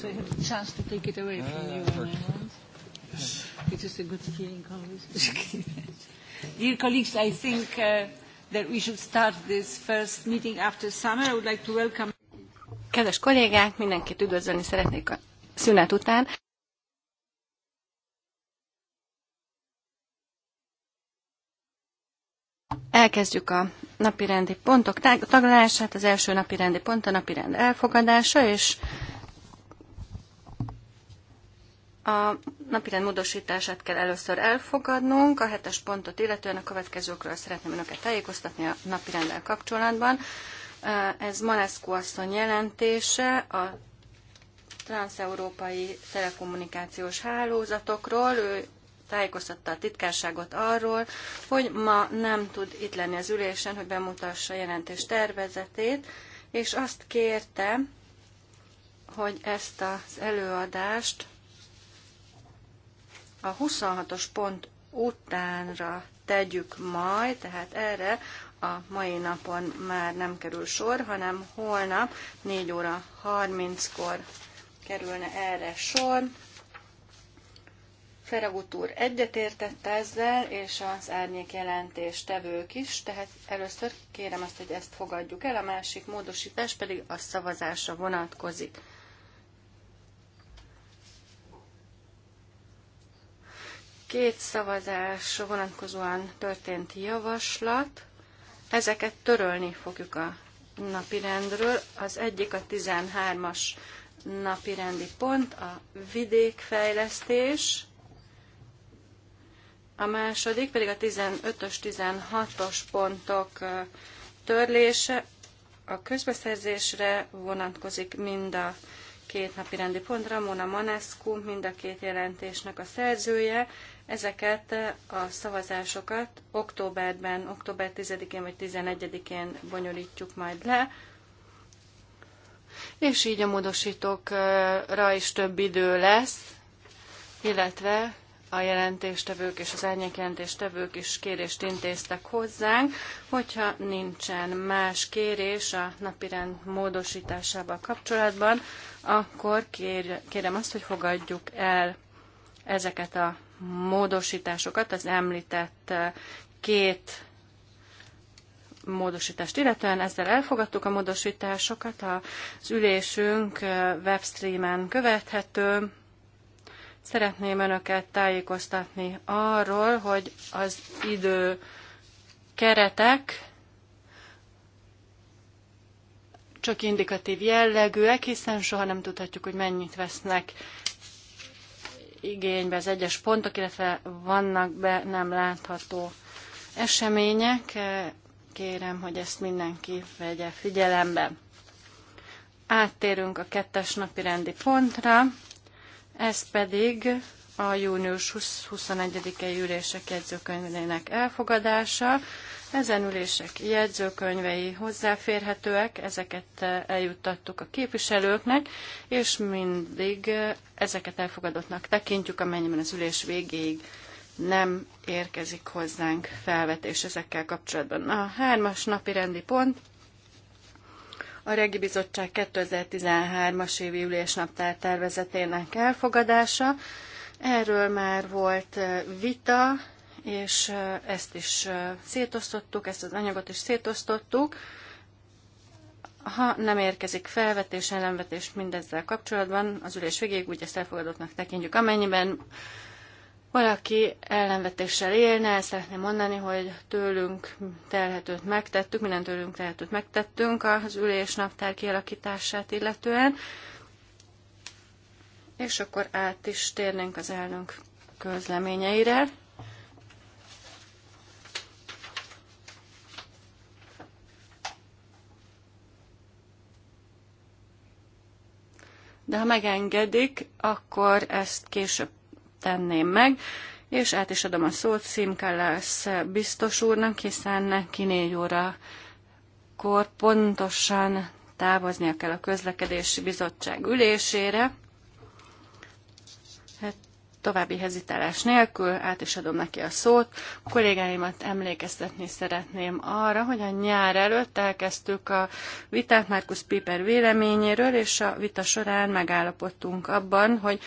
So you have a chance to take it away from ah, you when I want. It is a good feeling always. Dear colleagues, I think uh, that we should start this first meeting after summer. I would like to welcome... Kedves kollégák, mindenkit üdvözölni szeretnék a szünet után. Elkezdjük a napirendi pontok taglalását. Az első napirendi pont a napirend elfogadása, és a napirend módosítását kell először elfogadnunk, a hetes pontot illetően a következőkről szeretném önöket tájékoztatni a napirenddel kapcsolatban. Ez Manescu asszony jelentése a transeurópai telekommunikációs hálózatokról. Ő tájékoztatta a titkárságot arról, hogy ma nem tud itt lenni az ülésen, hogy bemutassa a jelentés tervezetét, és azt kérte, hogy ezt az előadást a 26-os pont utánra tegyük majd, tehát erre a mai napon már nem kerül sor, hanem holnap 4 óra 30-kor kerülne erre sor. Feragut úr egyetértett ezzel, és az árnyék jelentés tevők is, tehát először kérem azt, hogy ezt fogadjuk el, a másik módosítás pedig a szavazásra vonatkozik. két szavazás vonatkozóan történt javaslat. Ezeket törölni fogjuk a napirendről. Az egyik a 13-as napirendi pont, a vidékfejlesztés, a második pedig a 15-ös, 16-os pontok törlése, a közbeszerzésre vonatkozik mind a két napi rendi pont. Ramona Manescu, mind a két jelentésnek a szerzője. Ezeket a szavazásokat októberben, október 10-én vagy 11-én bonyolítjuk majd le, és így a módosítókra is több idő lesz, illetve a jelentéstevők és az jelentéstevők is kérést intéztek hozzánk, hogyha nincsen más kérés a napirend módosításával kapcsolatban, akkor kér, kérem azt, hogy fogadjuk el ezeket a módosításokat az említett eh, két módosítást illetően. Ezzel elfogadtuk a módosításokat, az ülésünk eh, webstreamen követhető. Szeretném Önöket tájékoztatni arról, hogy az idő keretek csak indikatív jellegűek, hiszen soha nem tudhatjuk, hogy mennyit vesznek igénybe az egyes pontok, illetve vannak be nem látható események. Kérem, hogy ezt mindenki vegye figyelembe. Áttérünk a kettes napi rendi pontra, ez pedig a június 21-i ülések jegyzőkönyvének elfogadása. Ezen ülések jegyzőkönyvei hozzáférhetőek, ezeket eh, eljuttattuk a képviselőknek, és mindig eh, ezeket elfogadottnak tekintjük, amennyiben az ülés végéig nem érkezik hozzánk felvetés ezekkel kapcsolatban. A hármas napi rendi pont a Regi Bizottság 2013-as évi ülésnaptár tervezetének elfogadása. Erről már volt eh, vita, és ezt is szétosztottuk, ezt az anyagot is szétosztottuk. Ha nem érkezik felvetés, ellenvetés mindezzel kapcsolatban, az ülés végéig úgy ezt elfogadottnak tekintjük. Amennyiben valaki ellenvetéssel élne, ezt szeretné mondani, hogy tőlünk telhetőt megtettük, minden tőlünk telhetőt megtettünk az ülés naptár kialakítását illetően, és akkor át is térnénk az elnök közleményeire. de ha megengedik, akkor ezt később tenném meg, és át is adom a szót Szimkellász biztos úrnak, hiszen neki négy kor pontosan távoznia kell a közlekedési bizottság ülésére további hezitálás nélkül át is adom neki a szót. A kollégáimat emlékeztetni szeretném arra, hogy a nyár előtt elkezdtük a vitát Markus Piper véleményéről, és a vita során megállapodtunk abban, hogy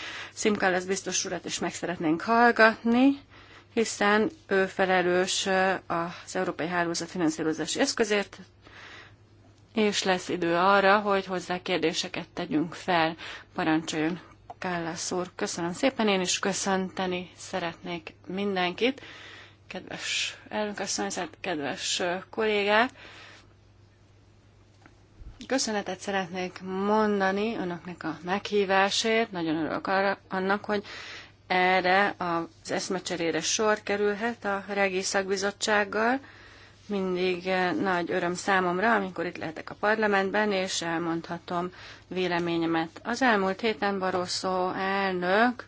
lesz biztos urat is meg szeretnénk hallgatni, hiszen ő felelős az Európai Hálózat finanszírozási eszközért, és lesz idő arra, hogy hozzá kérdéseket tegyünk fel. Parancsoljon Kállász úr, köszönöm szépen, én is köszönteni szeretnék mindenkit, kedves elnökasszony, kedves kollégák. Köszönetet szeretnék mondani önöknek a meghívásért, nagyon örülök arra, annak, hogy erre az eszmecserére sor kerülhet a Regi Szakbizottsággal, mindig eh, nagy öröm számomra, amikor itt lehetek a parlamentben, és elmondhatom véleményemet. Az elmúlt héten Barroso elnök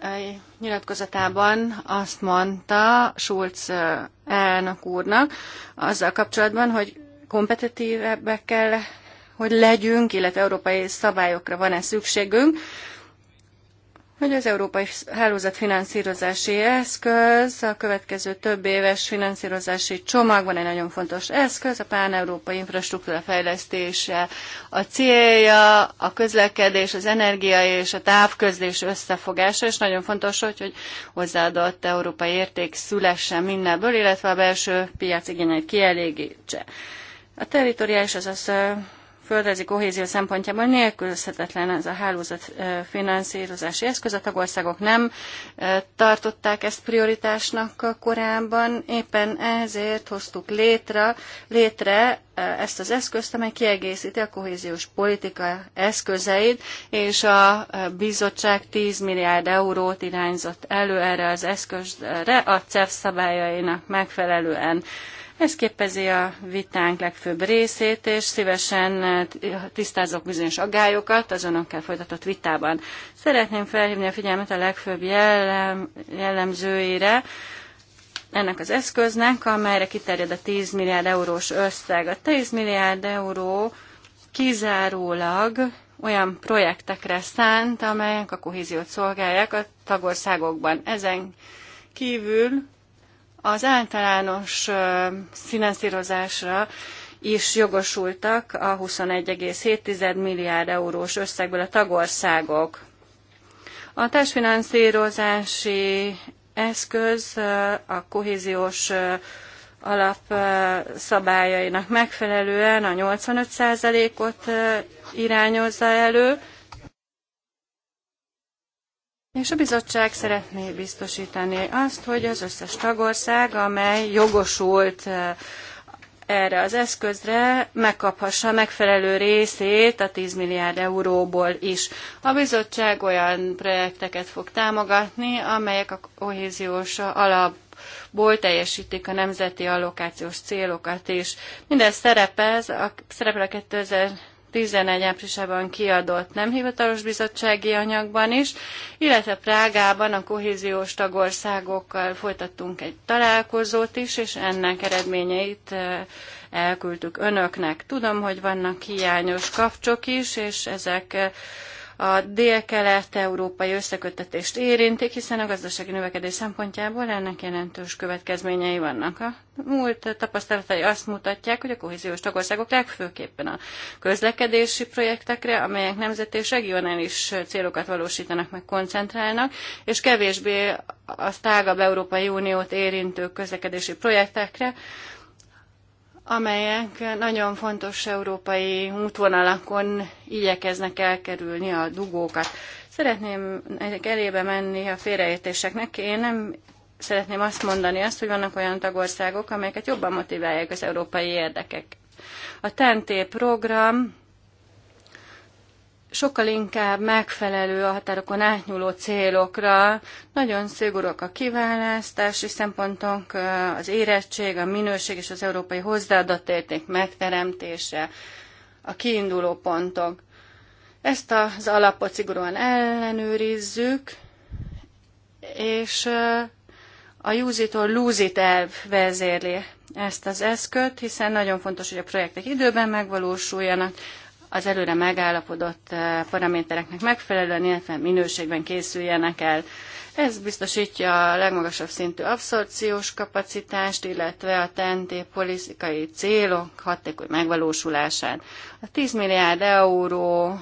eh, nyilatkozatában azt mondta Schulz eh, elnök úrnak azzal kapcsolatban, hogy kompetitívebbek kell, hogy legyünk, illetve európai szabályokra van-e szükségünk hogy az Európai Hálózat finanszírozási eszköz a következő több éves finanszírozási csomagban egy nagyon fontos eszköz, a pán-európai infrastruktúra fejlesztése. A célja a közlekedés, az energia és a távközlés összefogása, és nagyon fontos, hogy, hogy hozzáadott európai érték szülessen mindenből, illetve a belső piac igényeit kielégítse. A teritoriális, azaz földrajzi kohézió szempontjából nélkülözhetetlen ez a hálózat finanszírozási eszköz. A tagországok nem tartották ezt prioritásnak korábban, éppen ezért hoztuk létre, létre ezt az eszközt, amely kiegészíti a kohéziós politika eszközeit, és a bizottság 10 milliárd eurót irányzott elő erre az eszközre a CEF szabályainak megfelelően. Ez képezi a vitánk legfőbb részét, és szívesen eh, tisztázok bizonyos aggályokat az önökkel folytatott vitában. Szeretném felhívni a figyelmet a legfőbb jellem, jellemzőire, ennek az eszköznek, amelyre kiterjed a 10 milliárd eurós összeg. A 10 milliárd euró kizárólag olyan projektekre szánt, amelyek a kohéziót szolgálják a tagországokban. Ezen kívül az általános finanszírozásra is jogosultak a 21,7 milliárd eurós összegből a tagországok. A társfinanszírozási eszköz a kohéziós alap szabályainak megfelelően a 85%-ot irányozza elő, és a bizottság szeretné biztosítani azt, hogy az összes tagország, amely jogosult eh, erre az eszközre megkaphassa megfelelő részét a 10 milliárd euróból is. A bizottság olyan projekteket fog támogatni, amelyek a kohéziós alapból teljesítik a nemzeti allokációs célokat is. Mindez szerepel, a, szerepel a 11 áprilisában kiadott nem hivatalos bizottsági anyagban is, illetve Prágában a kohéziós tagországokkal folytattunk egy találkozót is, és ennek eredményeit elküldtük önöknek. Tudom, hogy vannak hiányos kapcsok is, és ezek a dél-kelet-európai összeköttetést érintik, hiszen a gazdasági növekedés szempontjából ennek jelentős következményei vannak. A múlt tapasztalatai azt mutatják, hogy a kohéziós tagországok legfőképpen a közlekedési projektekre, amelyek nemzeti és regionális célokat valósítanak meg, koncentrálnak, és kevésbé a tágabb Európai Uniót érintő közlekedési projektekre, amelyek nagyon fontos európai útvonalakon igyekeznek elkerülni a dugókat. Szeretném ezek elébe menni a félreértéseknek. Én nem szeretném azt mondani azt, hogy vannak olyan tagországok, amelyeket jobban motiválják az európai érdekek. A TNT program sokkal inkább megfelelő a határokon átnyúló célokra. Nagyon szigorúak a kiválasztási szempontok, az érettség, a minőség és az európai hozzáadott érték megteremtése, a kiinduló pontok. Ezt az alapot szigorúan ellenőrizzük, és uh, a use it or lose it elv vezérli ezt az eszköt, hiszen nagyon fontos, hogy a projektek időben megvalósuljanak, az előre megállapodott eh, paramétereknek megfelelően, illetve minőségben készüljenek el. Ez biztosítja a legmagasabb szintű abszorciós kapacitást, illetve a TNT politikai célok hatékony megvalósulását. A 10 milliárd euró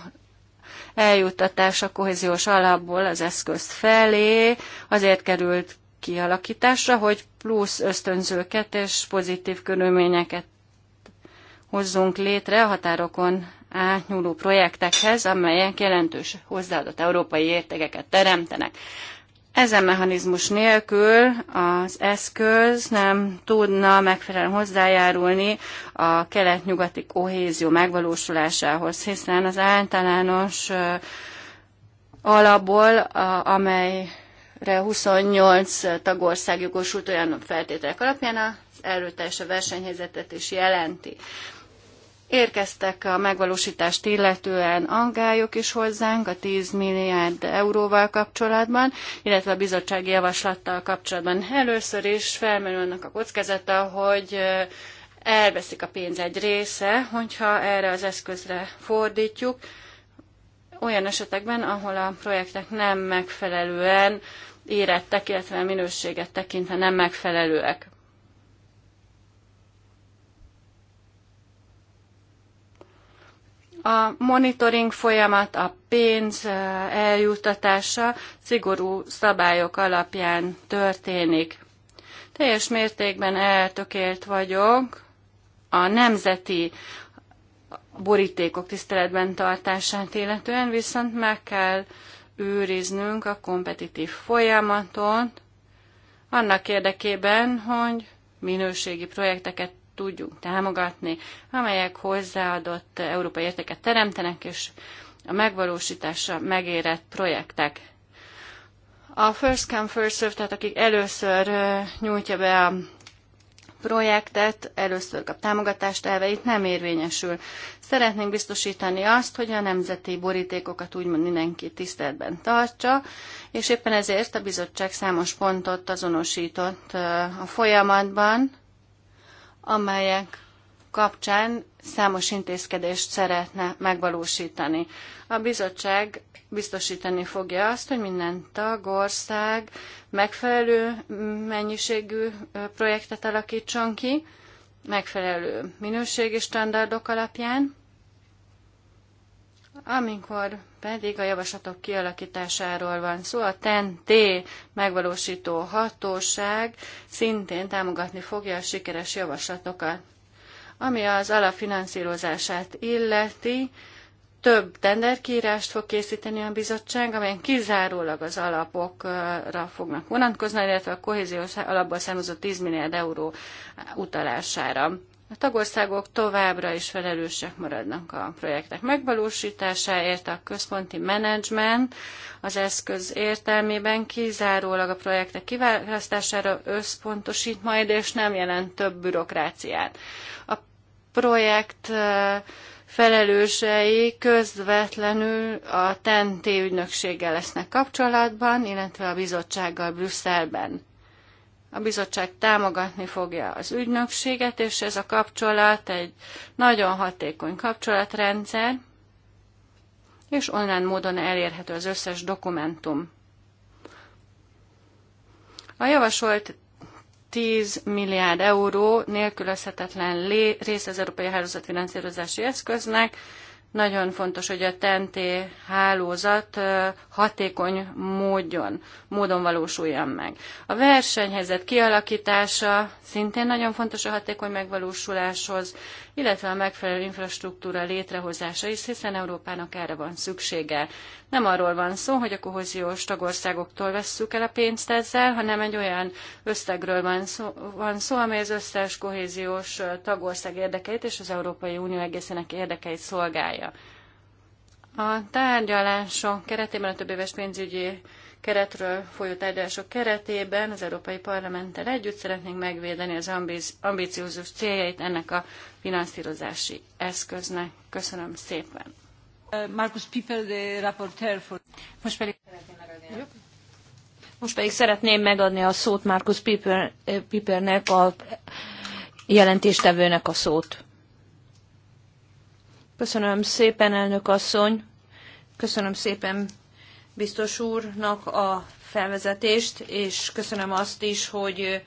eljuttatás a kohéziós alapból az eszközt felé azért került kialakításra, hogy plusz ösztönzőket és pozitív körülményeket hozzunk létre a határokon átnyúló projektekhez, amelyek jelentős hozzáadott európai értékeket teremtenek. Ezen mechanizmus nélkül az eszköz nem tudna megfelelően hozzájárulni a kelet-nyugati kohézió megvalósulásához, hiszen az általános alapból, amelyre 28 tagország jogosult olyan feltételek alapján az erőteljes a versenyhelyzetet is jelenti. Érkeztek a megvalósítást illetően angályok is hozzánk a 10 milliárd euróval kapcsolatban, illetve a bizottsági javaslattal kapcsolatban. Először is felmerül annak a kockázata, hogy elveszik a pénz egy része, hogyha erre az eszközre fordítjuk, olyan esetekben, ahol a projektek nem megfelelően érettek, illetve minőséget tekintve nem megfelelőek. A monitoring folyamat, a pénz eljuttatása szigorú szabályok alapján történik. Teljes mértékben eltökélt vagyok a nemzeti borítékok tiszteletben tartását illetően, viszont meg kell őriznünk a kompetitív folyamatot, annak érdekében, hogy minőségi projekteket tudjunk támogatni, amelyek hozzáadott európai értéket teremtenek, és a megvalósítása megérett projektek. A first come, first serve, tehát akik először nyújtja be a projektet, először kap támogatást, elve itt nem érvényesül. Szeretnénk biztosítani azt, hogy a nemzeti borítékokat úgymond mindenki tiszteletben tartsa, és éppen ezért a bizottság számos pontot azonosított a folyamatban, amelyek kapcsán számos intézkedést szeretne megvalósítani. A bizottság biztosítani fogja azt, hogy minden tagország megfelelő mennyiségű projektet alakítson ki, megfelelő minőségi standardok alapján, amikor pedig a javaslatok kialakításáról van szó. A TEN-T megvalósító hatóság szintén támogatni fogja a sikeres javaslatokat. Ami az alapfinanszírozását illeti, több tenderkírást fog készíteni a bizottság, amelyen kizárólag az alapokra fognak vonatkozni, illetve a kohéziós alapból származó 10 milliárd euró utalására. A tagországok továbbra is felelősek maradnak a projektek megvalósításáért, a központi menedzsment az eszköz értelmében kizárólag a projektek kiválasztására összpontosít majd, és nem jelent több bürokráciát. A projekt felelősei közvetlenül a TNT ügynökséggel lesznek kapcsolatban, illetve a bizottsággal Brüsszelben a bizottság támogatni fogja az ügynökséget, és ez a kapcsolat egy nagyon hatékony kapcsolatrendszer, és online módon elérhető az összes dokumentum. A javasolt 10 milliárd euró nélkülözhetetlen rész az Európai finanszírozási Eszköznek, nagyon fontos, hogy a TNT hálózat hatékony módon, módon valósuljon meg. A versenyhelyzet kialakítása szintén nagyon fontos a hatékony megvalósuláshoz, illetve a megfelelő infrastruktúra létrehozása is, hiszen Európának erre van szüksége. Nem arról van szó, hogy a kohéziós tagországoktól vesszük el a pénzt ezzel, hanem egy olyan összegről van szó, van szó amely az összes kohéziós tagország érdekeit és az Európai Unió egészének érdekeit szolgálja célja. A tárgyalások keretében, a több éves pénzügyi keretről folyó tárgyalások keretében az Európai Parlamenttel együtt szeretnénk megvédeni az ambiciózus céljait ennek a finanszírozási eszköznek. Köszönöm szépen. Markus Piper, de rapporteur for... Most pedig most pedig szeretném megadni a szót Markus Piper, Pipernek, a jelentéstevőnek a szót. Köszönöm szépen, elnök asszony. Köszönöm szépen biztos úrnak a felvezetést, és köszönöm azt is, hogy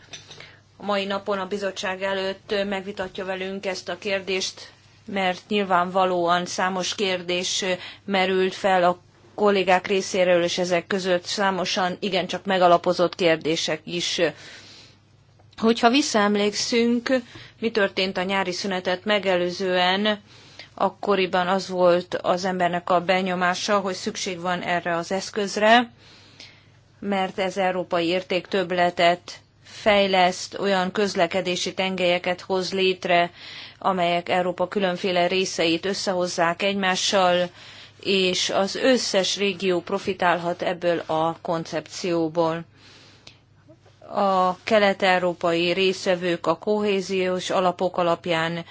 a mai napon a bizottság előtt megvitatja velünk ezt a kérdést, mert nyilvánvalóan számos kérdés merült fel a kollégák részéről, és ezek között számosan igencsak megalapozott kérdések is. Hogyha visszaemlékszünk, mi történt a nyári szünetet megelőzően, akkoriban az volt az embernek a benyomása, hogy szükség van erre az eszközre, mert ez európai érték többletet fejleszt, olyan közlekedési tengelyeket hoz létre, amelyek Európa különféle részeit összehozzák egymással, és az összes régió profitálhat ebből a koncepcióból. A kelet-európai részvevők a kohéziós alapok alapján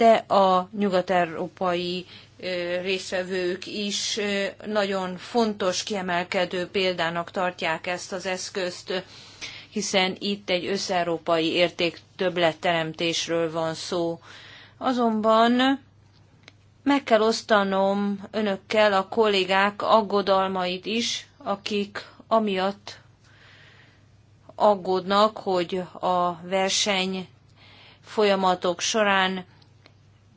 de a nyugat-európai részvevők is nagyon fontos, kiemelkedő példának tartják ezt az eszközt, hiszen itt egy összeurópai érték többletteremtésről van szó. Azonban meg kell osztanom önökkel a kollégák aggodalmait is, akik amiatt aggódnak, hogy a verseny folyamatok során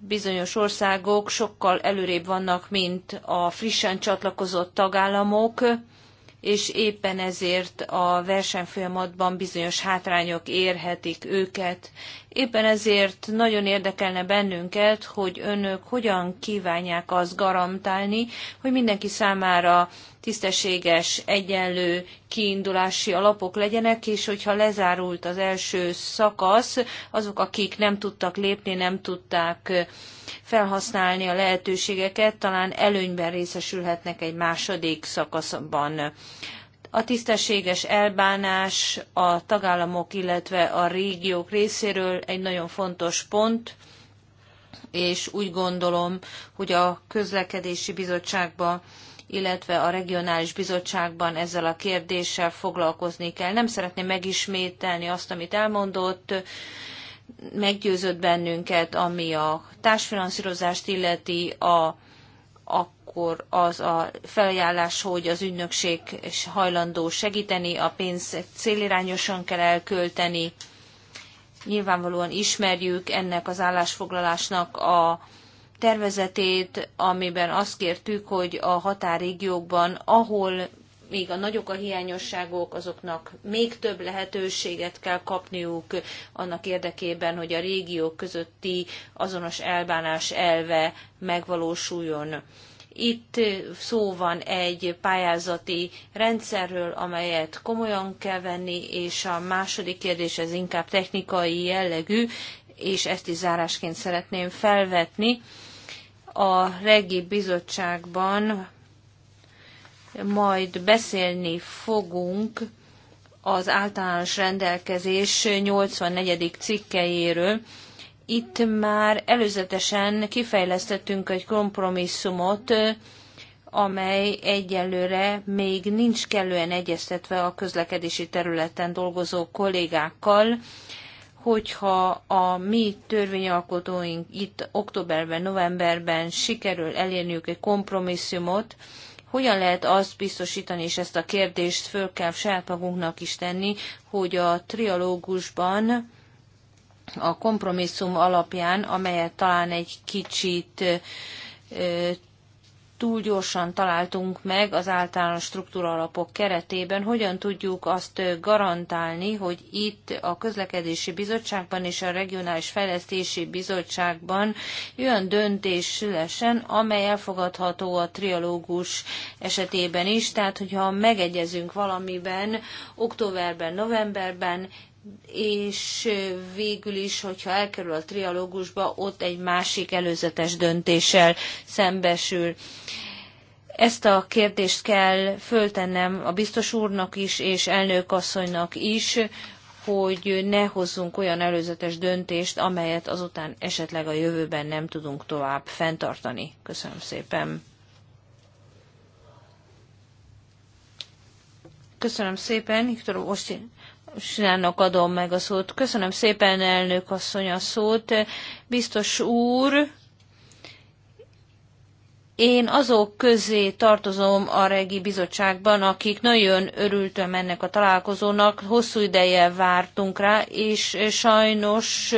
bizonyos országok sokkal előrébb vannak, mint a frissen csatlakozott tagállamok és éppen ezért a versenyfolyamatban bizonyos hátrányok érhetik őket. Éppen ezért nagyon érdekelne bennünket, hogy önök hogyan kívánják azt garantálni, hogy mindenki számára tisztességes, egyenlő kiindulási alapok legyenek, és hogyha lezárult az első szakasz, azok, akik nem tudtak lépni, nem tudták felhasználni a lehetőségeket, talán előnyben részesülhetnek egy második szakaszban. A tisztességes elbánás a tagállamok, illetve a régiók részéről egy nagyon fontos pont, és úgy gondolom, hogy a közlekedési bizottságba illetve a regionális bizottságban ezzel a kérdéssel foglalkozni kell. Nem szeretném megismételni azt, amit elmondott, meggyőzött bennünket, ami a társfinanszírozást illeti, a, akkor az a felajánlás, hogy az ügynökség hajlandó segíteni, a pénz célirányosan kell elkölteni. Nyilvánvalóan ismerjük ennek az állásfoglalásnak a tervezetét, amiben azt kértük, hogy a határégiókban, ahol még a nagyok a hiányosságok, azoknak még több lehetőséget kell kapniuk annak érdekében, hogy a régiók közötti azonos elbánás elve megvalósuljon. Itt szó van egy pályázati rendszerről, amelyet komolyan kell venni, és a második kérdés ez inkább technikai jellegű, és ezt is zárásként szeretném felvetni. A regi bizottságban majd beszélni fogunk az általános rendelkezés 84. cikkejéről. Itt már előzetesen kifejlesztettünk egy kompromisszumot, amely egyelőre még nincs kellően egyeztetve a közlekedési területen dolgozó kollégákkal, hogyha a mi törvényalkotóink itt októberben, novemberben sikerül elérniük egy kompromisszumot, hogyan lehet azt biztosítani, és ezt a kérdést föl kell saját magunknak is tenni, hogy a trialógusban a kompromisszum alapján, amelyet talán egy kicsit túl gyorsan találtunk meg az általános alapok keretében, hogyan tudjuk azt garantálni, hogy itt a közlekedési bizottságban és a regionális fejlesztési bizottságban olyan döntés szülesen, amely elfogadható a trialógus esetében is, tehát hogyha megegyezünk valamiben, októberben, novemberben, és végül is, hogyha elkerül a trialógusba, ott egy másik előzetes döntéssel szembesül. Ezt a kérdést kell föltennem a biztos úrnak is, és elnök asszonynak is, hogy ne hozzunk olyan előzetes döntést, amelyet azután esetleg a jövőben nem tudunk tovább fenntartani. Köszönöm szépen. Köszönöm szépen, Viktor Ostin. Sinának adom meg a szót. Köszönöm szépen, elnök asszony a szót. Biztos úr, én azok közé tartozom a regi bizottságban, akik nagyon örültem ennek a találkozónak, hosszú ideje vártunk rá, és sajnos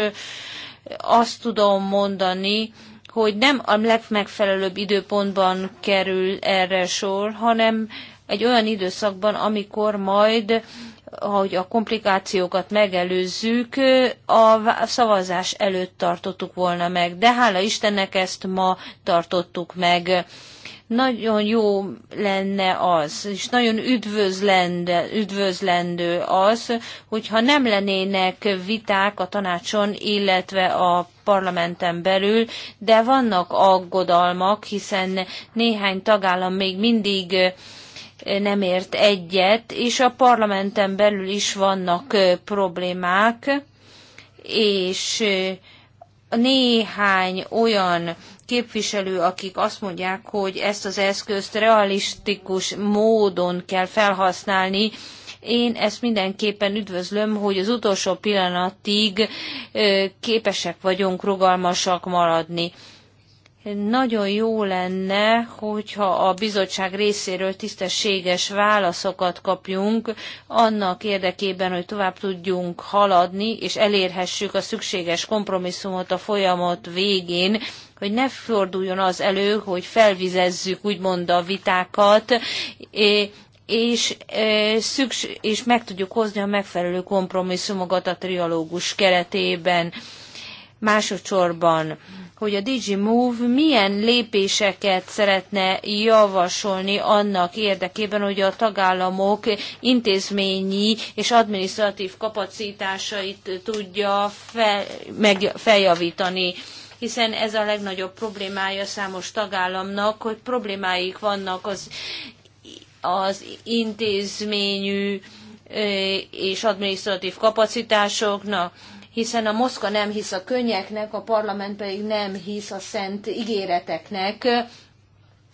azt tudom mondani, hogy nem a legmegfelelőbb időpontban kerül erre sor, hanem egy olyan időszakban, amikor majd hogy a komplikációkat megelőzzük, a szavazás előtt tartottuk volna meg, de hála Istennek ezt ma tartottuk meg. Nagyon jó lenne az, és nagyon üdvözlendő, üdvözlendő az, hogyha nem lennének viták a tanácson, illetve a parlamenten belül, de vannak aggodalmak, hiszen néhány tagállam még mindig nem ért egyet, és a parlamenten belül is vannak problémák, és néhány olyan képviselő, akik azt mondják, hogy ezt az eszközt realistikus módon kell felhasználni, én ezt mindenképpen üdvözlöm, hogy az utolsó pillanatig képesek vagyunk rugalmasak maradni. Nagyon jó lenne, hogyha a bizottság részéről tisztességes válaszokat kapjunk annak érdekében, hogy tovább tudjunk haladni, és elérhessük a szükséges kompromisszumot a folyamat végén, hogy ne forduljon az elő, hogy felvizezzük úgymond a vitákat, és, és, és meg tudjuk hozni a megfelelő kompromisszumokat a trialógus keretében. Másodszorban hogy a DG Move milyen lépéseket szeretne javasolni annak érdekében, hogy a tagállamok intézményi és adminisztratív kapacitásait tudja fel, meg, feljavítani hiszen ez a legnagyobb problémája számos tagállamnak, hogy problémáik vannak az, az intézményű és adminisztratív kapacitásoknak hiszen a Moszkva nem hisz a könnyeknek, a parlament pedig nem hisz a szent ígéreteknek,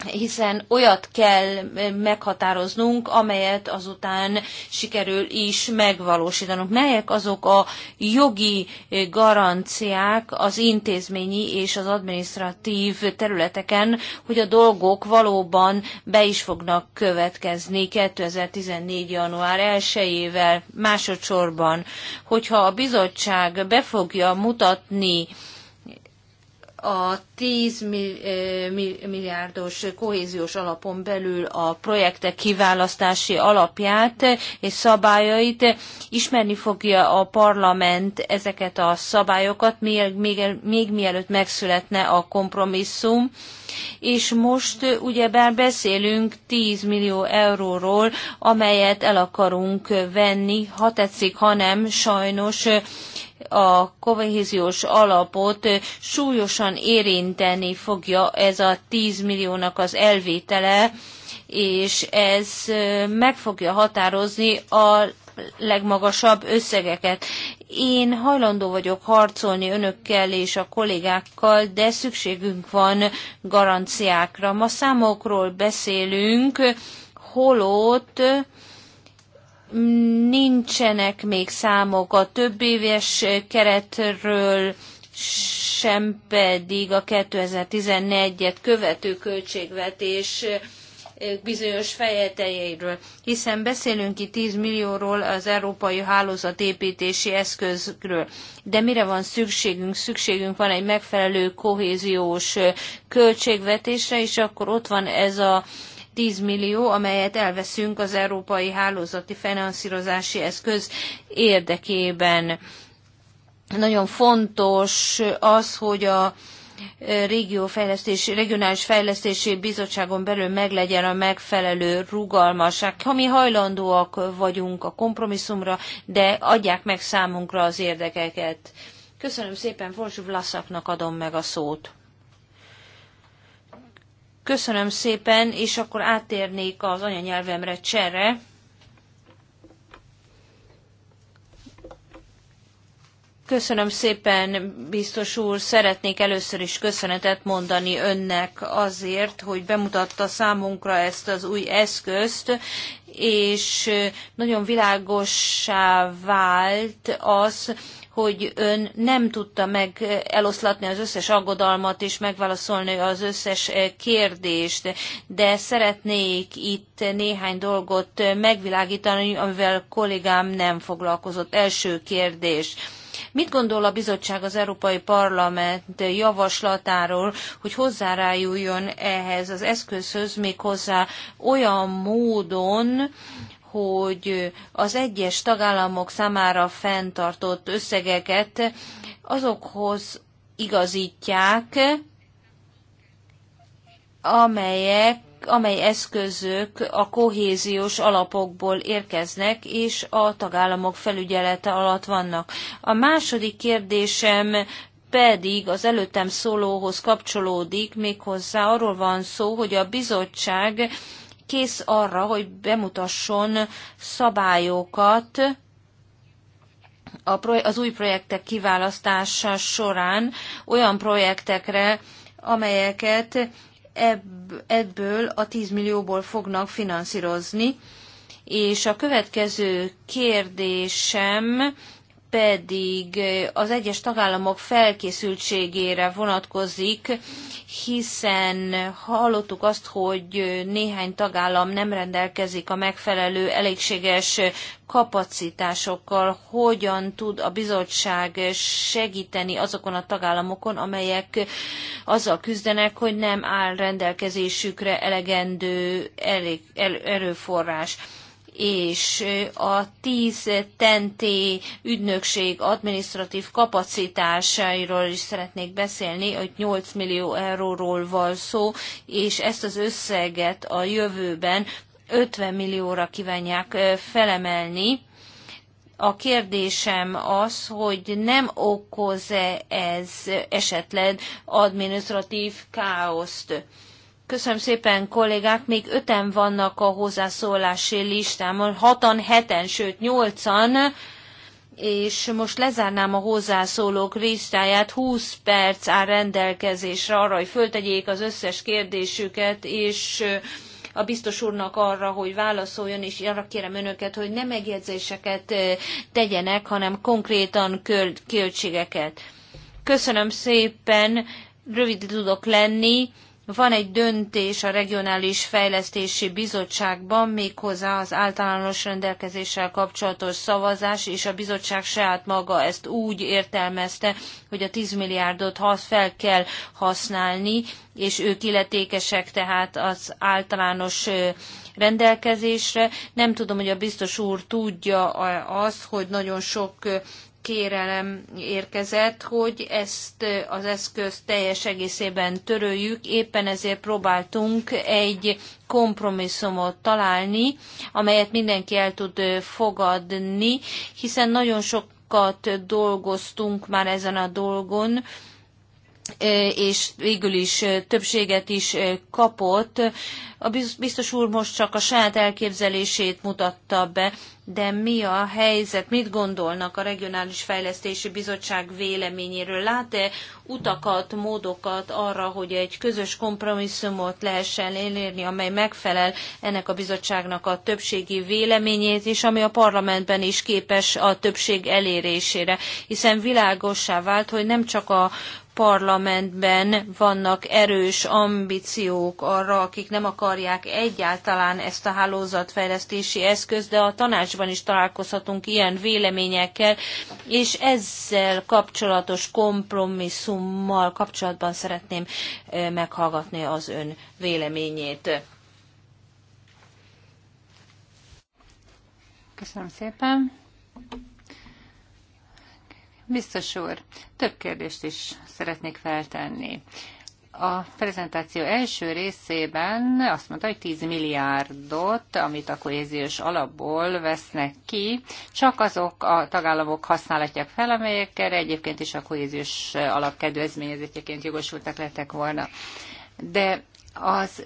hiszen olyat kell meghatároznunk, amelyet azután sikerül is megvalósítanunk. Melyek azok a jogi garanciák az intézményi és az administratív területeken, hogy a dolgok valóban be is fognak következni 2014. január 1-ével másodszorban, hogyha a bizottság be fogja mutatni, a 10 eh, milliárdos kohéziós alapon belül a projektek kiválasztási alapját és szabályait. Ismerni fogja a parlament ezeket a szabályokat, még, még, még mielőtt megszületne a kompromisszum. És most ugyebár beszélünk 10 millió euróról, amelyet el akarunk venni, ha tetszik, hanem sajnos a kohéziós alapot súlyosan érinteni fogja ez a 10 milliónak az elvétele, és ez meg fogja határozni a legmagasabb összegeket. Én hajlandó vagyok harcolni önökkel és a kollégákkal, de szükségünk van garanciákra. Ma számokról beszélünk, holott nincsenek még számok a több éves keretről, sem pedig a 2014-et követő költségvetés eh, bizonyos fejetejeiről, hiszen beszélünk itt 10 millióról az európai hálózatépítési eszközről. De mire van szükségünk? Szükségünk van egy megfelelő kohéziós eh, költségvetésre, és akkor ott van ez a 10 millió, amelyet elveszünk az európai hálózati finanszírozási eszköz érdekében. Nagyon fontos az, hogy a régiófejlesztési, regionális fejlesztési bizottságon belül meglegyen a megfelelő rugalmasság. Ha mi hajlandóak vagyunk a kompromisszumra, de adják meg számunkra az érdekeket. Köszönöm szépen, Vorzsú Vlaszaknak adom meg a szót. Köszönöm szépen, és akkor átérnék az anyanyelvemre csere. Köszönöm szépen, biztos úr. Szeretnék először is köszönetet mondani önnek azért, hogy bemutatta számunkra ezt az új eszközt, és nagyon világossá vált az, hogy ön nem tudta meg eloszlatni az összes aggodalmat és megválaszolni az összes eh, kérdést, de szeretnék itt néhány dolgot eh, megvilágítani, amivel kollégám nem foglalkozott. Első kérdés. Mit gondol a bizottság az Európai Parlament javaslatáról, hogy hozzárájuljon ehhez az eszközhöz, méghozzá olyan módon, hogy az egyes tagállamok számára fenntartott összegeket azokhoz igazítják, amelyek amely eszközök a kohéziós alapokból érkeznek, és a tagállamok felügyelete alatt vannak. A második kérdésem pedig az előttem szólóhoz kapcsolódik, méghozzá arról van szó, hogy a bizottság kész arra, hogy bemutasson szabályokat az új projektek kiválasztása során olyan projektekre, amelyeket ebből a 10 millióból fognak finanszírozni. És a következő kérdésem pedig az egyes tagállamok felkészültségére vonatkozik, hiszen hallottuk azt, hogy néhány tagállam nem rendelkezik a megfelelő elégséges kapacitásokkal, hogyan tud a bizottság segíteni azokon a tagállamokon, amelyek azzal küzdenek, hogy nem áll rendelkezésükre elegendő erőforrás és a 10 TNT ügynökség administratív kapacitásairól is szeretnék beszélni, hogy 8 millió euróról van szó, és ezt az összeget a jövőben 50 millióra kívánják felemelni. A kérdésem az, hogy nem okoz-e ez esetleg administratív káoszt Köszönöm szépen, kollégák, még öten vannak a hozzászólási listámon, hatan, heten, sőt nyolcan, és most lezárnám a hozzászólók listáját, 20 perc áll rendelkezésre arra, hogy föltegyék az összes kérdésüket, és a biztos úrnak arra, hogy válaszoljon, és arra kérem önöket, hogy ne megjegyzéseket tegyenek, hanem konkrétan költségeket. Köszönöm szépen, rövid tudok lenni van egy döntés a Regionális Fejlesztési Bizottságban, méghozzá az általános rendelkezéssel kapcsolatos szavazás, és a bizottság saját maga ezt úgy értelmezte, hogy a 10 milliárdot fel kell használni, és ők illetékesek tehát az általános rendelkezésre. Nem tudom, hogy a biztos úr tudja az, hogy nagyon sok kérelem érkezett, hogy ezt az eszközt teljes egészében töröljük, éppen ezért próbáltunk egy kompromisszumot találni, amelyet mindenki el tud fogadni, hiszen nagyon sokat dolgoztunk már ezen a dolgon, és végül is többséget is kapott. A biztos úr most csak a saját elképzelését mutatta be, de mi a helyzet, mit gondolnak a Regionális Fejlesztési Bizottság véleményéről? Lát-e utakat, módokat arra, hogy egy közös kompromisszumot lehessen elérni, amely megfelel ennek a bizottságnak a többségi véleményét, és ami a parlamentben is képes a többség elérésére? Hiszen világossá vált, hogy nem csak a parlamentben vannak erős ambíciók arra, akik nem akarják egyáltalán ezt a hálózatfejlesztési eszközt, de a tanácsban is találkozhatunk ilyen véleményekkel, és ezzel kapcsolatos kompromisszummal kapcsolatban szeretném meghallgatni az ön véleményét. Köszönöm szépen. Biztos úr, több kérdést is szeretnék feltenni. A prezentáció első részében azt mondta, hogy 10 milliárdot, amit a kohéziós alapból vesznek ki, csak azok a tagállamok használhatják fel, amelyek erre egyébként is a kohéziós alap kedvezményezetjeként jogosultak lettek volna. De az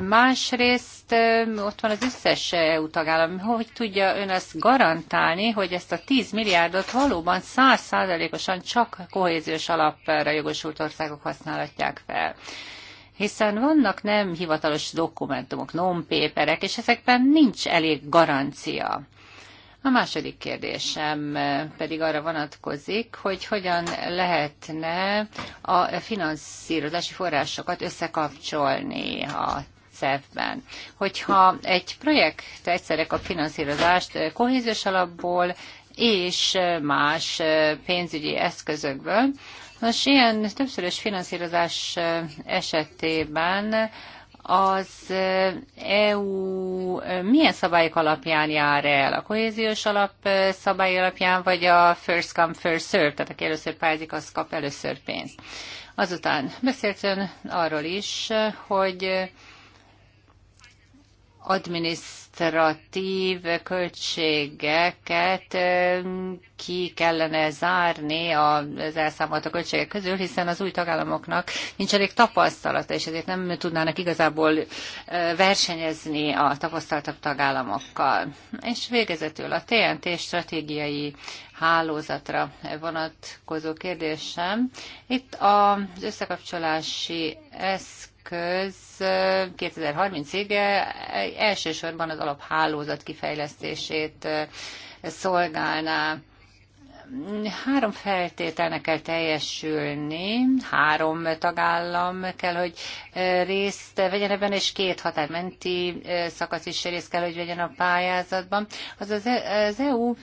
Másrészt ott van az összes EU tagállam. Hogy tudja ön azt garantálni, hogy ezt a 10 milliárdot valóban 100%-osan csak kohéziós alapra jogosult országok használhatják fel? hiszen vannak nem hivatalos dokumentumok, non-paperek, és ezekben nincs elég garancia. A második kérdésem pedig arra vonatkozik, hogy hogyan lehetne a finanszírozási forrásokat összekapcsolni a CEF-ben. Hogyha egy projekt egyszerre kap finanszírozást eh, kohéziós alapból és eh, más eh, pénzügyi eszközökből, most ilyen többszörös finanszírozás esetében az EU e milyen szabályok alapján jár el? A kohéziós alap szabály alapján, vagy a first come, first serve, tehát aki először pályázik, az kap először pénzt. Azután beszélt arról is, hogy administratív költségeket ki kellene zárni az elszámolt a költségek közül, hiszen az új tagállamoknak nincs elég tapasztalata, és ezért nem tudnának igazából versenyezni a tapasztaltabb tagállamokkal. És végezetül a TNT stratégiai hálózatra vonatkozó kérdésem. Itt az összekapcsolási eszköz köz 2030-ig elsősorban az alaphálózat kifejlesztését szolgálná. Három feltételnek kell teljesülni, három tagállam kell, hogy részt vegyen ebben, és két határmenti szakasz is részt kell, hogy vegyen a pályázatban. Az az EU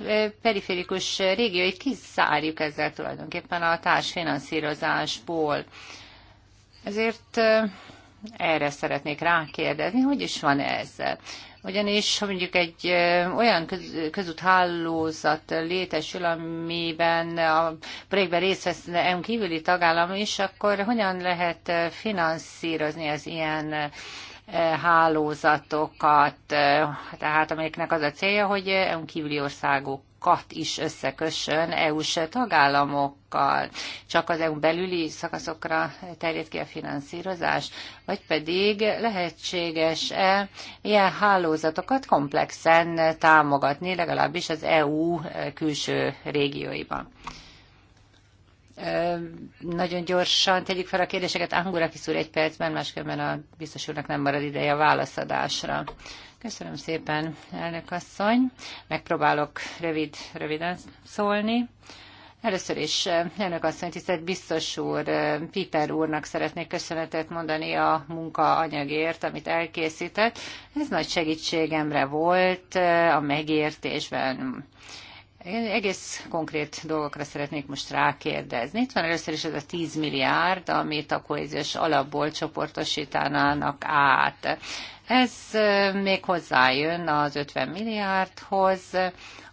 periférikus régiói kiszárjuk ezzel tulajdonképpen a társfinanszírozásból. Ezért erre szeretnék rákérdezni, hogy is van ez. Ugyanis, ha mondjuk egy olyan köz, közúthálózat létesül, amiben a projektben részt vesz EU kívüli tagállam is, akkor hogyan lehet finanszírozni az ilyen hálózatokat, tehát amelyeknek az a célja, hogy EU kívüli országok szakaszokat is összekössön EU-s tagállamokkal. Csak az EU belüli szakaszokra terjed ki a finanszírozás, vagy pedig lehetséges-e ilyen hálózatokat komplexen támogatni, legalábbis az EU külső régióiban. Nagyon gyorsan tegyük fel a kérdéseket. Angura kiszúr egy percben, másképpen a biztos úrnak nem marad ideje a válaszadásra. Köszönöm szépen, elnök asszony. Megpróbálok rövid, röviden szólni. Először is eh, elnök asszony, tisztelt biztos úr, eh, Piper úrnak szeretnék köszönetet mondani a munkaanyagért, amit elkészített. Ez nagy segítségemre volt eh, a megértésben. Én egész konkrét dolgokra szeretnék most rákérdezni. Itt van először is ez a 10 milliárd, amit a kohéziós alapból csoportosítanának át. Ez még hozzájön az 50 milliárdhoz,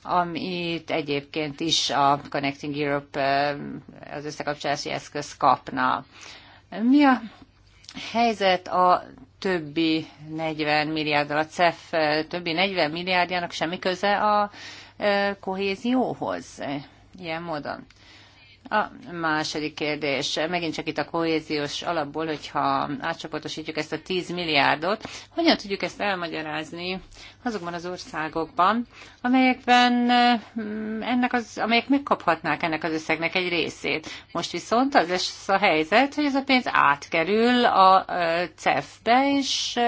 amit egyébként is a Connecting Europe az összekapcsolási eszköz kapna. Mi a helyzet a többi 40 milliárd, a CEF többi 40 milliárdjának semmi köze a kohézióhoz ilyen módon. A második kérdés, megint csak itt a kohéziós alapból, hogyha átcsoportosítjuk ezt a 10 milliárdot, hogyan tudjuk ezt elmagyarázni azokban az országokban, amelyekben mm, ennek az, amelyek megkaphatnák ennek az összegnek egy részét. Most viszont az lesz a helyzet, hogy ez a pénz átkerül a CEF-be, és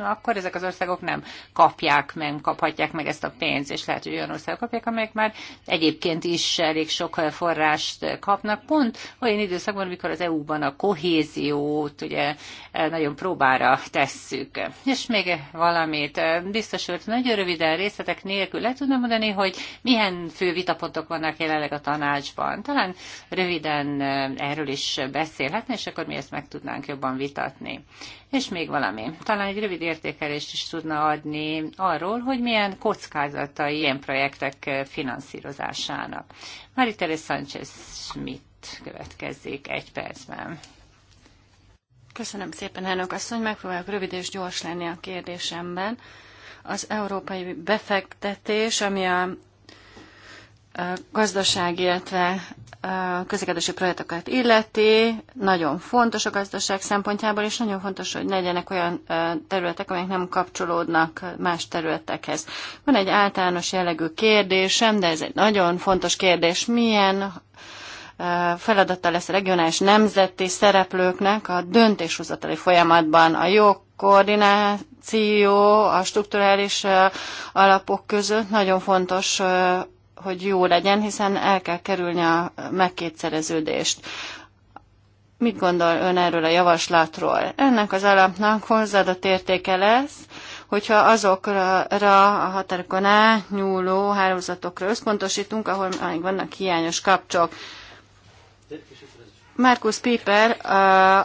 akkor ezek az országok nem kapják, meg, kaphatják meg ezt a pénzt, és lehet, hogy olyan országok kapják, amelyek már egyébként is elég sok forrást kapnak, pont olyan időszakban, amikor az EU-ban a kohéziót ugye eh, nagyon próbára tesszük. És még valamit, eh, biztos hogy nagyon röviden részletek nélkül le tudnám mondani, hogy milyen fő vitapontok vannak jelenleg a tanácsban. Talán röviden eh, erről is beszélhetne, és akkor mi ezt meg tudnánk jobban vitatni. És még valami. Talán egy rövid értékelést is tudna adni arról, hogy milyen kockázatai ilyen projektek finanszírozásának. Marie-Thérèse Sánchez Schmidt következzék egy percben. Köszönöm szépen, elnök asszony. Megpróbálok rövid és gyors lenni a kérdésemben. Az európai befektetés, ami a gazdaság, illetve közlekedési projektokat illeti, nagyon fontos a gazdaság szempontjából, és nagyon fontos, hogy legyenek olyan területek, amelyek nem kapcsolódnak más területekhez. Van egy általános jellegű kérdésem, de ez egy nagyon fontos kérdés. Milyen feladata lesz a regionális nemzeti szereplőknek a döntéshozatali folyamatban a jó koordináció a strukturális alapok között nagyon fontos, hogy jó legyen, hiszen el kell kerülni a megkétszereződést. Mit gondol ön erről a javaslatról? Ennek az alapnak hozzáadott értéke lesz, hogyha azokra a határokon átnyúló hálózatokra összpontosítunk, ahol még vannak hiányos kapcsok. Markus Piper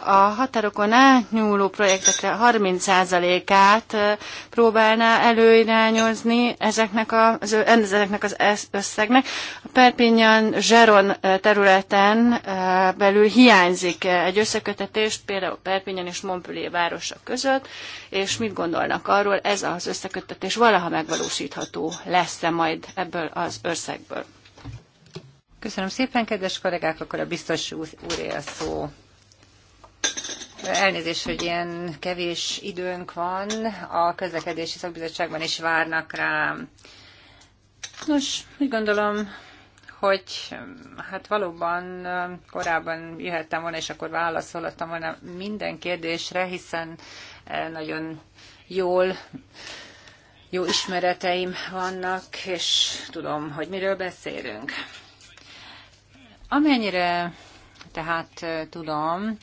a határokon átnyúló projektekre 30%-át próbálná előirányozni ezeknek, a, ezeknek az összegnek. A Perpignan Zseron területen belül hiányzik egy összekötetés, például Perpignan és Montpellier városa között, és mit gondolnak arról, ez az összekötetés valaha megvalósítható lesz-e majd ebből az összegből. Köszönöm szépen, kedves kollégák, akkor a biztos úré a szó. Elnézés, hogy ilyen kevés időnk van, a közlekedési szakbizottságban is várnak rám. Nos, úgy gondolom, hogy hát valóban korábban jöhettem volna, és akkor válaszolhattam volna minden kérdésre, hiszen eh, nagyon jól jó ismereteim vannak, és tudom, hogy miről beszélünk. Amennyire tehát tudom,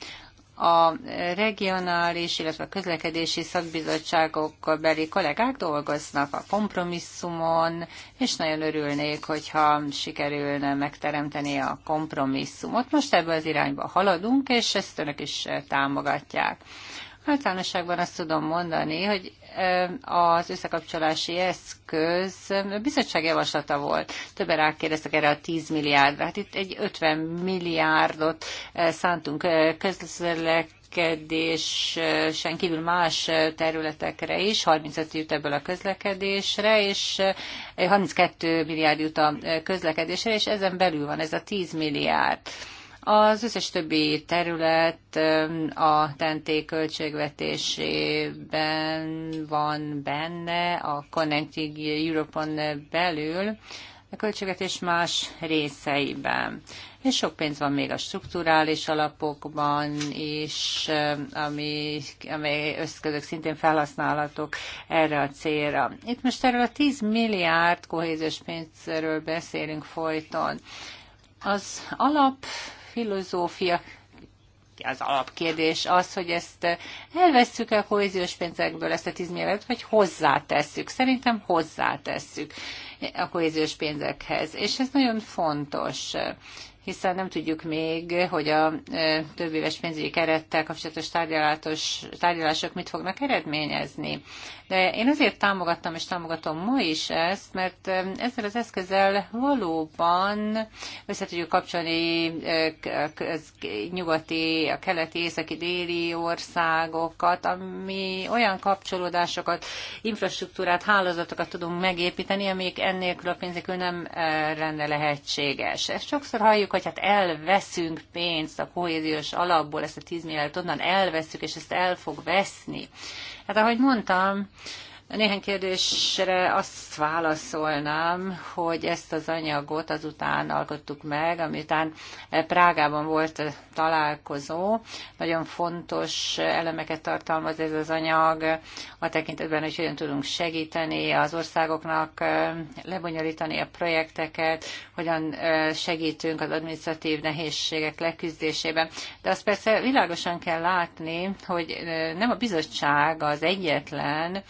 a regionális, illetve a közlekedési szakbizottságok beli kollégák dolgoznak a kompromisszumon, és nagyon örülnék, hogyha sikerülne megteremteni a kompromisszumot. Most ebbe az irányba haladunk, és ezt önök is támogatják. Általánosságban azt tudom mondani, hogy az összekapcsolási eszköz bizottság javaslata volt. Többen rákérdeztek erre a 10 milliárdra. Hát itt egy 50 milliárdot eh, szántunk közlek eh, közlekedésen kívül más eh, területekre is, 35 jut ebből a közlekedésre, és 32 milliárd jut a közlekedésre, és ezen belül van ez a 10 milliárd. Az összes többi terület a tenté költségvetésében van benne, a Connecting Europe-on belül, a költségvetés más részeiben. És sok pénz van még a strukturális alapokban is, ami, amely összközök szintén felhasználhatók erre a célra. Itt most erről a 10 milliárd kohéziós pénzről beszélünk folyton. Az alap filozófia, az alapkérdés az, hogy ezt elvesszük a kohéziós pénzekből ezt a 10 vagy hozzátesszük. Szerintem hozzátesszük a kohéziós pénzekhez. És ez nagyon fontos hiszen nem tudjuk még, hogy a több éves pénzügyi kerettel kapcsolatos tárgyalások mit fognak eredményezni. De én azért támogattam és támogatom ma is ezt, mert ezzel az eszközzel valóban össze tudjuk kapcsolni e, nyugati, a keleti, északi, déli országokat, ami olyan kapcsolódásokat, infrastruktúrát, hálózatokat tudunk megépíteni, amik ennélkül a pénzekül nem e, lenne lehetséges. Ezt sokszor halljuk, hogy hát elveszünk pénzt a kohéziós alapból, ezt a 10 milliárdot onnan elveszük, és ezt el fog veszni. Hát ahogy mondtam, néhány kérdésre azt válaszolnám, hogy ezt az anyagot azután alkottuk meg, amitán Prágában volt találkozó. Nagyon fontos elemeket tartalmaz ez az anyag a tekintetben, hogy hogyan tudunk segíteni az országoknak, lebonyolítani a projekteket, hogyan segítünk az administratív nehézségek leküzdésében. De azt persze világosan kell látni, hogy nem a bizottság az egyetlen,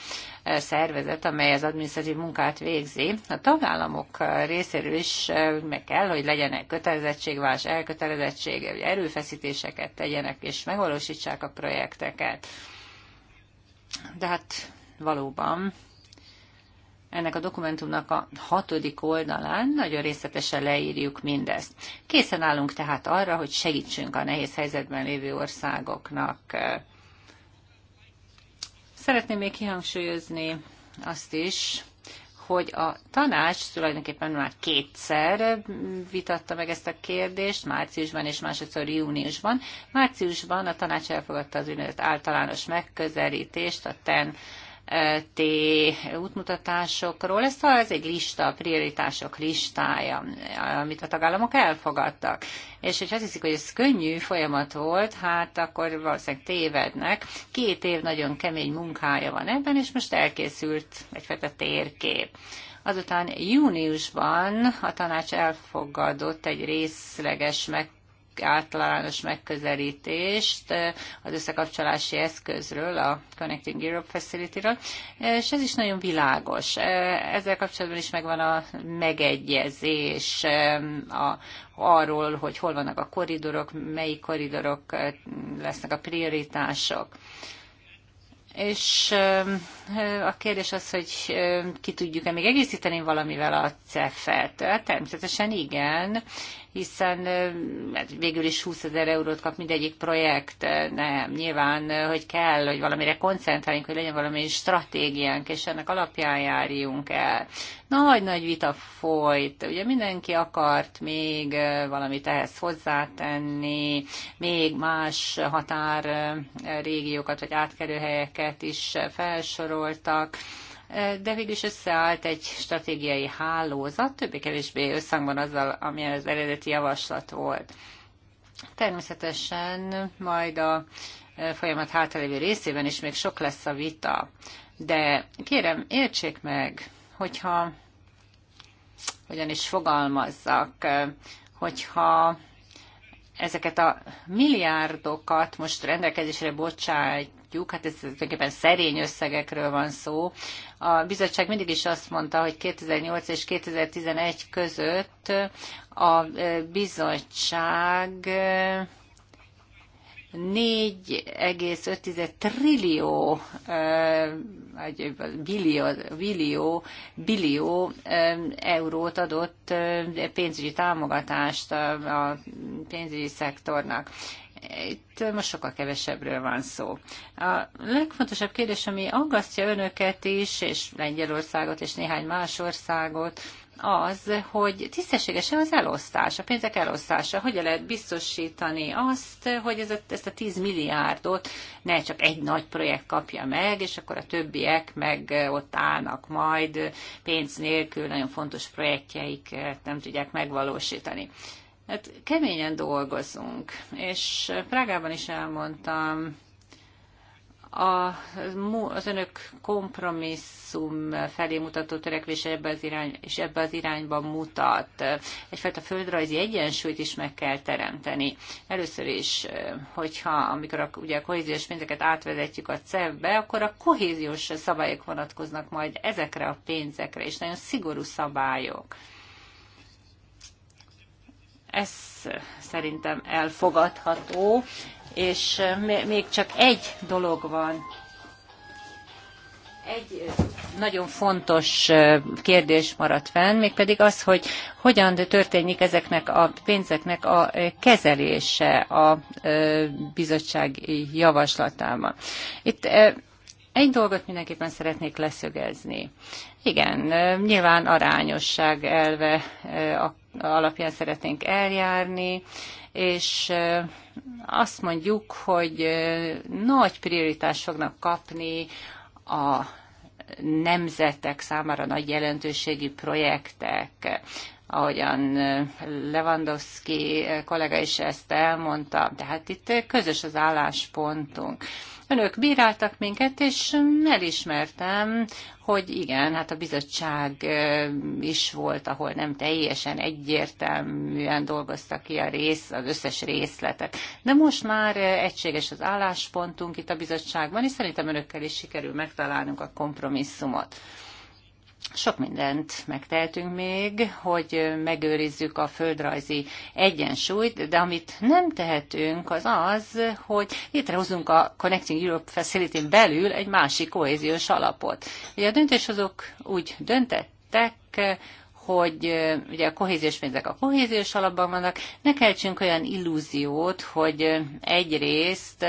szervezet, amely az adminisztratív munkát végzi. A tagállamok részéről is meg kell, hogy legyenek kötelezettségvás, elkötelezettség, erőfeszítéseket tegyenek, és megvalósítsák a projekteket. De hát valóban ennek a dokumentumnak a hatodik oldalán nagyon részletesen leírjuk mindezt. Készen állunk tehát arra, hogy segítsünk a nehéz helyzetben lévő országoknak. Szeretném még kihangsúlyozni azt is, hogy a tanács tulajdonképpen már kétszer vitatta meg ezt a kérdést, márciusban és másodszor júniusban. Márciusban a tanács elfogadta az úgynevezett általános megközelítést a TEN T útmutatásokról. Ez, ez egy lista, a prioritások listája, amit a tagállamok elfogadtak. És hogyha azt hiszik, hogy ez könnyű folyamat volt, hát akkor valószínűleg tévednek. Két év nagyon kemény munkája van ebben, és most elkészült egyfajta térkép. Azután júniusban a tanács elfogadott egy részleges meg általános megközelítést eh, az összekapcsolási eszközről, a Connecting Europe Facility-ről, és ez is nagyon világos. Eh, ezzel kapcsolatban is megvan a megegyezés eh, a, arról, hogy hol vannak a koridorok, melyik koridorok lesznek a prioritások. És a kérdés az, hogy ki tudjuk-e még egészíteni valamivel a CEF-et? Hát természetesen igen, hiszen hát végül is 20 ezer eurót kap mindegyik projekt. Nem, nyilván, hogy kell, hogy valamire koncentráljunk, hogy legyen valami stratégiánk, és ennek alapján járjunk el. Nagy-nagy vita folyt. Ugye mindenki akart még valamit ehhez hozzátenni, még más határ régiókat, vagy átkerőhelyeket is felsoroltak de végül is összeállt egy stratégiai hálózat, többé-kevésbé összhangban azzal, amilyen az eredeti javaslat volt. Természetesen majd a e, folyamat hátralévő részében is még sok lesz a vita, de kérem, értsék meg, hogyha hogyan is fogalmazzak, e, hogyha ezeket a milliárdokat most rendelkezésre bocsájt, látjuk, hát ez tulajdonképpen szerény összegekről van szó. A bizottság mindig is azt mondta, hogy 2008 és 2011 között a e, bizottság 4,5 e, trillió, e, vagy billió, billió, billió eurót adott pénzügyi támogatást a pénzügyi szektornak itt most sokkal kevesebbről van szó. A legfontosabb kérdés, ami aggasztja önöket is, és Lengyelországot, és néhány más országot, az, hogy tisztességesen az elosztás, a pénzek elosztása, hogyan lehet biztosítani azt, hogy ez a, ezt a 10 milliárdot ne csak egy nagy projekt kapja meg, és akkor a többiek meg ott állnak majd pénz nélkül, nagyon fontos projektjeik nem tudják megvalósítani. Hát keményen dolgozunk, és Prágában is elmondtam, a, az önök kompromisszum felé mutató törekvése ebbe az, irány, és ebbe az irányba mutat. Egyfajta földrajzi egyensúlyt is meg kell teremteni. Először is, hogyha amikor a, ugye a kohéziós pénzeket átvezetjük a cef akkor a kohéziós szabályok vonatkoznak majd ezekre a pénzekre, és nagyon szigorú szabályok. Ez szerintem elfogadható, és még csak egy dolog van. Egy nagyon fontos kérdés maradt fenn, mégpedig az, hogy hogyan történik ezeknek a pénzeknek a kezelése a bizottság javaslatában. Itt egy dolgot mindenképpen szeretnék leszögezni. Igen, nyilván arányosság elve alapján szeretnénk eljárni, és azt mondjuk, hogy nagy prioritást fognak kapni a nemzetek számára nagy jelentőségi projektek, ahogyan Lewandowski kollega is ezt elmondta. Tehát itt közös az álláspontunk. Önök bíráltak minket, és elismertem, hogy igen, hát a bizottság is volt, ahol nem teljesen egyértelműen dolgoztak ki a rész, az összes részletet. De most már egységes az álláspontunk itt a bizottságban, és szerintem önökkel is sikerül megtalálnunk a kompromisszumot. Sok mindent megtehetünk még, hogy megőrizzük a földrajzi egyensúlyt, de amit nem tehetünk, az az, hogy létrehozunk a Connecting Europe facility belül egy másik kohéziós alapot. Ugye a döntéshozók úgy döntettek, hogy ugye a kohéziós pénzek a kohéziós alapban vannak, ne keltsünk olyan illúziót, hogy egyrészt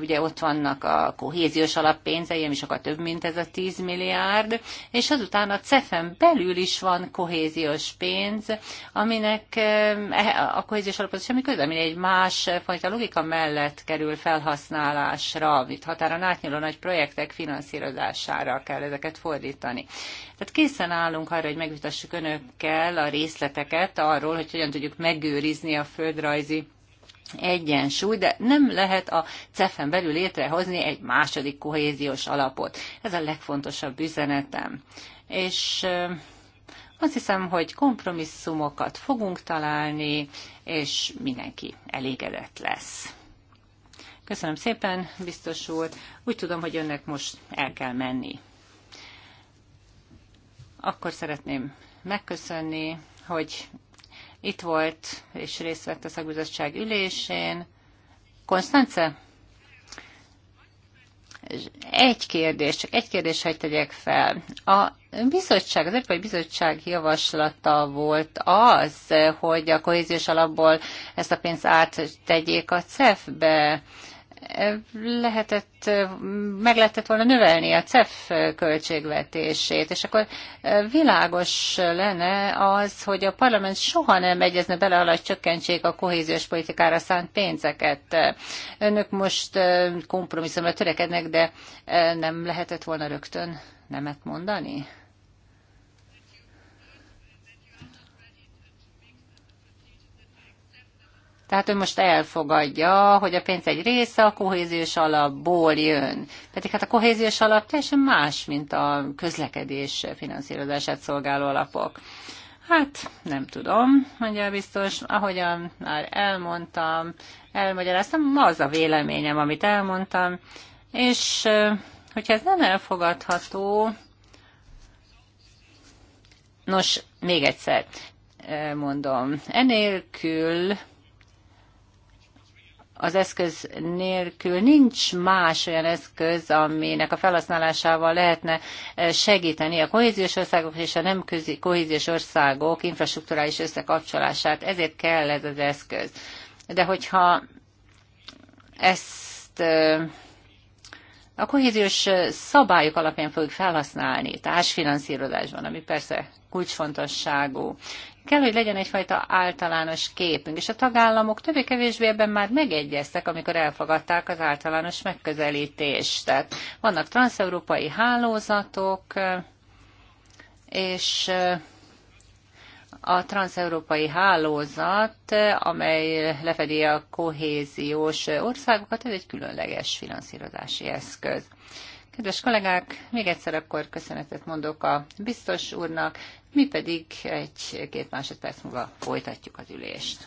ugye ott vannak a kohéziós alappénzei, ami sokkal több, mint ez a 10 milliárd, és azután a CEFEN belül is van kohéziós pénz, aminek e, a kohéziós alaphoz semmi köze, ami egy más fajta logika mellett kerül felhasználásra, amit határon átnyúló nagy projektek finanszírozására kell ezeket fordítani. Tehát készen állunk arra, hogy megvitassuk megosztassuk önökkel a részleteket arról, hogy hogyan tudjuk megőrizni a földrajzi egyensúly, de nem lehet a CEF-en belül létrehozni egy második kohéziós alapot. Ez a legfontosabb üzenetem. És azt hiszem, hogy kompromisszumokat fogunk találni, és mindenki elégedett lesz. Köszönöm szépen, biztos úr. Úgy tudom, hogy önnek most el kell menni. Akkor szeretném megköszönni, hogy itt volt és részt vett a szakbizottság ülésén. Konstance? Egy kérdés, csak egy kérdés, hogy tegyek fel. A bizottság, az Európai Bizottság javaslata volt az, hogy a kohéziós alapból ezt a pénzt áttegyék a CEF-be lehetett, meg lehetett volna növelni a CEF költségvetését, és akkor világos lenne az, hogy a parlament soha nem egyezne bele, alatt csökkentsék a kohéziós politikára szánt pénzeket. Önök most kompromisszumra törekednek, de nem lehetett volna rögtön nemet mondani? Tehát ő most elfogadja, hogy a pénz egy része a kohéziós alapból jön. Pedig hát a kohéziós alap teljesen más, mint a közlekedés finanszírozását szolgáló alapok. Hát nem tudom, mondja biztos, ahogyan már elmondtam, elmagyaráztam, az a véleményem, amit elmondtam, és hogyha ez nem elfogadható, nos, még egyszer mondom, enélkül az eszköz nélkül nincs más olyan eszköz, aminek a felhasználásával lehetne eh, segíteni a kohéziós országok és a nem közi kohéziós országok infrastruktúrális összekapcsolását. Ezért kell ez az eszköz. De hogyha ezt eh, a kohéziós szabályok alapján fogjuk felhasználni társfinanszírozásban, ami persze kulcsfontosságú, Kell, hogy legyen egyfajta általános képünk, és a tagállamok többé-kevésbé ebben már megegyeztek, amikor elfogadták az általános megközelítést. Tehát vannak transeurópai hálózatok, és a transeurópai hálózat, amely lefedi a kohéziós országokat, ez egy különleges finanszírozási eszköz. Kedves kollégák, még egyszer akkor köszönetet mondok a biztos úrnak, mi pedig egy-két másodperc múlva folytatjuk az ülést.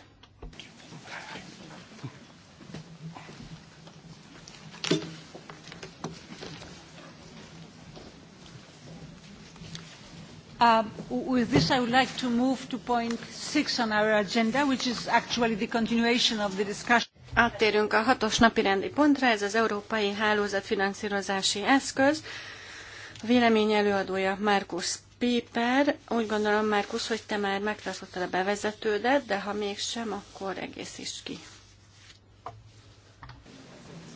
Uh, with this, I would like to move to point six on our agenda, which is actually the continuation of the discussion. Áttérünk a hatos napi rendi pontra, ez az Európai Hálózat finanszírozási eszköz. A vélemény előadója Markus Piper. Úgy gondolom, Markus, hogy te már megtartottad a bevezetődet, de ha mégsem, akkor egész is ki.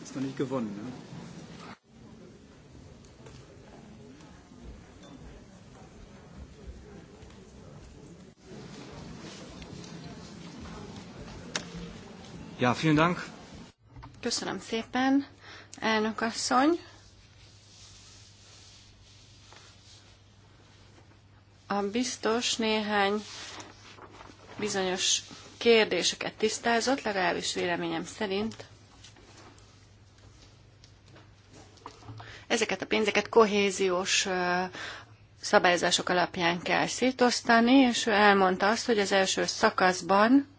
Ez nem így gewonnen, ne? Ja, vielen Dank. Köszönöm szépen, elnök asszony. A biztos néhány bizonyos kérdéseket tisztázott, legalábbis véleményem szerint. Ezeket a pénzeket kohéziós szabályozások alapján kell szétosztani, és ő elmondta azt, hogy az első szakaszban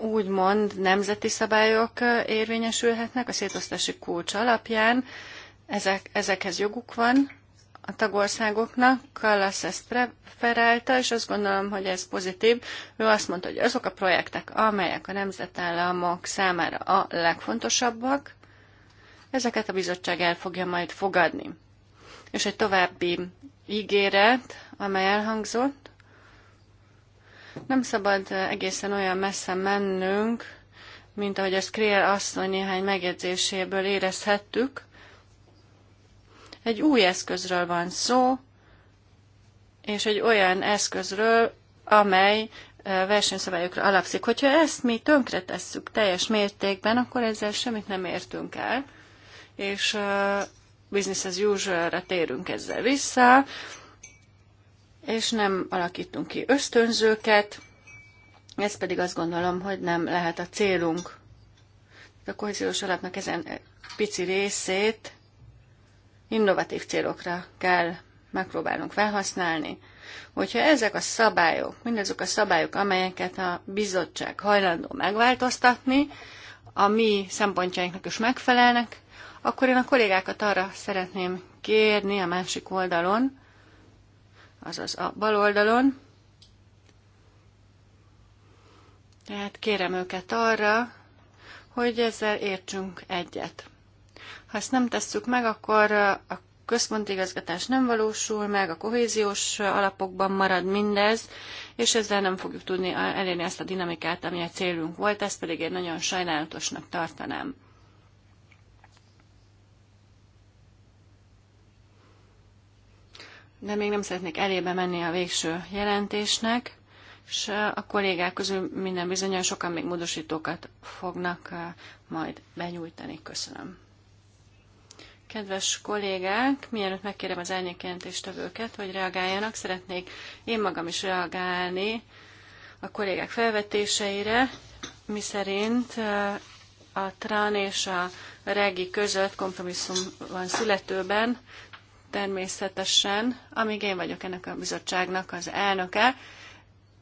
úgymond nemzeti szabályok érvényesülhetnek a szétosztási kulcs alapján. Ezek, ezekhez joguk van a tagországoknak. Kallasz ezt preferálta, és azt gondolom, hogy ez pozitív. Ő azt mondta, hogy azok a projektek, amelyek a nemzetállamok számára a legfontosabbak, ezeket a bizottság el fogja majd fogadni. És egy további ígéret, amely elhangzott, nem szabad egészen olyan messze mennünk, mint ahogy ezt Krél asszony néhány megjegyzéséből érezhettük. Egy új eszközről van szó, és egy olyan eszközről, amely versenyszabályokra alapszik. Hogyha ezt mi tönkretesszük teljes mértékben, akkor ezzel semmit nem értünk el, és business as usual-re térünk ezzel vissza, és nem alakítunk ki ösztönzőket, ez pedig azt gondolom, hogy nem lehet a célunk. A kohéziós alapnak ezen pici részét innovatív célokra kell megpróbálunk felhasználni. Hogyha ezek a szabályok, mindazok a szabályok, amelyeket a bizottság hajlandó megváltoztatni, a mi szempontjainknak is megfelelnek, akkor én a kollégákat arra szeretném kérni a másik oldalon, azaz a bal oldalon. Tehát kérem őket arra, hogy ezzel értsünk egyet. Ha ezt nem tesszük meg, akkor a központi igazgatás nem valósul meg, a kohéziós alapokban marad mindez, és ezzel nem fogjuk tudni elérni ezt a dinamikát, ami a célunk volt, ezt pedig én nagyon sajnálatosnak tartanám. de még nem szeretnék elébe menni a végső jelentésnek, és a kollégák közül minden bizonyos sokan még módosítókat fognak majd benyújtani. Köszönöm. Kedves kollégák, mielőtt megkérem az elnyékjelentéstevőket, hogy reagáljanak, szeretnék én magam is reagálni a kollégák felvetéseire, szerint a TRAN és a REGI között kompromisszum van születőben, természetesen, amíg én vagyok ennek a bizottságnak az elnöke,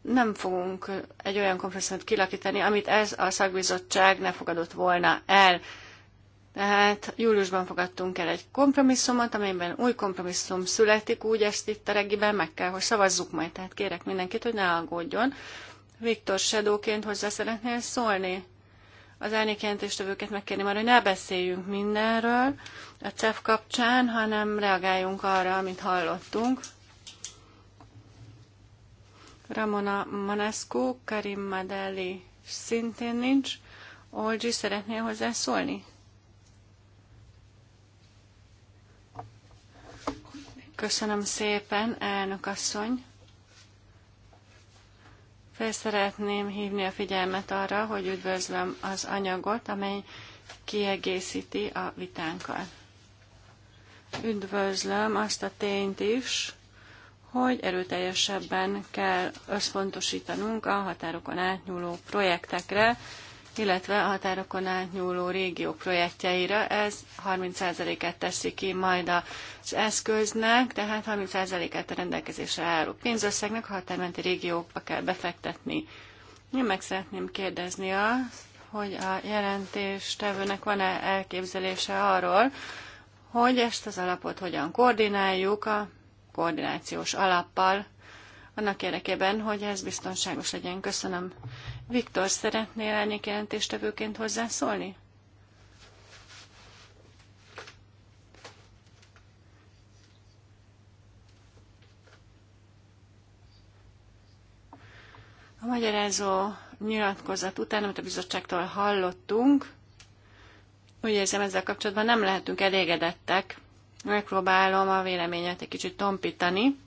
nem fogunk egy olyan kompromisszumot kilakítani, amit ez a szakbizottság ne fogadott volna el. Tehát júliusban fogadtunk el egy kompromisszumot, amelyben új kompromisszum születik, úgy ezt itt a reggiben meg kell, hogy szavazzuk majd. Tehát kérek mindenkit, hogy ne aggódjon. Viktor Sedóként hozzá szeretnél szólni? az árnyékjelentéstevőket megkérném arra, hogy ne beszéljünk mindenről a CEF kapcsán, hanem reagáljunk arra, amit hallottunk. Ramona Manescu, Karim Madeli szintén nincs. Olgyi, szeretnél hozzászólni? Köszönöm szépen, elnök asszony szeretném hívni a figyelmet arra, hogy üdvözlöm az anyagot, amely kiegészíti a vitánkat. Üdvözlöm azt a tényt is, hogy erőteljesebben kell összpontosítanunk a határokon átnyúló projektekre, illetve a határokon átnyúló régiók projektjeire. Ez 30 et teszi ki majd az eszköznek, tehát 30 et a rendelkezésre álló pénzösszegnek a határmenti régiókba kell befektetni. Én meg szeretném kérdezni azt, hogy a jelentéstevőnek van-e elképzelése arról, hogy ezt az alapot hogyan koordináljuk a koordinációs alappal, annak érdekében, hogy ez biztonságos legyen. Köszönöm. Viktor, szeretnél árnyék jelentéstevőként hozzászólni? A magyarázó nyilatkozat után, amit a bizottságtól hallottunk, úgy érzem ezzel kapcsolatban nem lehetünk elégedettek. Megpróbálom a véleményet egy kicsit tompítani.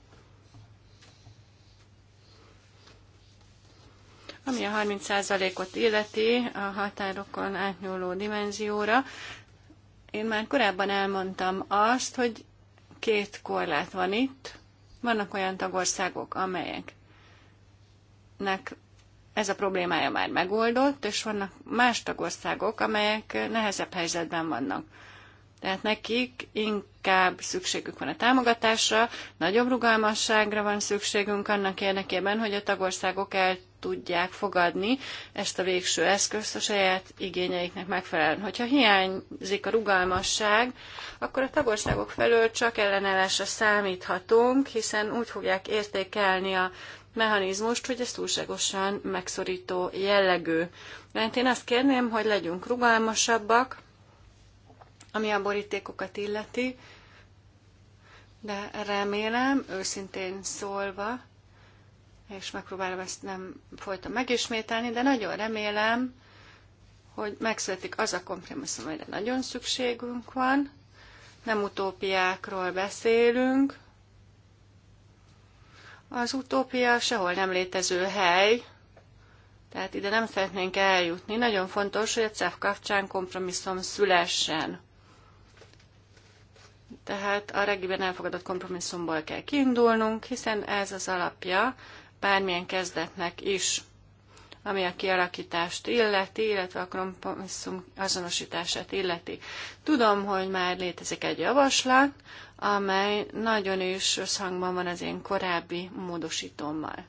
ami a 30%-ot illeti a határokon átnyúló dimenzióra. Én már korábban elmondtam azt, hogy két korlát van itt. Vannak olyan tagországok, amelyeknek ez a problémája már megoldott, és vannak más tagországok, amelyek nehezebb helyzetben vannak. Tehát nekik inkább szükségük van a támogatásra, nagyobb rugalmasságra van szükségünk annak érdekében, hogy a tagországok el tudják fogadni ezt a végső eszközt a saját igényeiknek megfelelően. Hogyha hiányzik a rugalmasság, akkor a tagországok felől csak ellenállásra számíthatunk, hiszen úgy fogják értékelni a mechanizmust, hogy ez túlságosan megszorító jellegű. Mert én azt kérném, hogy legyünk rugalmasabbak, ami a borítékokat illeti, de remélem, őszintén szólva, és megpróbálom ezt nem folyton megismételni, de nagyon remélem, hogy megszületik az a kompromisszum, amire nagyon szükségünk van. Nem utópiákról beszélünk. Az utópia sehol nem létező hely, tehát ide nem szeretnénk eljutni. Nagyon fontos, hogy a CEF kapcsán kompromisszum szülessen. Tehát a reggiben elfogadott kompromisszumból kell kiindulnunk, hiszen ez az alapja bármilyen kezdetnek is, ami a kialakítást illeti, illetve a kompromisszum azonosítását illeti. Tudom, hogy már létezik egy javaslat, amely nagyon is összhangban van az én korábbi módosítómmal.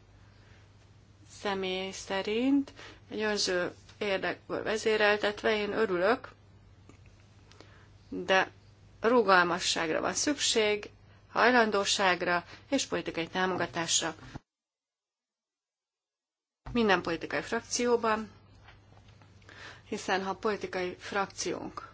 Személy szerint egy önző érdekből vezéreltetve én örülök, de rugalmasságra van szükség, hajlandóságra és politikai támogatásra. Minden politikai frakcióban, hiszen ha politikai frakciók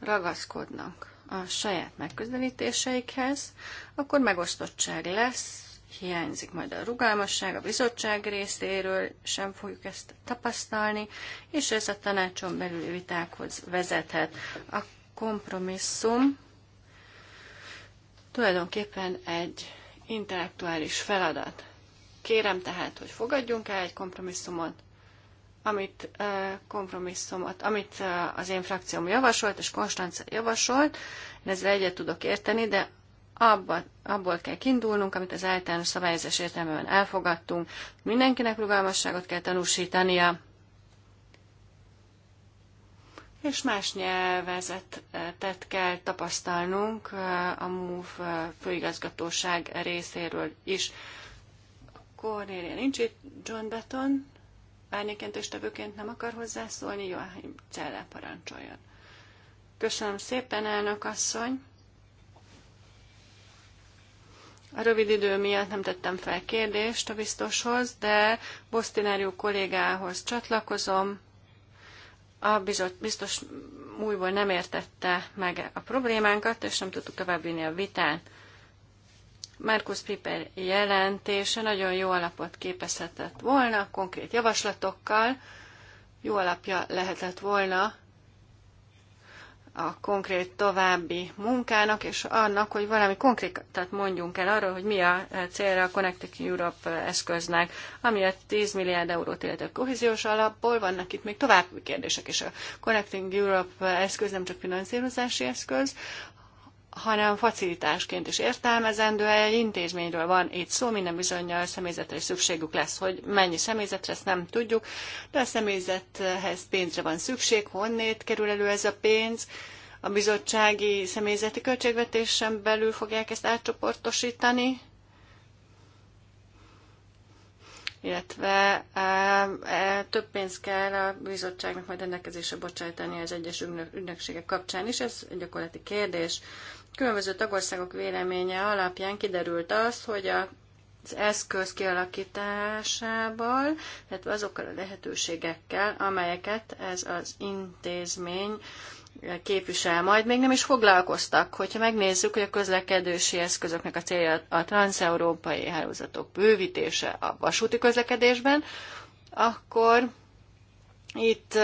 ragaszkodnak a saját megközelítéseikhez, akkor megosztottság lesz, hiányzik majd a rugalmasság a bizottság részéről, sem fogjuk ezt tapasztalni, és ez a tanácson belüli vitákhoz vezethet kompromisszum tulajdonképpen egy intellektuális feladat. Kérem tehát, hogy fogadjunk el egy kompromisszumot, amit kompromisszumot, amit az én frakcióm javasolt, és Konstanca javasolt, én ezzel egyet tudok érteni, de abba, abból kell kiindulnunk, amit az általános szabályozás értelmében elfogadtunk. Mindenkinek rugalmasságot kell tanúsítania, és más nyelvezetet kell tapasztalnunk a MUV főigazgatóság részéről is. Cornélia nincs itt, John Beton, tevőként nem akar hozzászólni, Joachim Cellá parancsoljon. Köszönöm szépen, elnök asszony! A rövid idő miatt nem tettem fel kérdést a biztoshoz, de Bosztinárió kollégához csatlakozom, a bizot, biztos újból nem értette meg a problémánkat, és nem tudtuk továbbvinni a vitán. Markus Piper jelentése nagyon jó alapot képezhetett volna, konkrét javaslatokkal, jó alapja lehetett volna a konkrét további munkának, és annak, hogy valami konkrétat mondjunk el arról, hogy mi a célra a Connecting Europe eszköznek, ami a 10 milliárd eurót illetve a kohéziós alapból, vannak itt még további kérdések, és a Connecting Europe eszköz nem csak finanszírozási eszköz, hanem facilitásként is értelmezendő egy intézményről van itt szó, minden bizonyal személyzetre is szükségük lesz, hogy mennyi személyzetre, ezt nem tudjuk, de a személyzethez pénzre van szükség, honnét kerül elő ez a pénz, a bizottsági személyzeti költségvetésen belül fogják ezt átcsoportosítani, illetve e, e, több pénzt kell a bizottságnak majd rendelkezésre bocsájtani az egyes ügynökségek kapcsán is. Ez egy gyakorlati kérdés különböző tagországok véleménye alapján kiderült az, hogy a az eszköz kialakításával, illetve azokkal a lehetőségekkel, amelyeket ez az intézmény képvisel majd, még nem is foglalkoztak. Hogyha megnézzük, hogy a közlekedési eszközöknek a célja a transeurópai hálózatok bővítése a vasúti közlekedésben, akkor itt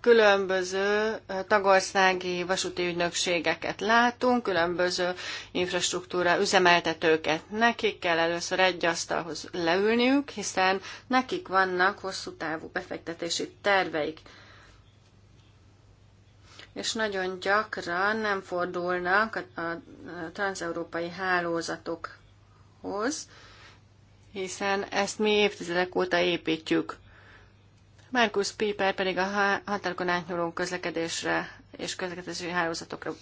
különböző tagországi vasúti ügynökségeket látunk, különböző infrastruktúra üzemeltetőket. Nekik kell először egy asztalhoz leülniük, hiszen nekik vannak hosszú távú befektetési terveik. És nagyon gyakran nem fordulnak a, transeurópai hálózatokhoz, hiszen ezt mi évtizedek óta építjük. Markus Piper pedig a határokon átnyúló közlekedésre és közlekedési hálózatokra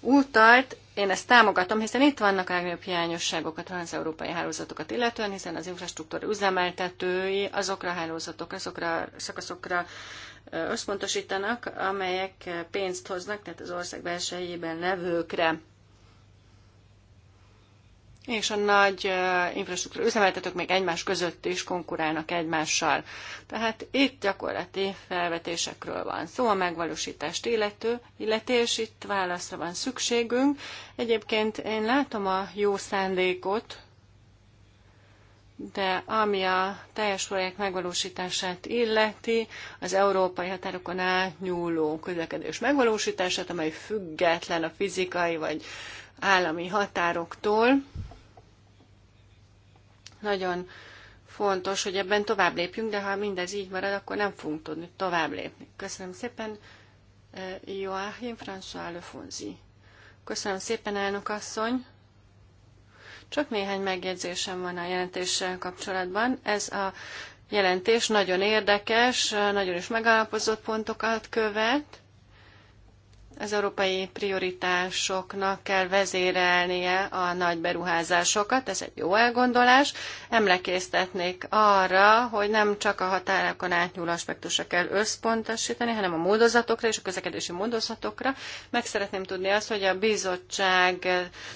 utalt. Én ezt támogatom, hiszen itt vannak a legnagyobb hiányosságok a transeurópai hálózatokat illetően, hiszen az infrastruktúra üzemeltetői azokra a hálózatokra, azokra a szakaszokra összpontosítanak, amelyek pénzt hoznak, tehát az ország belsejében levőkre és a nagy infrastruktúra üzemeltetők még egymás között is konkurálnak egymással. Tehát itt gyakorlati felvetésekről van szó, szóval a megvalósítást illető, illetés, itt válaszra van szükségünk. Egyébként én látom a jó szándékot, de ami a teljes projekt megvalósítását illeti, az európai határokon átnyúló közlekedés megvalósítását, amely független a fizikai vagy állami határoktól, nagyon fontos, hogy ebben tovább lépjünk, de ha mindez így marad, akkor nem fogunk tudni tovább lépni. Köszönöm szépen, eh, Joachim François Lefonzi. Köszönöm szépen, elnök asszony. Csak néhány megjegyzésem van a jelentéssel kapcsolatban. Ez a jelentés nagyon érdekes, eh, nagyon is megalapozott pontokat követ. Az európai prioritásoknak kell vezérelnie a nagy beruházásokat, ez egy jó elgondolás. Emlékeztetnék arra, hogy nem csak a határokon átnyúló aspektusra kell összpontosítani, hanem a módozatokra és a közlekedési módozatokra. Meg szeretném tudni azt, hogy a bizottság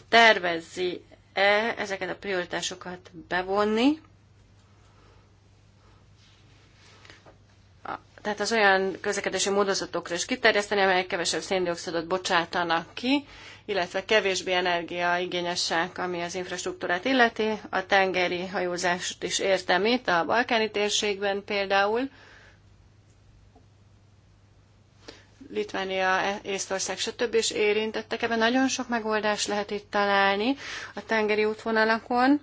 tervezi -e ezeket a prioritásokat bevonni tehát az olyan közlekedési módozatokra is kiterjeszteni, amelyek kevesebb széndiokszidot bocsátanak ki, illetve kevésbé energiaigényesek, ami az infrastruktúrát illeti. A tengeri hajózást is értem itt, a balkáni térségben például. Litvánia, Észtország, stb. is érintettek. Ebben nagyon sok megoldást lehet itt találni a tengeri útvonalakon.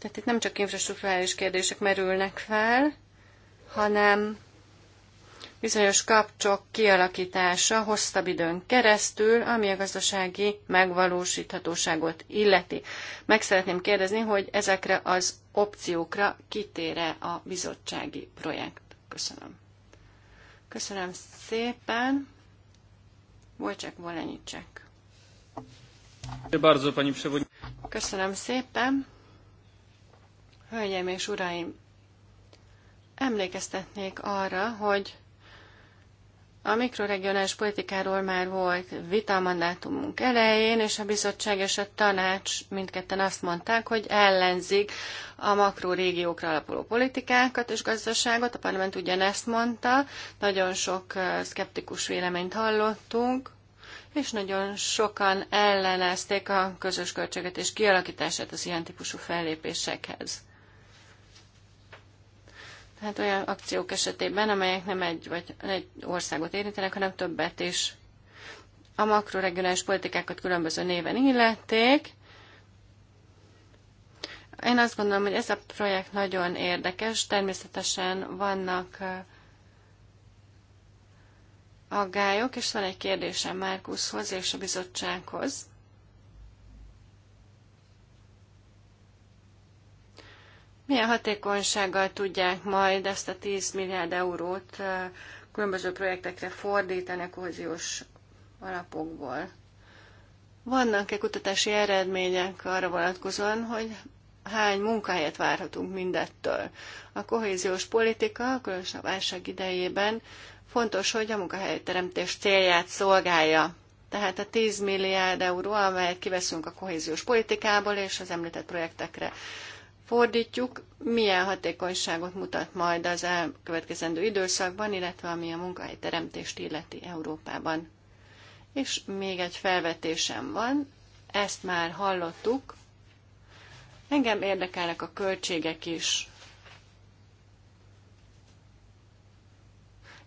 Tehát itt nem csak infrastruktúrális kérdések merülnek fel, hanem bizonyos kapcsok kialakítása hosszabb időn keresztül, ami a gazdasági megvalósíthatóságot illeti. Meg szeretném kérdezni, hogy ezekre az opciókra kitére a bizottsági projekt. Köszönöm. Köszönöm szépen. Wojciech Wolenicek. Köszönöm szépen. Hölgyeim és uraim, emlékeztetnék arra, hogy a mikroregionális politikáról már volt vita mandátumunk elején, és a bizottság és a tanács mindketten azt mondták, hogy ellenzik a makrorégiókra alapuló politikákat és gazdaságot. A parlament ugyanezt mondta, nagyon sok szkeptikus véleményt hallottunk, és nagyon sokan ellenezték a közös és kialakítását az ilyen típusú fellépésekhez. Tehát olyan akciók esetében, amelyek nem egy vagy egy országot érintenek, hanem többet is. A makroregionális politikákat különböző néven illették. Én azt gondolom, hogy ez a projekt nagyon érdekes. Természetesen vannak aggályok, és van egy kérdésem Márkuszhoz és a bizottsághoz. Milyen hatékonysággal tudják majd ezt a 10 milliárd eurót különböző projektekre fordítani a kohéziós alapokból? Vannak-e kutatási eredmények arra vonatkozóan, hogy hány munkahelyet várhatunk mindettől? A kohéziós politika, különösen a válság idejében fontos, hogy a munkahelyteremtés célját szolgálja. Tehát a 10 milliárd euró, amelyet kiveszünk a kohéziós politikából és az említett projektekre fordítjuk, milyen hatékonyságot mutat majd az elkövetkezendő időszakban, illetve ami a munkahelyteremtést illeti Európában. És még egy felvetésem van, ezt már hallottuk. Engem érdekelnek a költségek is.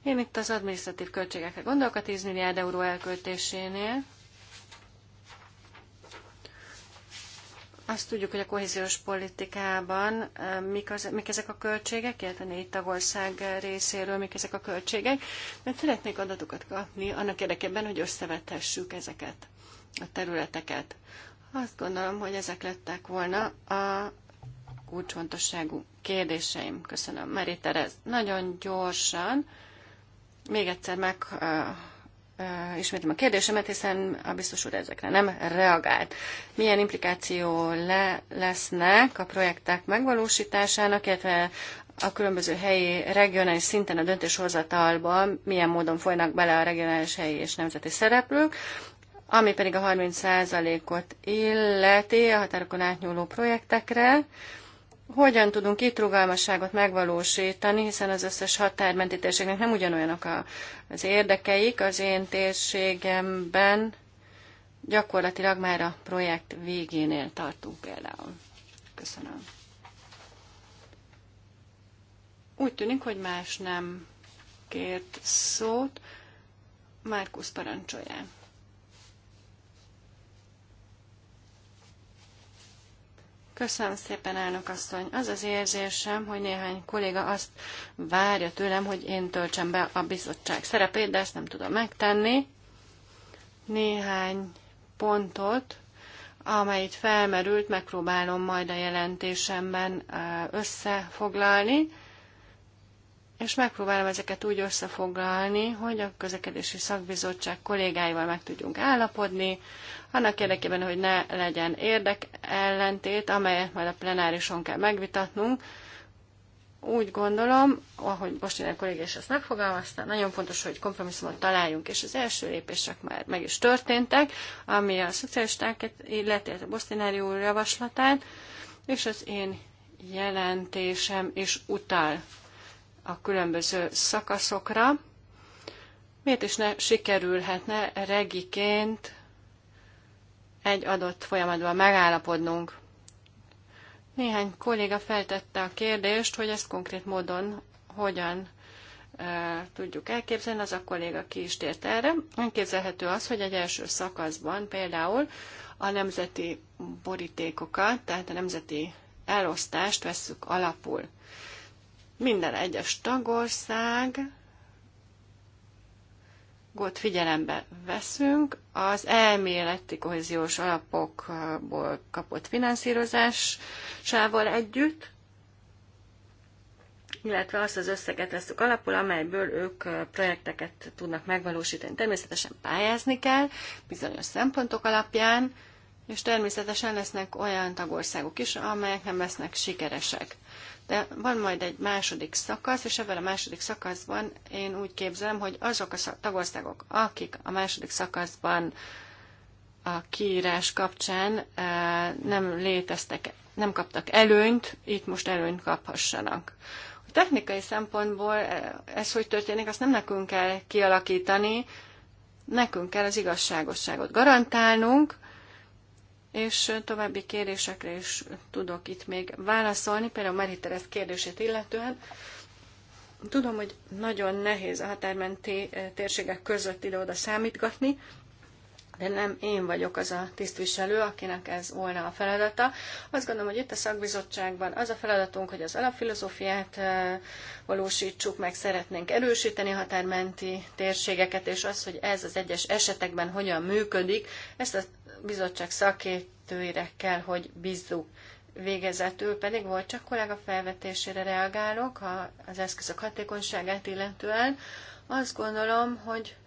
Én itt az administratív költségekre gondolok a 10 milliárd euró elköltésénél. Azt tudjuk, hogy a kohéziós politikában eh, mik, az, mik ezek a költségek, illetve négy tagország részéről mik ezek a költségek, mert szeretnék adatokat kapni annak érdekében, hogy összevethessük ezeket a területeket. Azt gondolom, hogy ezek lettek volna a kulcsfontosságú kérdéseim. Köszönöm, Meri Terez. Nagyon gyorsan, még egyszer meg eh, ismétlem a kérdésemet, hiszen a biztos úr ezekre nem reagált. Milyen implikáció le lesznek a projektek megvalósításának, illetve a különböző helyi, regionális szinten a döntéshozatalban milyen módon folynak bele a regionális, helyi és nemzeti szereplők, ami pedig a 30%-ot illeti a határokon átnyúló projektekre, hogyan tudunk itt rugalmasságot megvalósítani, hiszen az összes határmenti térségnek nem ugyanolyanok a, az érdekeik. Az én térségemben gyakorlatilag már a projekt végénél tartunk például. Köszönöm. Úgy tűnik, hogy más nem kért szót. Márkusz parancsolja. Köszönöm szépen, elnök asszony. Az az érzésem, hogy néhány kolléga azt várja tőlem, hogy én töltsem be a bizottság szerepét, de ezt nem tudom megtenni. Néhány pontot, amelyet felmerült, megpróbálom majd a jelentésemben összefoglalni és megpróbálom ezeket úgy összefoglalni, hogy a közlekedési szakbizottság kollégáival meg tudjunk állapodni, annak érdekében, hogy ne legyen érdek ellentét, amelyet majd a plenárison kell megvitatnunk. Úgy gondolom, ahogy a kollégia is ezt megfogalmazta, nagyon fontos, hogy kompromisszumot találjunk, és az első lépések már meg is történtek, ami a szocialistákat illetve a Bostinári úr javaslatát, és az én jelentésem is utal a különböző szakaszokra. Miért is ne sikerülhetne regiként egy adott folyamatban megállapodnunk? Néhány kolléga feltette a kérdést, hogy ezt konkrét módon hogyan tudjuk elképzelni, az a kolléga ki is tért erre. Elképzelhető az, hogy egy első szakaszban például a nemzeti borítékokat, tehát a nemzeti elosztást vesszük alapul. Minden egyes tagország ott figyelembe veszünk, az elméleti kohéziós alapokból kapott finanszírozásával együtt, illetve azt az összeget veszük alapul, amelyből ők projekteket tudnak megvalósítani. Természetesen pályázni kell bizonyos szempontok alapján, és természetesen lesznek olyan tagországok is, amelyek nem lesznek sikeresek. De van majd egy második szakasz, és ebben a második szakaszban én úgy képzelem, hogy azok a tagországok, akik a második szakaszban a kiírás kapcsán eh, nem léteztek, nem kaptak előnyt, itt most előnyt kaphassanak. A technikai szempontból eh, ez hogy történik, azt nem nekünk kell kialakítani, nekünk kell az igazságosságot garantálnunk, és további kérésekre is tudok itt még válaszolni, például Mari Terez kérdését illetően. Tudom, hogy nagyon nehéz a határmenti eh, térségek között ide-oda számítgatni, de nem én vagyok az a tisztviselő, akinek ez volna a feladata. Azt gondolom, hogy itt a szakbizottságban az a feladatunk, hogy az alapfilozófiát eh, valósítsuk, meg szeretnénk erősíteni határmenti térségeket, és az, hogy ez az egyes esetekben hogyan működik, ezt a bizottság szakértőire kell, hogy bízzuk. Végezetül pedig volt csak kollega felvetésére reagálok ha az eszközök hatékonyságát illetően. Azt gondolom, hogy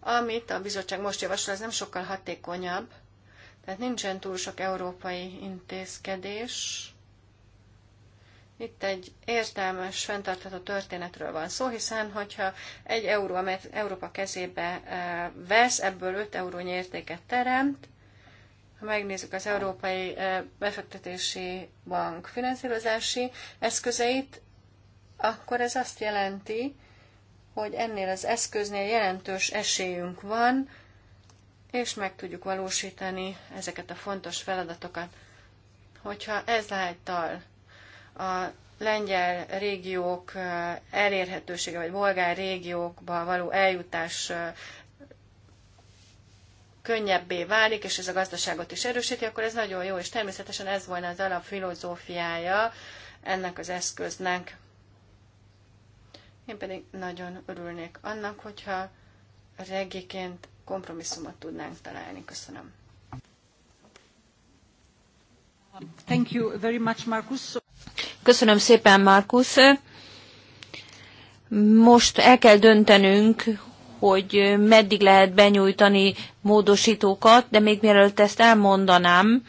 amit a bizottság most javasol, az nem sokkal hatékonyabb. Tehát nincsen túl sok európai intézkedés itt egy értelmes, fenntartható történetről van szó, hiszen hogyha egy euró, amelyet Európa kezébe eh, vesz, ebből 5 eurónyi értéket teremt, ha megnézzük az Európai eh, Befektetési Bank finanszírozási eszközeit, akkor ez azt jelenti, hogy ennél az eszköznél jelentős esélyünk van, és meg tudjuk valósítani ezeket a fontos feladatokat. Hogyha ezáltal a lengyel régiók elérhetősége, vagy bolgár régiókba való eljutás könnyebbé válik, és ez a gazdaságot is erősíti, akkor ez nagyon jó, és természetesen ez volna az alapfilozófiája ennek az eszköznek. Én pedig nagyon örülnék annak, hogyha reggiként kompromisszumot tudnánk találni. Köszönöm. Thank you very much, Markus. Köszönöm szépen, Markus. Most el kell döntenünk, hogy meddig lehet benyújtani módosítókat, de még mielőtt ezt elmondanám,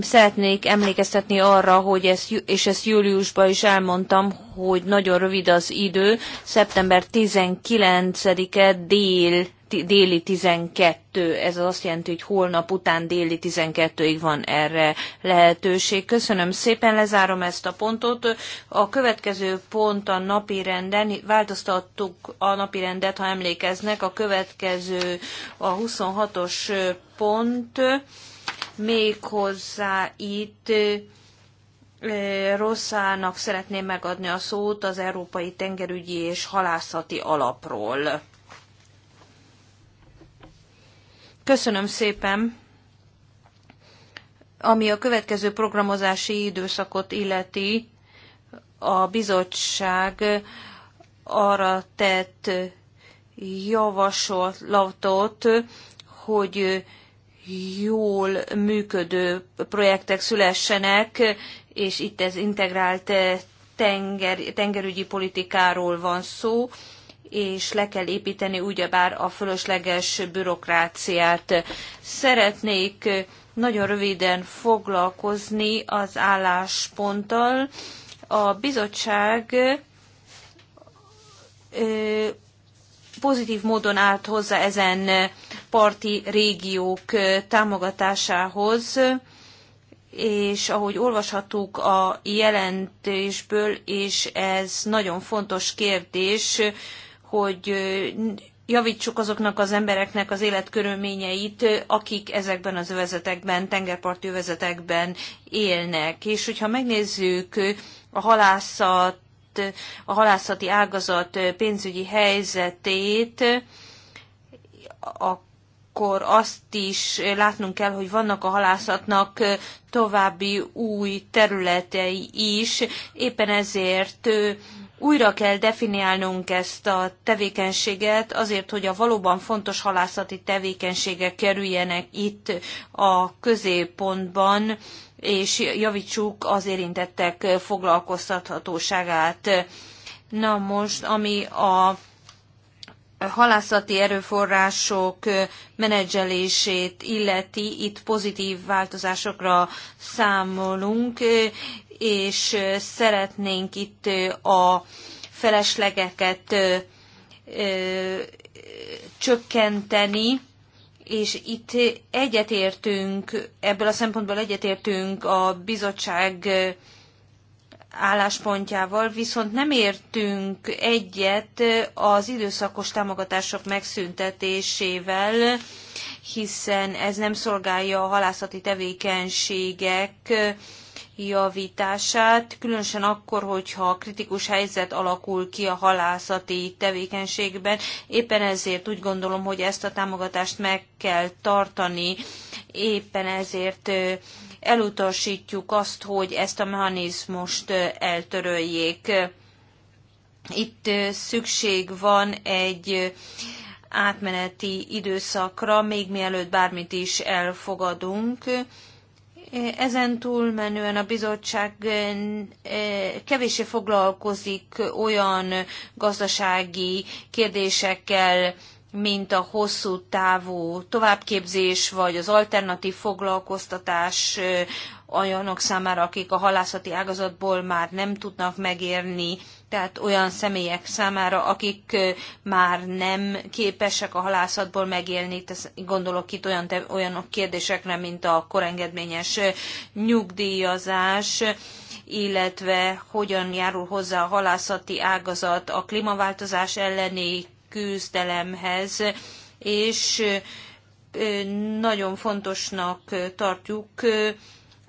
Szeretnék emlékeztetni arra, hogy ezt, és ezt júliusban is elmondtam, hogy nagyon rövid az idő, szeptember 19-e dél, déli 12, ez azt jelenti, hogy holnap után déli 12-ig van erre lehetőség. Köszönöm szépen, lezárom ezt a pontot. A következő pont a napi renden, változtattuk a napi rendet, ha emlékeznek, a következő a 26-os pont, méghozzá itt Rosszának szeretném megadni a szót az Európai Tengerügyi és Halászati Alapról. Köszönöm szépen! Ami a következő programozási időszakot illeti, a bizottság arra tett javasolatot, hogy jól működő projektek szülessenek, és itt ez integrált eh, tenger, tengerügyi politikáról van szó, és le kell építeni ugyebár a fölösleges bürokráciát. Szeretnék eh, nagyon röviden foglalkozni az állásponttal. A bizottság eh, pozitív módon állt hozzá ezen parti régiók támogatásához, és ahogy olvashattuk a jelentésből, és ez nagyon fontos kérdés, hogy javítsuk azoknak az embereknek az életkörülményeit, akik ezekben az övezetekben, tengerparti övezetekben élnek. És hogyha megnézzük a halászat, a halászati ágazat pénzügyi helyzetét, a akkor azt is látnunk kell, hogy vannak a halászatnak további új területei is. Éppen ezért újra kell definiálnunk ezt a tevékenységet azért, hogy a valóban fontos halászati tevékenységek kerüljenek itt a középpontban, és javítsuk az érintettek foglalkoztathatóságát. Na most, ami a halászati erőforrások menedzselését illeti, itt pozitív változásokra számolunk, és szeretnénk itt a feleslegeket csökkenteni, és itt egyetértünk, ebből a szempontból egyetértünk a bizottság álláspontjával, viszont nem értünk egyet az időszakos támogatások megszüntetésével, hiszen ez nem szolgálja a halászati tevékenységek javítását, különösen akkor, hogyha kritikus helyzet alakul ki a halászati tevékenységben. Éppen ezért úgy gondolom, hogy ezt a támogatást meg kell tartani, éppen ezért elutasítjuk azt, hogy ezt a mechanizmust eltöröljék. Itt szükség van egy átmeneti időszakra, még mielőtt bármit is elfogadunk. Ezen túlmenően a bizottság kevésbé foglalkozik olyan gazdasági kérdésekkel, mint a hosszú távú továbbképzés, vagy az alternatív foglalkoztatás olyanok számára, akik a halászati ágazatból már nem tudnak megérni, tehát olyan személyek számára, akik már nem képesek a halászatból megélni, gondolok itt olyan, olyan kérdésekre, mint a korengedményes nyugdíjazás, illetve hogyan járul hozzá a halászati ágazat a klímaváltozás elleni küzdelemhez, és nagyon fontosnak tartjuk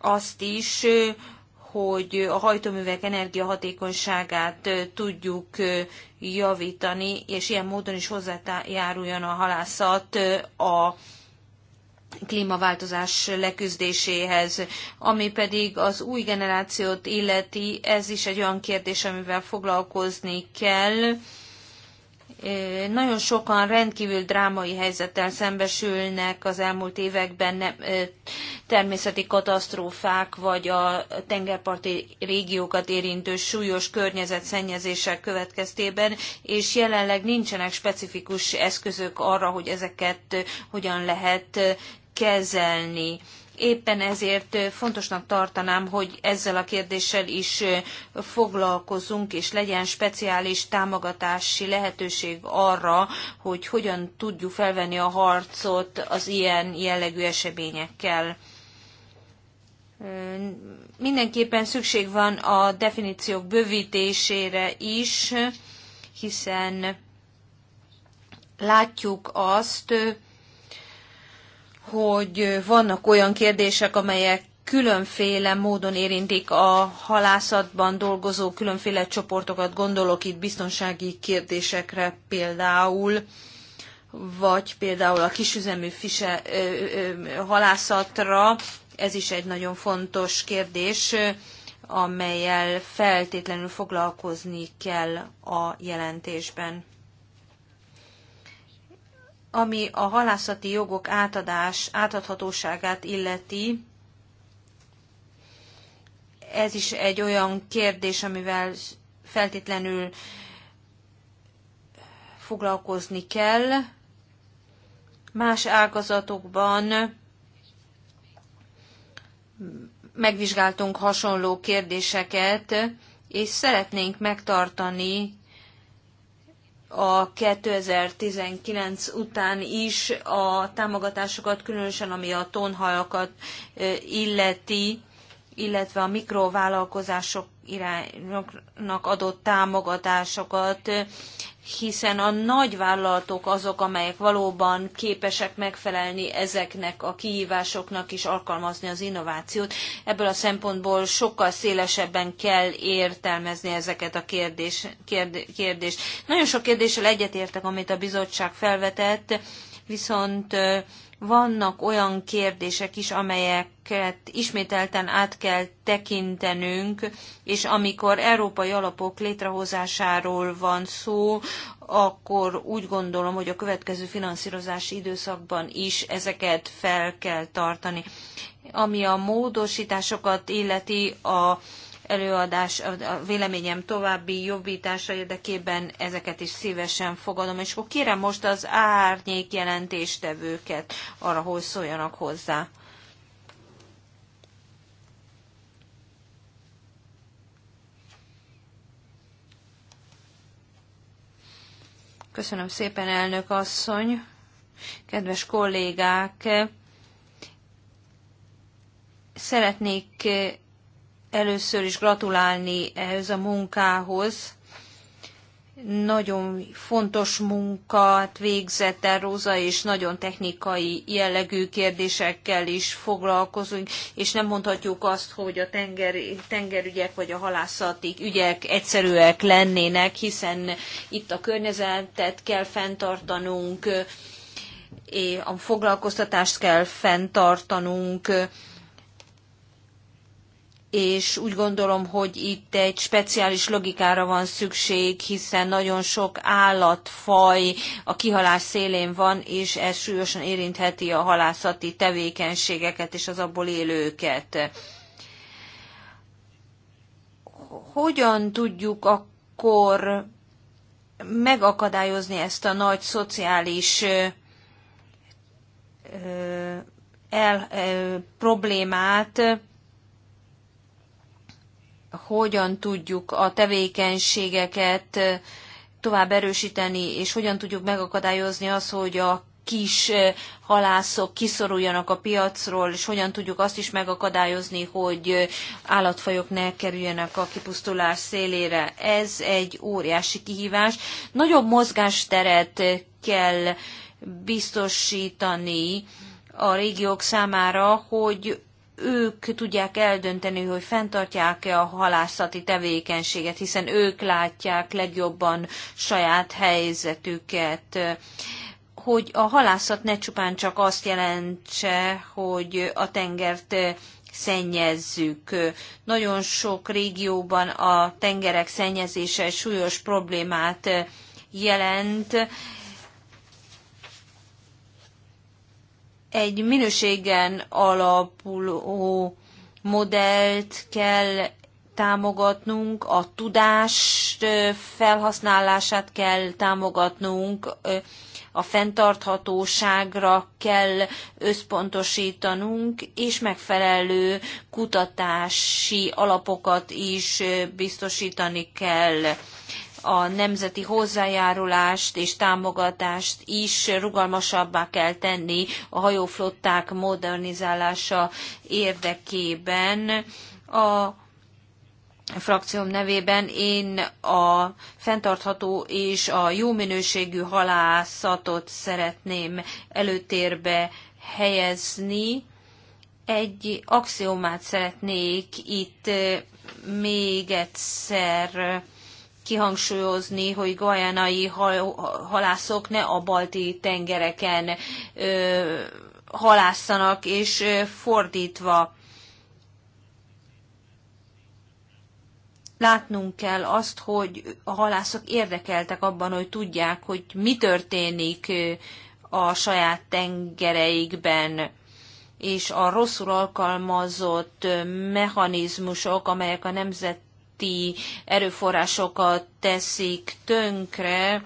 azt is, hogy a hajtóművek energiahatékonyságát tudjuk javítani, és ilyen módon is hozzájáruljon a halászat a klímaváltozás leküzdéséhez. Ami pedig az új generációt illeti, ez is egy olyan kérdés, amivel foglalkozni kell nagyon sokan rendkívül drámai helyzettel szembesülnek az elmúlt években természeti katasztrófák vagy a tengerparti régiókat érintő súlyos környezetszennyezések következtében, és jelenleg nincsenek specifikus eszközök arra, hogy ezeket hogyan lehet kezelni. Éppen ezért fontosnak tartanám, hogy ezzel a kérdéssel is foglalkozunk, és legyen speciális támogatási lehetőség arra, hogy hogyan tudjuk felvenni a harcot az ilyen jellegű eseményekkel. Mindenképpen szükség van a definíciók bővítésére is, hiszen látjuk azt, hogy vannak olyan kérdések, amelyek különféle módon érintik a halászatban dolgozó különféle csoportokat, gondolok itt biztonsági kérdésekre például, vagy például a kisüzemű fise, ö, ö, halászatra, ez is egy nagyon fontos kérdés, amelyel feltétlenül foglalkozni kell a jelentésben ami a halászati jogok átadás, átadhatóságát illeti, ez is egy olyan kérdés, amivel feltétlenül foglalkozni kell. Más ágazatokban megvizsgáltunk hasonló kérdéseket, és szeretnénk megtartani a 2019 után is a támogatásokat, különösen ami a tonhalakat illeti, illetve a mikrovállalkozásoknak adott támogatásokat, hiszen a nagyvállalatok azok, amelyek valóban képesek megfelelni ezeknek a kihívásoknak és alkalmazni az innovációt. Ebből a szempontból sokkal szélesebben kell értelmezni ezeket a kérdés, kérd, kérdést. Nagyon sok kérdéssel egyetértek, amit a bizottság felvetett, viszont vannak olyan kérdések is, amelyeket ismételten át kell tekintenünk, és amikor európai alapok létrehozásáról van szó, akkor úgy gondolom, hogy a következő finanszírozási időszakban is ezeket fel kell tartani. Ami a módosításokat illeti, a előadás, a véleményem további jobbítása érdekében ezeket is szívesen fogadom, és akkor kérem most az árnyék jelentéstevőket arra, hogy szóljanak hozzá. Köszönöm szépen, elnök asszony, kedves kollégák! Szeretnék először is gratulálni ehhez a munkához. Nagyon fontos munkát végzett el Róza, és nagyon technikai jellegű kérdésekkel is foglalkozunk, és nem mondhatjuk azt, hogy a tenger, tengerügyek vagy a halászati ügyek egyszerűek lennének, hiszen itt a környezetet kell fenntartanunk, a foglalkoztatást kell fenntartanunk, és úgy gondolom, hogy itt egy speciális logikára van szükség, hiszen nagyon sok állatfaj a kihalás szélén van, és ez súlyosan érintheti a halászati tevékenységeket és az abból élőket. Hogyan tudjuk akkor megakadályozni ezt a nagy szociális el, el, problémát, hogyan tudjuk a tevékenységeket eh, tovább erősíteni, és hogyan tudjuk megakadályozni azt, hogy a kis eh, halászok kiszoruljanak a piacról, és hogyan tudjuk azt is megakadályozni, hogy eh, állatfajok ne kerüljenek a kipusztulás szélére. Ez egy óriási kihívás. Nagyobb mozgásteret kell biztosítani a régiók számára, hogy ők tudják eldönteni, hogy fenntartják-e a halászati tevékenységet, hiszen ők látják legjobban saját helyzetüket hogy a halászat ne csupán csak azt jelentse, hogy a tengert szennyezzük. Nagyon sok régióban a tengerek szennyezése súlyos problémát jelent, egy minőségen alapuló modellt kell támogatnunk, a tudás felhasználását kell támogatnunk, a fenntarthatóságra kell összpontosítanunk, és megfelelő kutatási alapokat is biztosítani kell a nemzeti hozzájárulást és támogatást is rugalmasabbá kell tenni a hajóflották modernizálása érdekében. A frakcióm nevében én a fenntartható és a jó minőségű halászatot szeretném előtérbe helyezni. Egy axiomát szeretnék itt eh, még egyszer kihangsúlyozni, hogy gajánai halászok ne a balti tengereken halászanak, és fordítva. látnunk kell azt, hogy a halászok érdekeltek abban, hogy tudják, hogy mi történik a saját tengereikben, és a rosszul alkalmazott mechanizmusok, amelyek a nemzet közötti erőforrásokat teszik tönkre,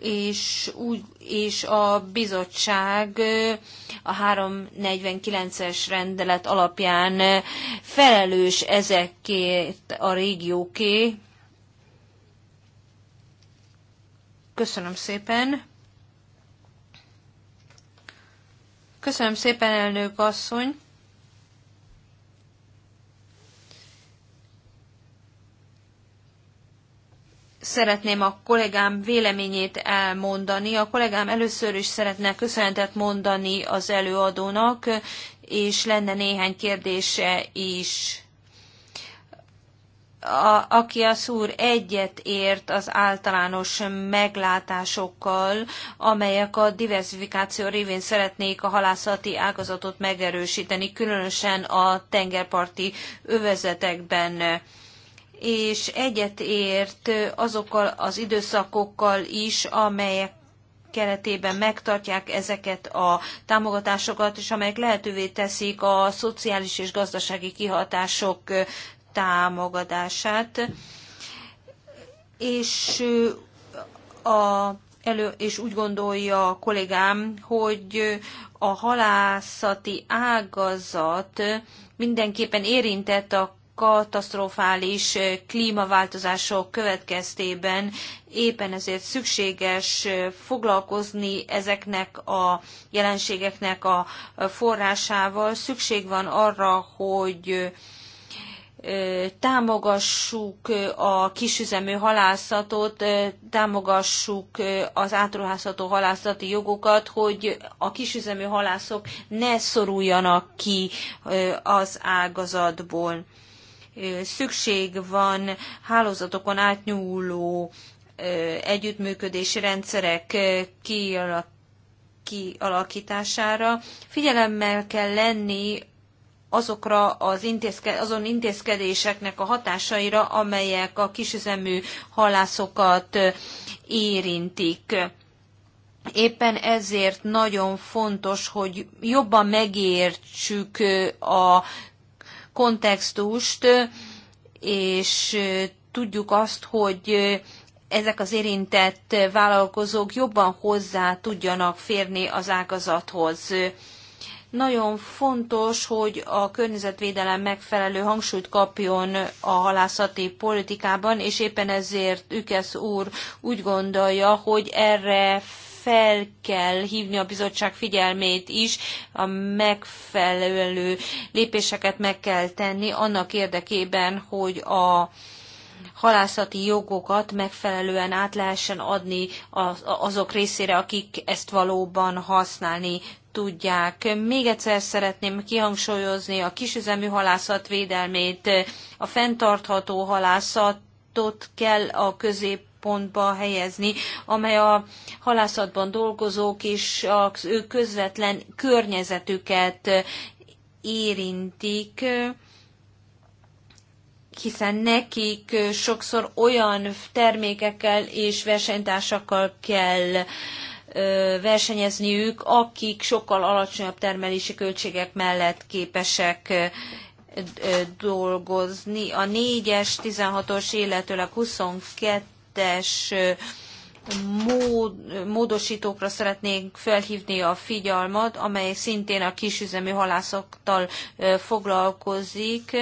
és, úgy, és a bizottság a 349-es rendelet alapján felelős ezekért a régióké. Köszönöm szépen. Köszönöm szépen, elnök asszony. szeretném a kollégám véleményét elmondani. A kollégám először is szeretne köszönetet mondani az előadónak, és lenne néhány kérdése is. A, aki a szúr egyet ért az általános meglátásokkal, amelyek a diversifikáció révén szeretnék a halászati ágazatot megerősíteni, különösen a tengerparti övezetekben és egyetért azokkal az időszakokkal is, amelyek keretében megtartják ezeket a támogatásokat, és amelyek lehetővé teszik a szociális és gazdasági kihatások támogatását. És, a, elő, és úgy gondolja a kollégám, hogy a halászati ágazat mindenképpen érintett a katasztrofális klímaváltozások következtében éppen ezért szükséges foglalkozni ezeknek a jelenségeknek a forrásával. Szükség van arra, hogy támogassuk a kisüzemű halászatot, támogassuk az átruházható halászati jogokat, hogy a kisüzemű halászok ne szoruljanak ki az ágazatból szükség van hálózatokon átnyúló együttműködési rendszerek kialakítására. Figyelemmel kell lenni azokra az intézke, azon intézkedéseknek a hatásaira, amelyek a kisüzemű halászokat érintik. Éppen ezért nagyon fontos, hogy jobban megértsük a kontextust, és tudjuk azt, hogy ezek az érintett vállalkozók jobban hozzá tudjanak férni az ágazathoz. Nagyon fontos, hogy a környezetvédelem megfelelő hangsúlyt kapjon a halászati politikában, és éppen ezért Ükesz úr úgy gondolja, hogy erre fel kell hívni a bizottság figyelmét is, a megfelelő lépéseket meg kell tenni annak érdekében, hogy a halászati jogokat megfelelően át lehessen adni azok részére, akik ezt valóban használni tudják. Még egyszer szeretném kihangsúlyozni a kisüzemű halászat védelmét, a fenntartható halászatot kell a közép központba helyezni, amely a halászatban dolgozók és az ő közvetlen környezetüket érintik, hiszen nekik sokszor olyan termékekkel és versenytársakkal kell versenyezniük, akik sokkal alacsonyabb termelési költségek mellett képesek dolgozni. A 4-es, 16-os, illetőleg kettes módosítókra szeretnék felhívni a figyelmet, amely szintén a kisüzemi halászoktal foglalkozik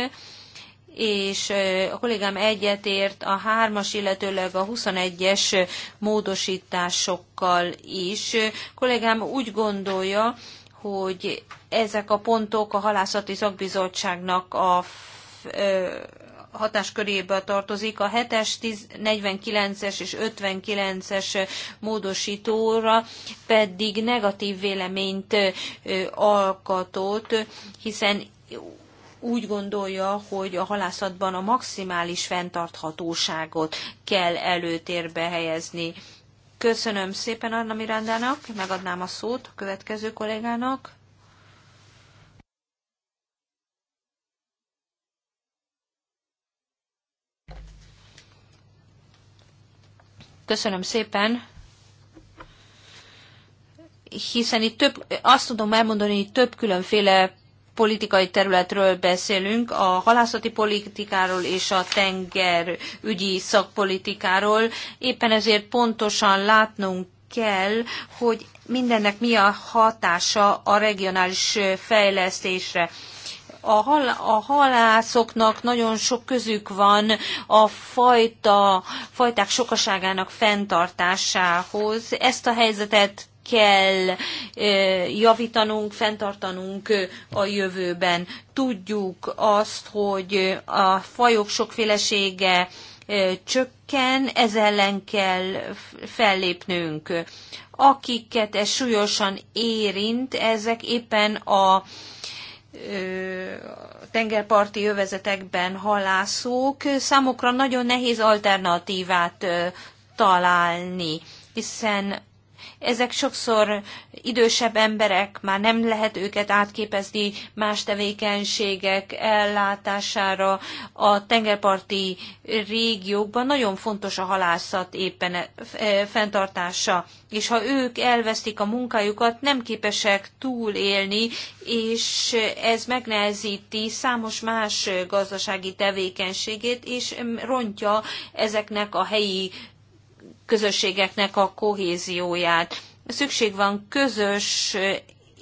és a kollégám egyetért a hármas, illetőleg a 21-es módosításokkal is. A kollégám úgy gondolja, hogy ezek a pontok a halászati szakbizottságnak a hatáskörébe tartozik a 7-es, 49-es és 59-es módosítóra pedig negatív véleményt alkatott, hiszen úgy gondolja, hogy a halászatban a maximális fenntarthatóságot kell előtérbe helyezni. Köszönöm szépen Anna Mirandának, megadnám a szót a következő kollégának. Köszönöm szépen. Hiszen itt több, azt tudom elmondani, hogy több különféle politikai területről beszélünk, a halászati politikáról és a tengerügyi szakpolitikáról. Éppen ezért pontosan látnunk kell, hogy mindennek mi a hatása a regionális fejlesztésre. A, hal, a halászoknak nagyon sok közük van a fajta, fajták sokaságának fenntartásához. Ezt a helyzetet kell javítanunk, fenntartanunk a jövőben. Tudjuk azt, hogy a fajok sokfélesége csökken, ez ellen kell fellépnünk. Akiket ez súlyosan érint, ezek éppen a tengerparti övezetekben halászók, számukra nagyon nehéz alternatívát találni, hiszen ezek sokszor idősebb emberek, már nem lehet őket átképezni más tevékenységek ellátására. A tengerparti régiókban nagyon fontos a halászat éppen e, fenntartása, és ha ők elvesztik a munkájukat, nem képesek túlélni, és ez megnehezíti számos más gazdasági tevékenységét, és rontja ezeknek a helyi közösségeknek a kohézióját. Szükség van közös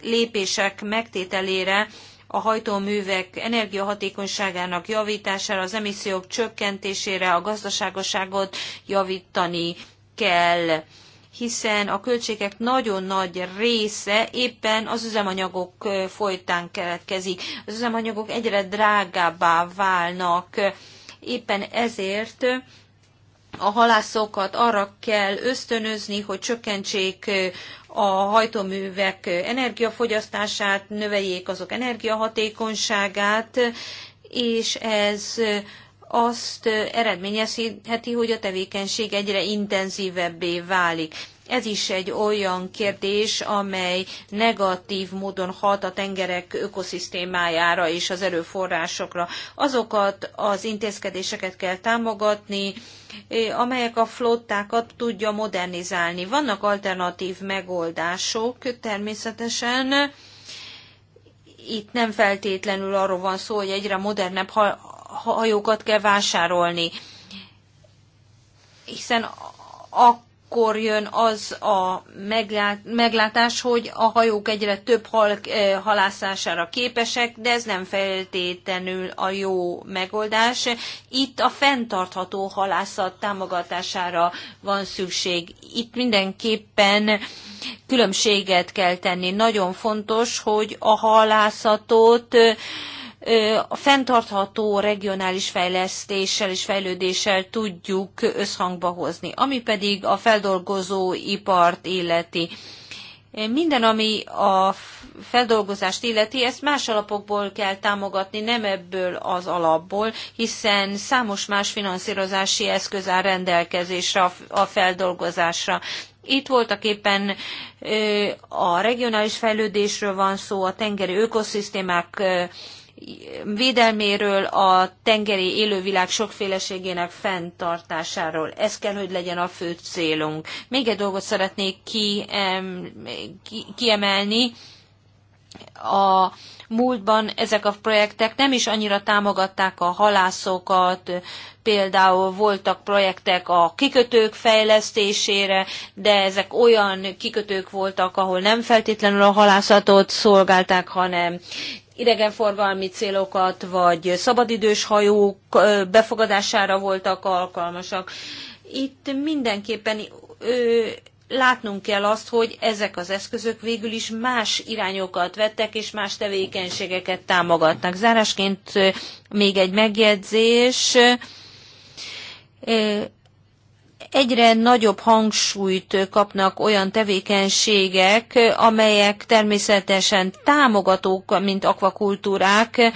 lépések megtételére, a hajtóművek energiahatékonyságának javítására, az emissziók csökkentésére, a gazdaságosságot javítani kell hiszen a költségek nagyon nagy része éppen az üzemanyagok folytán keletkezik. Az üzemanyagok egyre drágábbá válnak. Éppen ezért a halászokat arra kell ösztönözni, hogy csökkentsék a hajtóművek energiafogyasztását, növeljék azok energiahatékonyságát, és ez azt eredményezheti, hogy a tevékenység egyre intenzívebbé válik. Ez is egy olyan kérdés, amely negatív módon hat a tengerek ökoszisztémájára és az erőforrásokra. Azokat az intézkedéseket kell támogatni, eh, amelyek a flottákat tudja modernizálni. Vannak alternatív megoldások természetesen. Itt nem feltétlenül arról van szó, hogy egyre modernebb hajókat kell vásárolni, hiszen akkor akkor jön az a meglátás, hogy a hajók egyre több hal, eh, halászására képesek, de ez nem feltétlenül a jó megoldás. Itt a fenntartható halászat támogatására van szükség. Itt mindenképpen különbséget kell tenni. Nagyon fontos, hogy a halászatot eh, a fenntartható regionális fejlesztéssel és fejlődéssel tudjuk összhangba hozni. Ami pedig a feldolgozó ipart illeti. Minden, ami a feldolgozást illeti, ezt más alapokból kell támogatni, nem ebből az alapból, hiszen számos más finanszírozási eszköz áll rendelkezésre a feldolgozásra. Itt voltak éppen a regionális fejlődésről van szó, a tengeri ökoszisztémák védelméről, a tengeri élővilág sokféleségének fenntartásáról. Ez kell, hogy legyen a fő célunk. Még egy dolgot szeretnék kiemelni. A múltban ezek a projektek nem is annyira támogatták a halászokat, például voltak projektek a kikötők fejlesztésére, de ezek olyan kikötők voltak, ahol nem feltétlenül a halászatot szolgálták, hanem idegenforgalmi célokat, vagy szabadidős hajók befogadására voltak alkalmasak. Itt mindenképpen ö, látnunk kell azt, hogy ezek az eszközök végül is más irányokat vettek, és más tevékenységeket támogatnak. Zárásként még egy megjegyzés. Ö, egyre nagyobb hangsúlyt kapnak olyan tevékenységek, amelyek természetesen támogatók, mint akvakultúrák,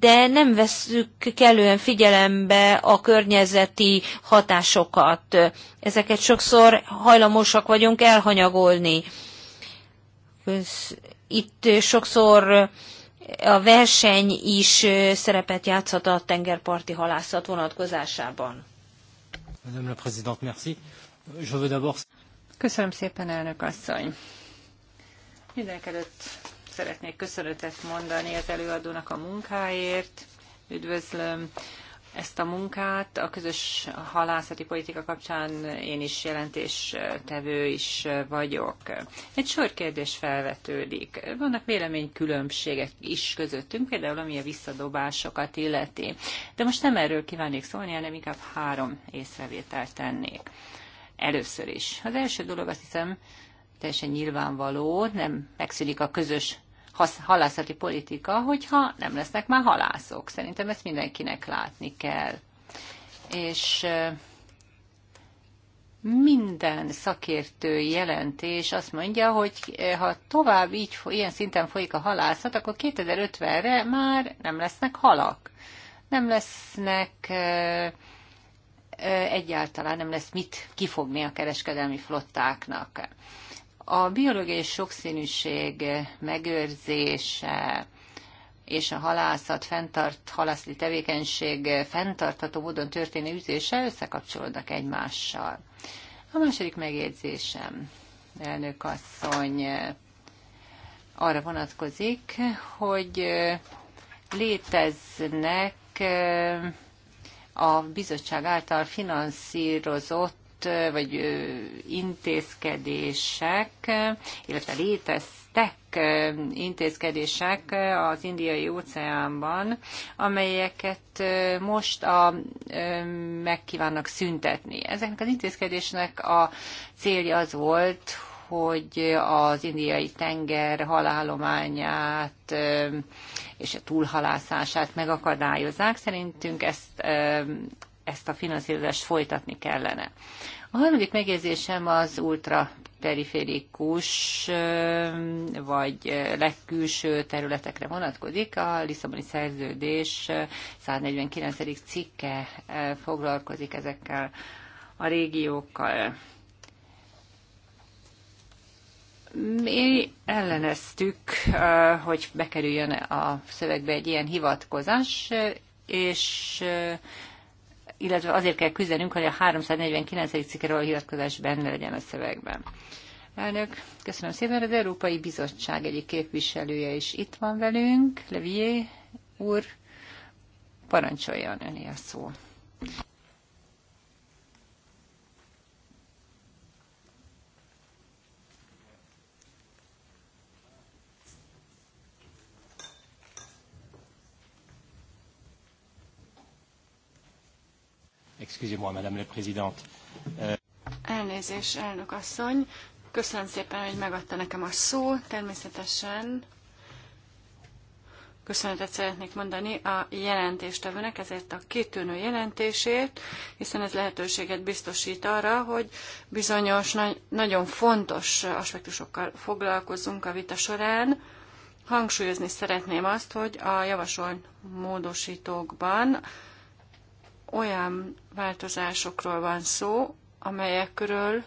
de nem veszük kellően figyelembe a környezeti hatásokat. Ezeket sokszor hajlamosak vagyunk elhanyagolni. Itt sokszor a verseny is szerepet játszhat a tengerparti halászat vonatkozásában. Köszönöm szépen, elnök asszony. Mindenek előtt szeretnék köszönetet mondani az előadónak a munkáért. Üdvözlöm ezt a munkát. A közös halászati politika kapcsán én is jelentéstevő is vagyok. Egy sor kérdés felvetődik. Vannak véleménykülönbségek is közöttünk, például ami a visszadobásokat illeti. De most nem erről kívánnék szólni, hanem inkább három észrevételt tennék. Először is. Az első dolog azt hiszem teljesen nyilvánvaló, nem megszűnik a közös halászati politika, hogyha nem lesznek már halászok. Szerintem ezt mindenkinek látni kell. És minden szakértő jelentés azt mondja, hogy ha tovább így, ilyen szinten folyik a halászat, akkor 2050-re már nem lesznek halak. Nem lesznek egyáltalán nem lesz mit kifogni a kereskedelmi flottáknak. A biológiai sokszínűség megőrzése és a halászat, fenntart, halászli tevékenység fenntartható módon történő üzése összekapcsolódnak egymással. A második megjegyzésem, elnök asszony, arra vonatkozik, hogy léteznek a bizottság által finanszírozott vagy intézkedések, illetve léteztek intézkedések az indiai óceánban, amelyeket most a, megkívánnak szüntetni. Ezeknek az intézkedésnek a célja az volt, hogy az indiai tenger halálományát és a túlhalászását megakadályozzák. Szerintünk ezt ezt a finanszírozást folytatni kellene. A harmadik megjegyzésem az ultra periférikus vagy legkülső területekre vonatkozik. A Lisszaboni szerződés 149. cikke foglalkozik ezekkel a régiókkal. Mi elleneztük, hogy bekerüljön a szövegbe egy ilyen hivatkozás, és illetve azért kell küzdenünk, hogy a 349. cikkről a hivatkozás benne legyen a szövegben. Elnök, köszönöm szépen. Az Európai Bizottság egyik képviselője is itt van velünk. Levié úr, parancsoljon öné a szó. Excusez-moi, Madame la Présidente. Euh, Elnézés, elnök asszony. Köszönöm szépen, hogy megadta nekem a szót. Természetesen köszönetet szeretnék mondani a jelentéstevőnek ezért a kitűnő jelentésért, hiszen ez lehetőséget biztosít arra, hogy bizonyos, nagyon fontos aspektusokkal foglalkozzunk a vita során. Hangsúlyozni szeretném azt, hogy a javasolt módosítókban olyan változásokról van szó, amelyekről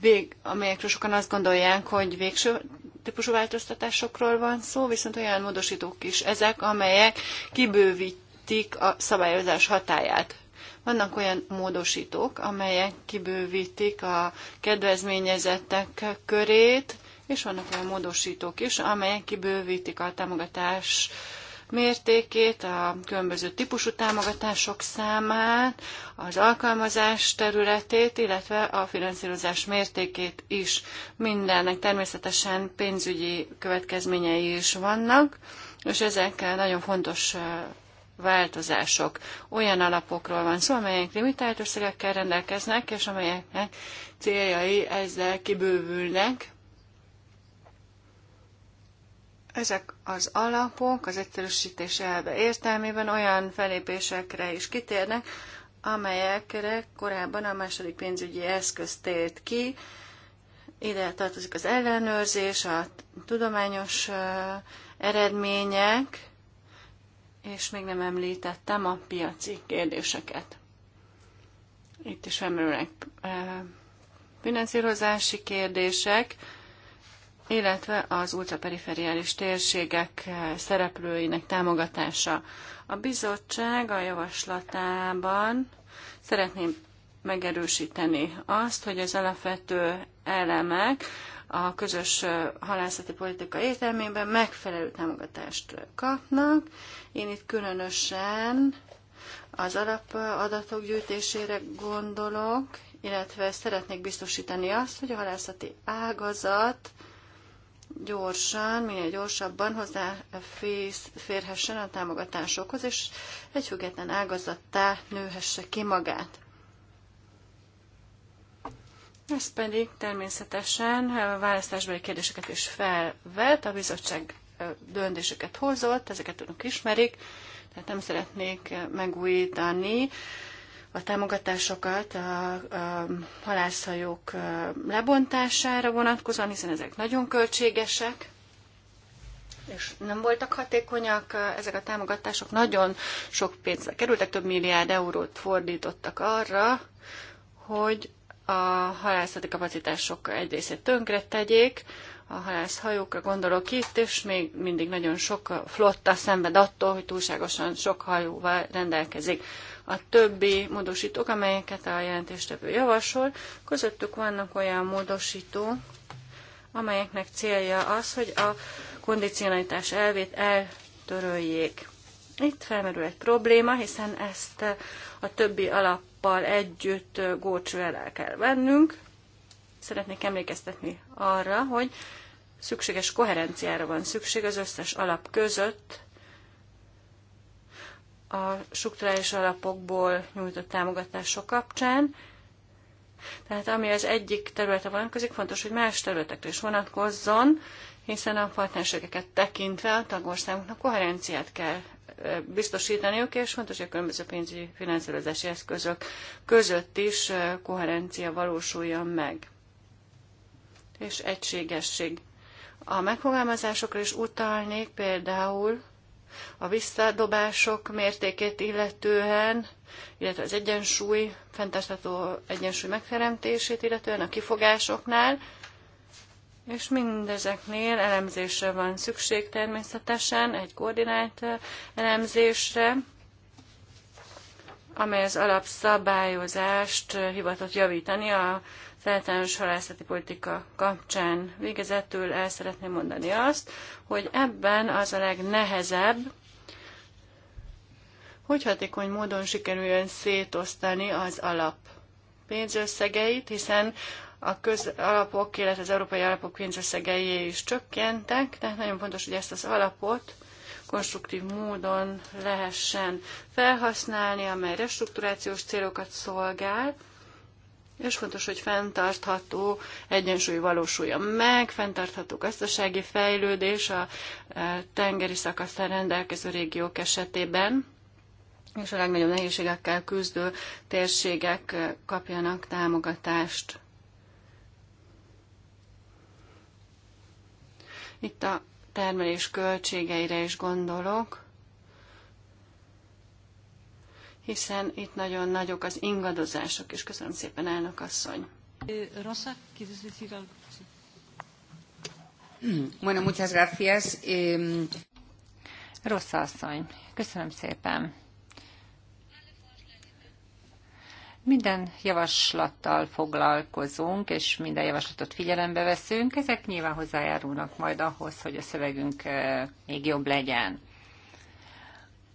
vég, amelyekről sokan azt gondolják, hogy végső típusú változtatásokról van szó, viszont olyan módosítók is ezek, amelyek kibővítik a szabályozás hatáját. Vannak olyan módosítók, amelyek kibővítik a kedvezményezettek körét, és vannak olyan módosítók is, amelyek kibővítik a támogatás mértékét, a különböző típusú támogatások számát, az alkalmazás területét, illetve a finanszírozás mértékét is. Mindennek természetesen pénzügyi következményei is vannak, és ezek nagyon fontos változások. Olyan alapokról van szó, amelyek limitált összegekkel rendelkeznek, és amelyeknek céljai ezzel kibővülnek, ezek az alapok az egyszerűsítés elve értelmében olyan felépésekre is kitérnek, amelyekre korábban a második pénzügyi eszköz tért ki. Ide tartozik az ellenőrzés, a tudományos eredmények, és még nem említettem a piaci kérdéseket. Itt is felmerülnek finanszírozási kérdések, illetve az ultraperiferiális térségek szereplőinek támogatása. A bizottság a javaslatában szeretném megerősíteni azt, hogy az alapvető elemek a közös halászati politika értelmében megfelelő támogatást kapnak. Én itt különösen az alapadatok gyűjtésére gondolok, illetve szeretnék biztosítani azt, hogy a halászati ágazat gyorsan, minél gyorsabban hozzáférhessen a támogatásokhoz, és egy független ágazattá nőhesse ki magát. Ez pedig természetesen választásbeli kérdéseket is felvet, a bizottság döntéseket hozott, ezeket önök ismerik, tehát nem szeretnék megújítani a támogatásokat a, a halászhajók lebontására vonatkozóan, hiszen ezek nagyon költségesek, és nem voltak hatékonyak, ezek a támogatások nagyon sok pénzre kerültek, több milliárd eurót fordítottak arra, hogy a halászati kapacitások egy részét tönkre tegyék, a halászhajókra gondolok itt, és még mindig nagyon sok flotta szenved attól, hogy túlságosan sok hajóval rendelkezik a többi módosítók, amelyeket a jelentéstevő javasol. Közöttük vannak olyan módosítók, amelyeknek célja az, hogy a kondicionalitás elvét eltöröljék. Itt felmerül egy probléma, hiszen ezt a többi alappal együtt górcső el kell vennünk. Szeretnék emlékeztetni arra, hogy szükséges koherenciára van szükség az összes alap között, a strukturális alapokból nyújtott támogatások kapcsán. Tehát ami az egyik területe vonatkozik, fontos, hogy más területekre is vonatkozzon, hiszen a partnerségeket tekintve a tagországoknak koherenciát kell biztosítaniuk, és fontos, hogy a különböző pénzügyi finanszírozási eszközök között is koherencia valósuljon meg. És egységesség. A megfogalmazásokra is utalnék például a visszadobások mértékét illetően, illetve az egyensúly, fenntartható egyensúly megteremtését illetően a kifogásoknál, és mindezeknél elemzésre van szükség természetesen, egy koordinált elemzésre, amely az alapszabályozást hivatott javítani a feltános halászati politika kapcsán. Végezetül el szeretném mondani azt, hogy ebben az a legnehezebb, hogy hatékony módon sikerüljön szétosztani az alap pénzösszegeit, hiszen a közalapok, illetve az európai alapok pénzösszegei is csökkentek, tehát nagyon fontos, hogy ezt az alapot konstruktív módon lehessen felhasználni, amely restrukturációs célokat szolgál, és fontos, hogy fenntartható egyensúly valósulja meg, fenntartható gazdasági fejlődés a e, tengeri szakaszán rendelkező régiók esetében, és a legnagyobb nehézségekkel küzdő térségek e, kapjanak támogatást. Itt a termelés költségeire is gondolok hiszen itt nagyon nagyok az ingadozások is. Köszönöm szépen, elnök asszony. Rosa, Bueno, muchas gracias. Rossa asszony, köszönöm szépen. Minden javaslattal foglalkozunk, és minden javaslatot figyelembe veszünk. Ezek nyilván hozzájárulnak majd ahhoz, hogy a szövegünk eh, még jobb legyen.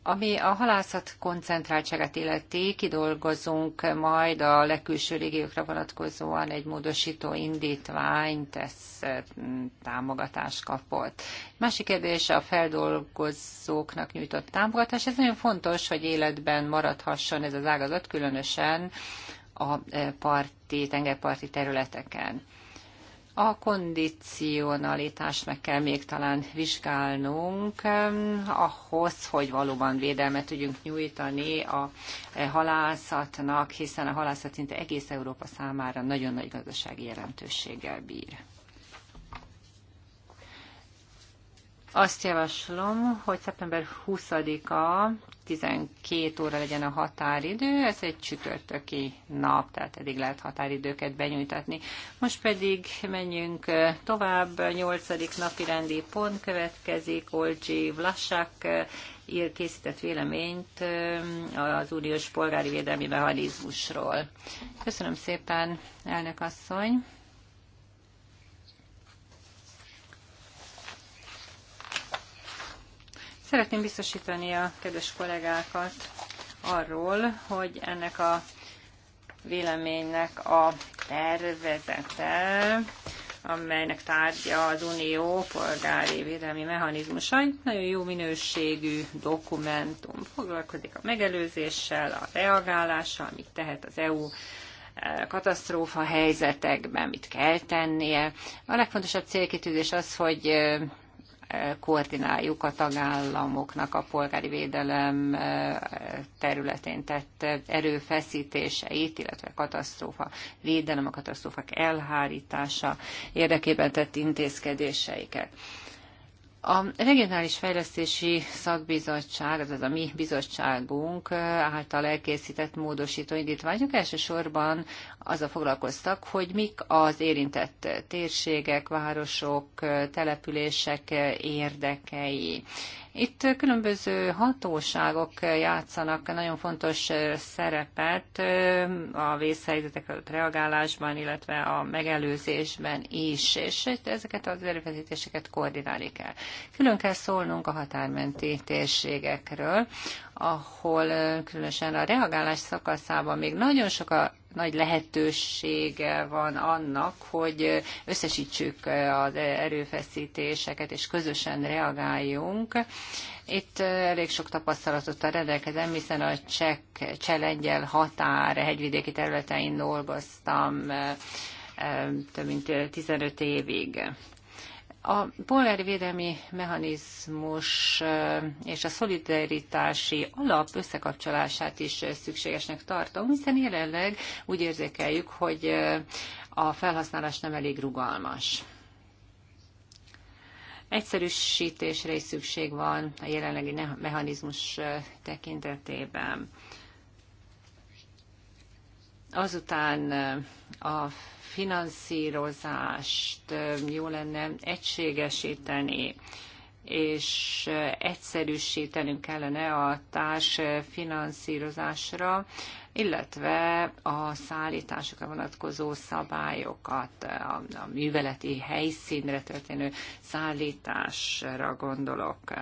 Ami a halászat koncentráltságát illeti, kidolgozunk majd a legkülső régiókra vonatkozóan egy módosító indítványt, ez támogatást kapott. Másik kérdés a feldolgozóknak nyújtott támogatás. Ez nagyon fontos, hogy életben maradhasson ez az ágazat, különösen a parti, tengerparti területeken. A kondicionalitást meg kell még talán vizsgálnunk ahhoz, hogy valóban védelmet tudjunk nyújtani a e, halászatnak, hiszen a halászat szinte egész Európa számára nagyon nagy gazdasági jelentőséggel bír. Azt javaslom, hogy szeptember 20-a 12 óra legyen a határidő, ez egy csütörtöki nap, tehát eddig lehet határidőket benyújtatni. Most pedig menjünk tovább, 8. napi rendi pont következik, Olgyi Vlasák ír készített véleményt az uniós polgári védelmi mechanizmusról. Köszönöm szépen, elnök asszony! Szeretném biztosítani a kedves kollégákat arról, hogy ennek a véleménynek a tervezete, amelynek tárgya az Unió polgári védelmi mechanizmusa, egy nagyon jó minőségű dokumentum. Foglalkozik a megelőzéssel, a reagálással, amit tehet az EU eh, katasztrófa helyzetekben, mit kell tennie. A legfontosabb célkitűzés az, hogy eh, koordináljuk a tagállamoknak a polgári védelem eh, területén tett erőfeszítéseit, illetve katasztrófa védelem, a katasztrófák elhárítása érdekében tett intézkedéseiket. A Regionális Fejlesztési Szakbizottság, azaz a mi bizottságunk által elkészített módosító indítványok elsősorban azzal foglalkoztak, hogy mik az érintett térségek, városok, települések érdekei. Itt különböző hatóságok játszanak nagyon fontos szerepet a vészhelyzetek reagálásban, illetve a megelőzésben is, és ezeket az erőfeszítéseket koordinálni kell. Külön kell szólnunk a határmenti térségekről, ahol különösen a reagálás szakaszában még nagyon sok a nagy lehetősége van annak, hogy összesítsük az erőfeszítéseket, és közösen reagáljunk. Itt elég sok tapasztalatot rendelkezem, hiszen a csek, cselengyel határ hegyvidéki területein dolgoztam több mint 15 évig. A polgárvédelmi mechanizmus és a szolidaritási alap összekapcsolását is szükségesnek tartom, hiszen jelenleg úgy érzékeljük, hogy a felhasználás nem elég rugalmas. Egyszerűsítésre is szükség van a jelenlegi mechanizmus tekintetében. Azután a finanszírozást jó lenne egységesíteni, és egyszerűsítenünk kellene a társ finanszírozásra, illetve a szállításokra vonatkozó szabályokat, a, a műveleti helyszínre történő szállításra gondolok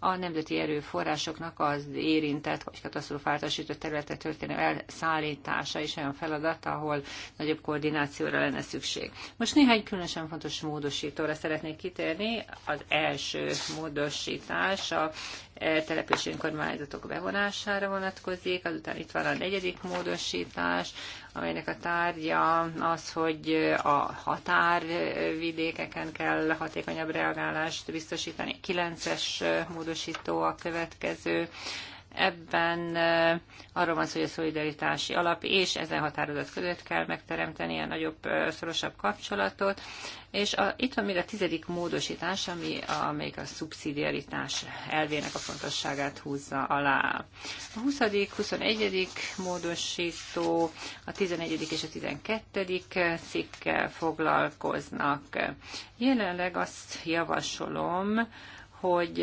a nemzeti erőforrásoknak az érintett vagy katasztrofáltasított területe történő elszállítása is olyan feladat, ahol nagyobb koordinációra lenne szükség. Most néhány különösen fontos módosítóra szeretnék kitérni. Az első módosítás a e, települési önkormányzatok bevonására vonatkozik, azután itt van a negyedik módosítás, amelynek a tárgya az, hogy a határvidékeken kell hatékonyabb reagálást biztosítani. Kilences módosító a következő, Ebben eh, arról van szó, hogy a szolidaritási alap és ezen határozat között kell megteremteni a nagyobb, eh, szorosabb kapcsolatot. És a, itt van még a tizedik módosítás, ami a, még a szubszidiaritás elvének a fontosságát húzza alá. A 20., 21. módosító, a 11. és a 12. cikkel foglalkoznak. Jelenleg azt javasolom, hogy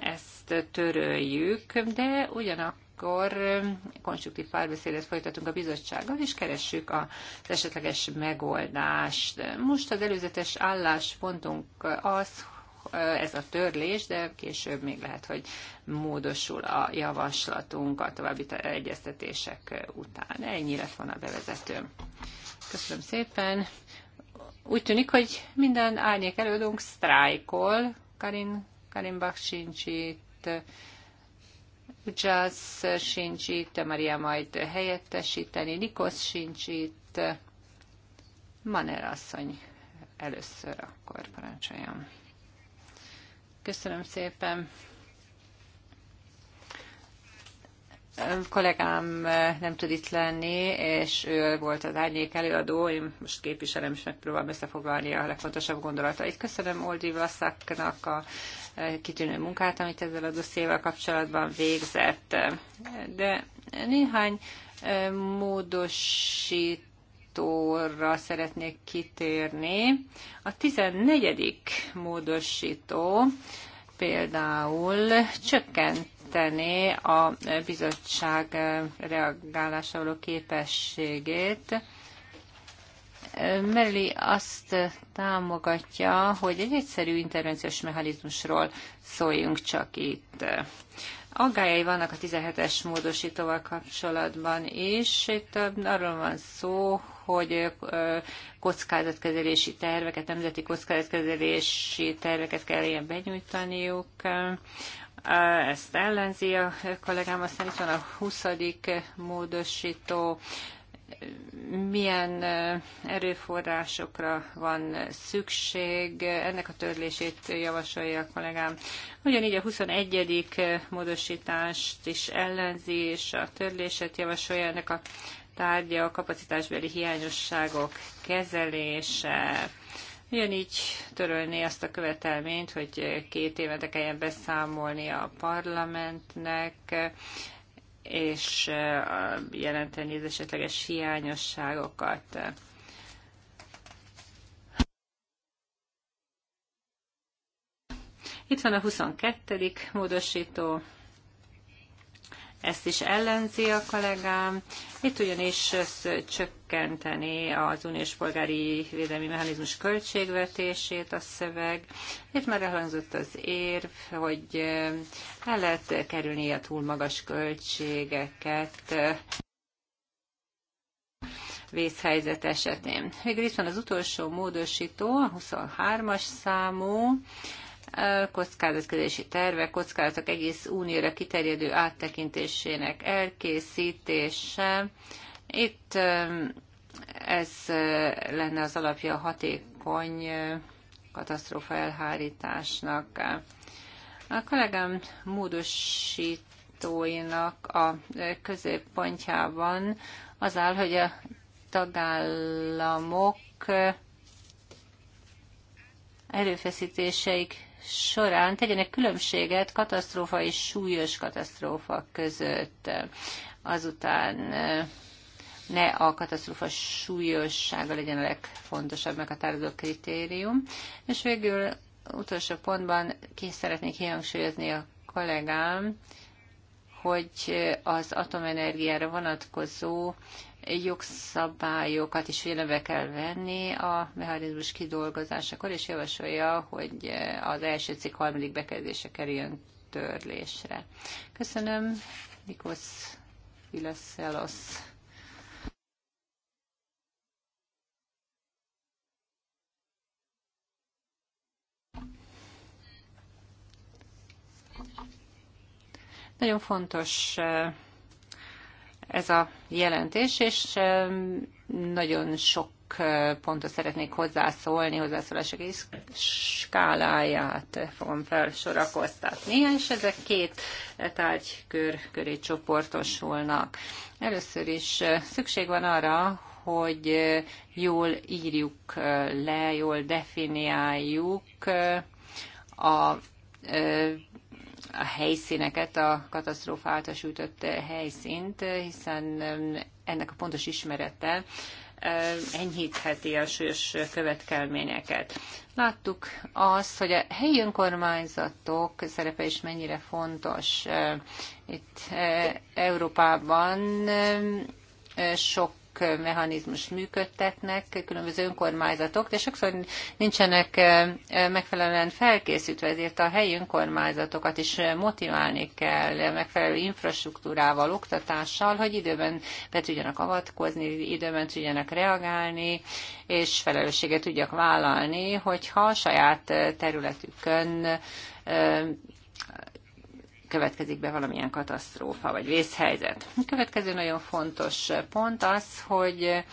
ezt töröljük, de ugyanakkor akkor konstruktív párbeszédet folytatunk a bizottsággal, és keressük az esetleges megoldást. Most az előzetes álláspontunk az, ez a törlés, de később még lehet, hogy módosul a javaslatunk a további egyeztetések után. Ennyi lett volna a bevezető. Köszönöm szépen. Úgy tűnik, hogy minden árnyék előadónk sztrájkol, Karin, Karin Bach sincs itt, Ugyász sincs itt, Maria majd helyettesíteni, Nikos sincs itt, Maner asszony először akkor parancsoljam. Köszönöm szépen. kollégám eh, nem tud itt lenni, és ő volt az árnyék előadó, én most képviselem, és megpróbálom összefoglalni a legfontosabb gondolatait. Köszönöm Oldi Vlaszaknak a eh, kitűnő munkát, amit ezzel a dossziéval kapcsolatban végzett. De néhány eh, módosítóra szeretnék kitérni. A 14. módosító például csökkent segíteni a bizottság reagálása való képességét. Merli azt támogatja, hogy egy egyszerű intervenciós mechanizmusról szóljunk csak itt. Aggályai vannak a 17-es módosítóval kapcsolatban is. Itt arról van szó, hogy kockázatkezelési terveket, nemzeti kockázatkezelési terveket kell ilyen benyújtaniuk ezt ellenzi a kollégám, aztán itt van a 20. módosító, milyen erőforrásokra van szükség, ennek a törlését javasolja a kollégám. Ugyanígy a 21. módosítást is ellenzi, és a törlését javasolja ennek a tárgya a kapacitásbeli hiányosságok kezelése így törölni azt a követelményt, hogy két évente kelljen beszámolni a parlamentnek, és uh, jelenteni az esetleges hiányosságokat. Itt van a 22. módosító, ezt is ellenzi a kollégám, itt ugyanis csökkenteni az uniós polgári védelmi mechanizmus költségvetését a szöveg. Itt már elhangzott az érv, hogy el lehet kerülni a túl magas költségeket vészhelyzet esetén. Végül itt van az utolsó módosító, a 23-as számú, kockázatkezelési terve, kockázatok egész unióra kiterjedő áttekintésének elkészítése. Itt um, ez uh, lenne az alapja a hatékony uh, katasztrófa elhárításnak. A kollégám módosítóinak a uh, középpontjában az áll, hogy a tagállamok erőfeszítéseik során tegyenek különbséget katasztrófa és súlyos katasztrófa között. Azután ne a katasztrófa súlyossága legyen a legfontosabb meghatározó kritérium. És végül utolsó pontban ki szeretnék kihangsúlyozni a kollégám, hogy az atomenergiára vonatkozó jogszabályokat is figyelembe kell venni a mechanizmus kidolgozásakor, és javasolja, hogy az első cikk harmadik bekezdése kerüljön törlésre. Köszönöm, Nikos Vilaszelos. Nagyon fontos eh, ez a jelentés, és nagyon sok pontot szeretnék hozzászólni, hozzászólások és skáláját fogom felsorakoztatni, és ezek két tárgykör köré csoportosulnak. Először is szükség van arra, hogy jól írjuk le, jól definiáljuk a a helyszíneket, a katasztrófa által sújtott helyszínt, hiszen um, ennek a pontos ismerete um, enyhítheti a súlyos követkelményeket. Láttuk azt, hogy a helyi önkormányzatok szerepe is mennyire fontos. Uh, itt uh, Európában um, sok mechanizmus működtetnek különböző önkormányzatok, de sokszor nincsenek megfelelően felkészítve, ezért a helyi önkormányzatokat is motiválni kell megfelelő infrastruktúrával, oktatással, hogy időben be tudjanak avatkozni, időben tudjanak reagálni, és felelősséget tudjak vállalni, hogyha a saját területükön következik be valamilyen katasztrófa vagy vészhelyzet. A következő nagyon fontos pont az, hogy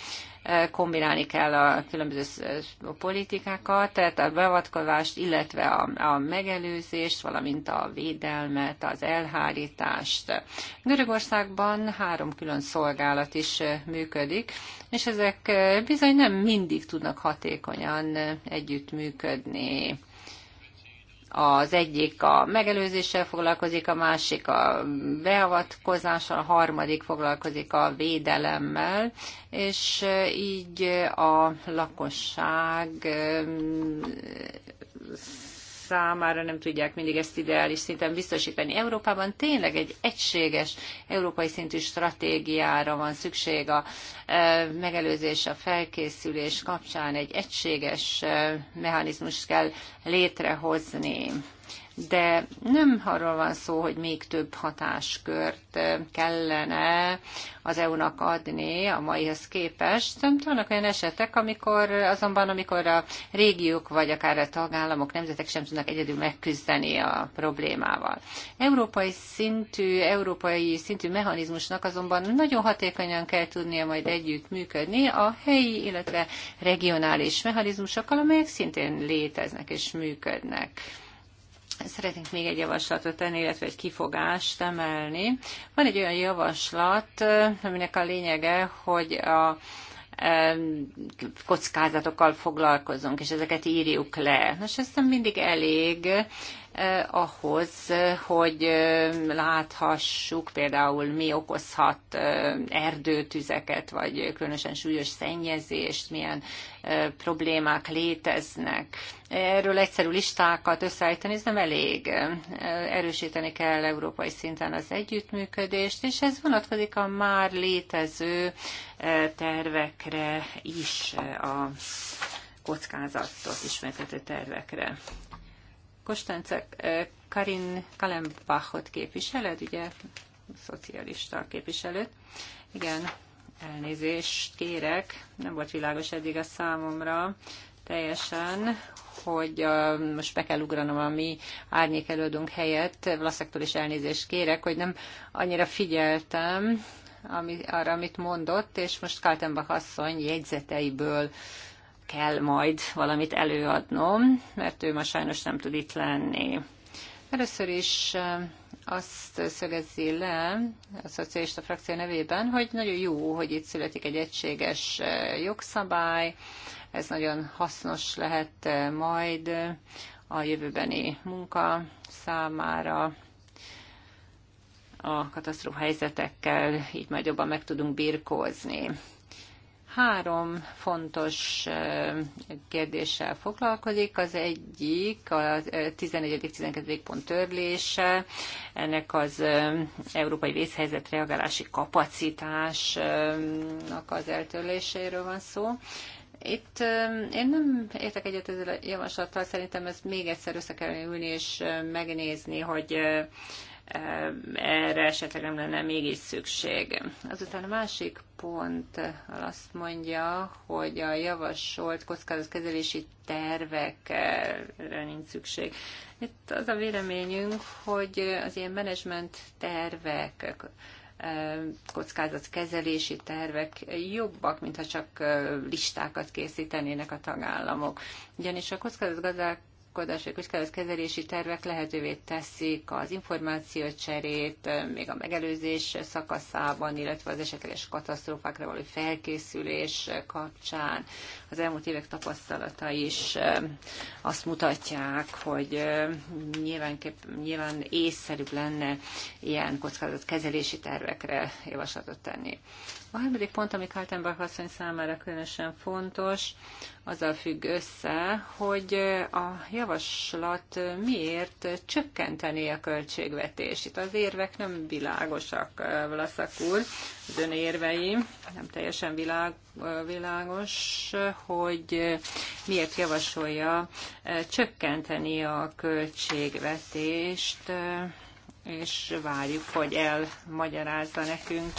eh, kombinálni kell a különböző eh, politikákat, tehát a beavatkozást, illetve a, a megelőzést, valamint a védelmet, az elhárítást. Görögországban három külön szolgálat is eh, működik, és ezek bizony nem mindig tudnak hatékonyan együttműködni. Az egyik a megelőzéssel foglalkozik, a másik a beavatkozással, a harmadik foglalkozik a védelemmel, és így a lakosság számára nem tudják mindig ezt ideális szinten biztosítani. Európában tényleg egy egységes európai szintű stratégiára van szükség a e, megelőzés, a felkészülés kapcsán egy egységes e, mechanizmus kell létrehozni de nem arról van szó, hogy még több hatáskört eh, kellene az EU-nak adni a maihoz képest. Vannak olyan esetek, amikor azonban, amikor a régiók vagy akár a tagállamok, nemzetek sem tudnak egyedül megküzdeni a problémával. Európai szintű, európai szintű mechanizmusnak azonban nagyon hatékonyan kell tudnia majd együtt működni a helyi, illetve regionális mechanizmusokkal, amelyek szintén léteznek és működnek. Szeretnénk még egy javaslatot tenni, illetve egy kifogást emelni. Van egy olyan javaslat, aminek a lényege, hogy a e, kockázatokkal foglalkozunk, és ezeket írjuk le. Nos, ez nem mindig elég, Eh, ahhoz, hogy eh, láthassuk például mi okozhat eh, erdőtüzeket, vagy különösen súlyos szennyezést, milyen problémák léteznek. Erről egyszerű listákat összeállítani, ez nem elég. Erősíteni kell európai szinten az együttműködést, és ez vonatkozik a már létező tervekre is, a kockázatot ismertető tervekre. Kostence eh, Karin Kalembachot képviseled, ugye szocialista képviselőt. Igen, elnézést kérek, nem volt világos eddig a számomra teljesen, hogy uh, most be kell ugranom a mi árnyék előadunk helyett. Vlaszektól is elnézést kérek, hogy nem annyira figyeltem ami, arra, amit mondott, és most Kaltenbach asszony jegyzeteiből kell majd valamit előadnom, mert ő ma sajnos nem tud itt lenni. Először is azt szögezi le a szocialista frakció nevében, hogy nagyon jó, hogy itt születik egy egységes jogszabály, ez nagyon hasznos lehet majd a jövőbeni munka számára, a katasztrófa helyzetekkel így majd jobban meg tudunk birkózni három fontos kérdéssel foglalkozik. Az egyik a 11. 12 pont törlése, ennek az európai vészhelyzet reagálási kapacitásnak az eltörléséről van szó. Itt én nem értek egyet ezzel a javaslattal, szerintem ez még egyszer össze kell ülni és megnézni, hogy erre esetleg nem lenne mégis szükség. Azután a másik pont azt mondja, hogy a javasolt kockázatkezelési tervekre nincs szükség. Itt az a véleményünk, hogy az ilyen menedzsment tervek, kockázatkezelési tervek jobbak, mintha csak listákat készítenének a tagállamok. Ugyanis a kockázatgazdák gazdálkodási kockázatkezelési tervek lehetővé teszik az információcserét, még a megelőzés szakaszában, illetve az esetleges katasztrófákra való felkészülés kapcsán. Az elmúlt évek tapasztalata is azt mutatják, hogy nyilván, nyilván észszerűbb lenne ilyen kockázatkezelési tervekre javaslatot tenni. A harmadik pont, ami Kaltenbach asszony számára különösen fontos, azzal függ össze, hogy a javaslat miért csökkenteni a költségvetést. Itt az érvek nem világosak, Vlaszak úr, az ön érvei, nem teljesen világ, világos, hogy miért javasolja eh, csökkenteni a költségvetést, eh, és várjuk, hogy elmagyarázza nekünk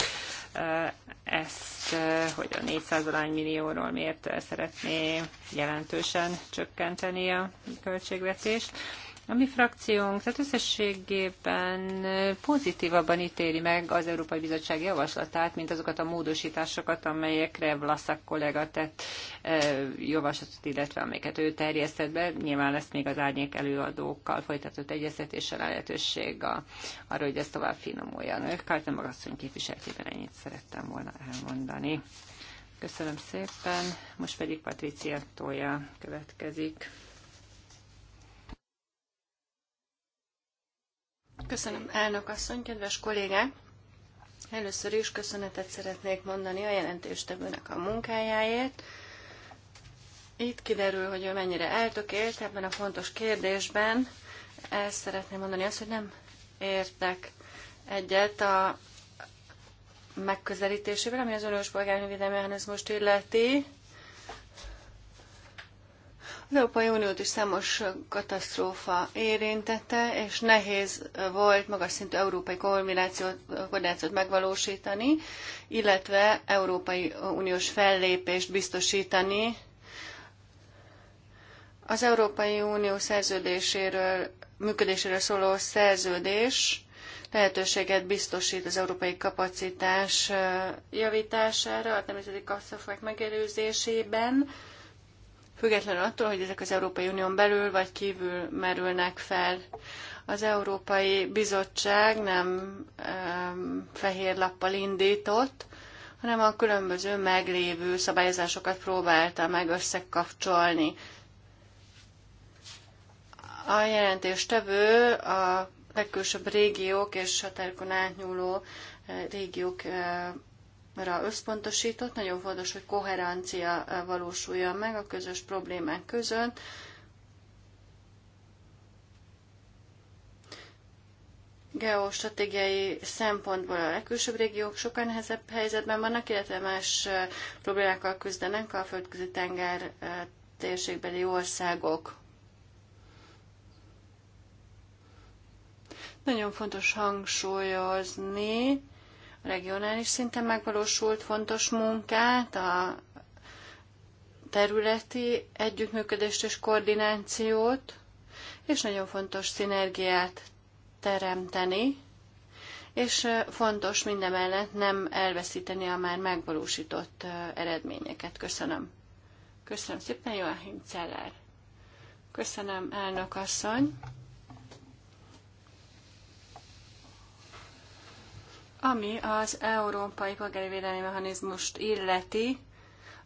ezt, eh, hogy a 400 millióról miért eh, szeretné jelentősen csökkenteni a költségvetést. A mi frakciónk, tehát összességében pozitívabban ítéli meg az Európai Bizottság javaslatát, mint azokat a módosításokat, amelyekre Vlaszak kollega tett eh, javaslatot, illetve amelyeket ő terjesztett be. Nyilván lesz még az árnyék előadókkal folytatott egyeztetéssel lehetőség a, arra, hogy ezt tovább finomuljan. Kártya Magasszony képviseletében ennyit szerettem volna elmondani. Köszönöm szépen, most pedig Patricia Tója következik. Köszönöm, elnök asszony, kedves kollégák! Először is köszönetet szeretnék mondani a jelentéstevőnek a munkájáért. Itt kiderül, hogy ő mennyire eltökélt ebben a fontos kérdésben. El szeretném mondani azt, hogy nem értek egyet a megközelítésével, ami az önös polgárvédelmi mechanizmust illeti. Az Európai Uniót is számos katasztrófa érintette, és nehéz volt magas szintű európai koordinációt, megvalósítani, illetve Európai Uniós fellépést biztosítani. Az Európai Unió szerződéséről, működéséről szóló szerződés lehetőséget biztosít az európai kapacitás javítására, a természeti katasztrófák megelőzésében, függetlenül attól, hogy ezek az Európai Unión belül vagy kívül merülnek fel. Az Európai Bizottság nem um, fehér lappal indított, hanem a különböző meglévő szabályozásokat próbálta meg összekapcsolni. A jelentéstevő a legkülsőbb régiók és határokon átnyúló eh, régiók eh, ha összpontosított. Nagyon fontos, hogy koherencia eh, valósuljon meg a közös problémák között. geostratégiai szempontból a legkülsőbb régiók sokan nehezebb helyzetben vannak, illetve más eh, problémákkal küzdenek a földközi tenger eh, térségbeli országok. Nagyon fontos hangsúlyozni regionális szinten megvalósult fontos munkát, a területi együttműködést és koordinációt, és nagyon fontos szinergiát teremteni, és fontos mindemellett nem elveszíteni a már megvalósított eredményeket. Köszönöm. Köszönöm szépen, Joachim Celler. Köszönöm, elnök asszony. Ami az Európai Polgári Védelmi Mechanizmust illeti,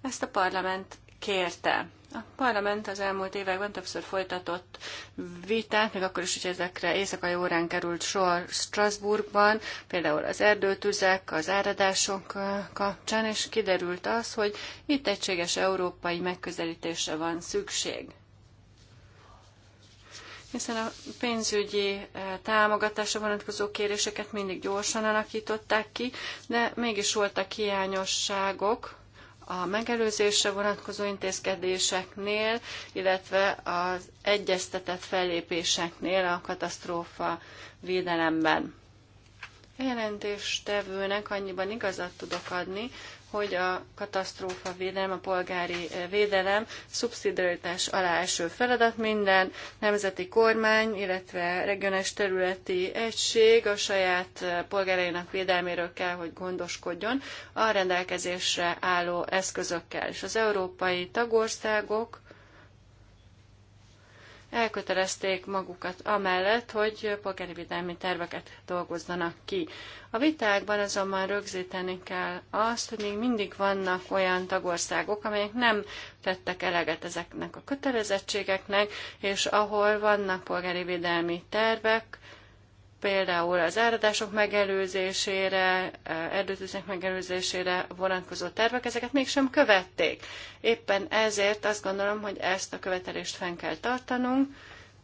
ezt a parlament kérte. A parlament az elmúlt években többször folytatott vitát, még akkor is, hogy ezekre éjszakai órán került sor Strasbourgban, például az erdőtüzek, az áradások kapcsán, és kiderült az, hogy itt egységes európai megközelítésre van szükség hiszen a pénzügyi eh, támogatásra vonatkozó kéréseket mindig gyorsan alakították ki, de mégis voltak hiányosságok a megelőzésre vonatkozó intézkedéseknél, illetve az egyeztetett fellépéseknél a katasztrófa védelemben. A jelentéstevőnek annyiban igazat tudok adni, hogy a katasztrófa védelem, a polgári eh, védelem szubszidiaritás alá eső feladat minden nemzeti kormány, illetve regionális területi egység a saját eh, polgárainak védelméről kell, hogy gondoskodjon a rendelkezésre álló eszközökkel. És az európai tagországok elkötelezték magukat amellett, hogy polgári védelmi terveket dolgozzanak ki. A vitákban azonban rögzíteni kell azt, hogy még mindig vannak olyan tagországok, amelyek nem tettek eleget ezeknek a kötelezettségeknek, és ahol vannak polgári védelmi tervek, például az áradások megelőzésére, eh, erdőtűzek megelőzésére vonatkozó tervek, ezeket mégsem követték. Éppen ezért azt gondolom, hogy ezt a követelést fenn kell tartanunk,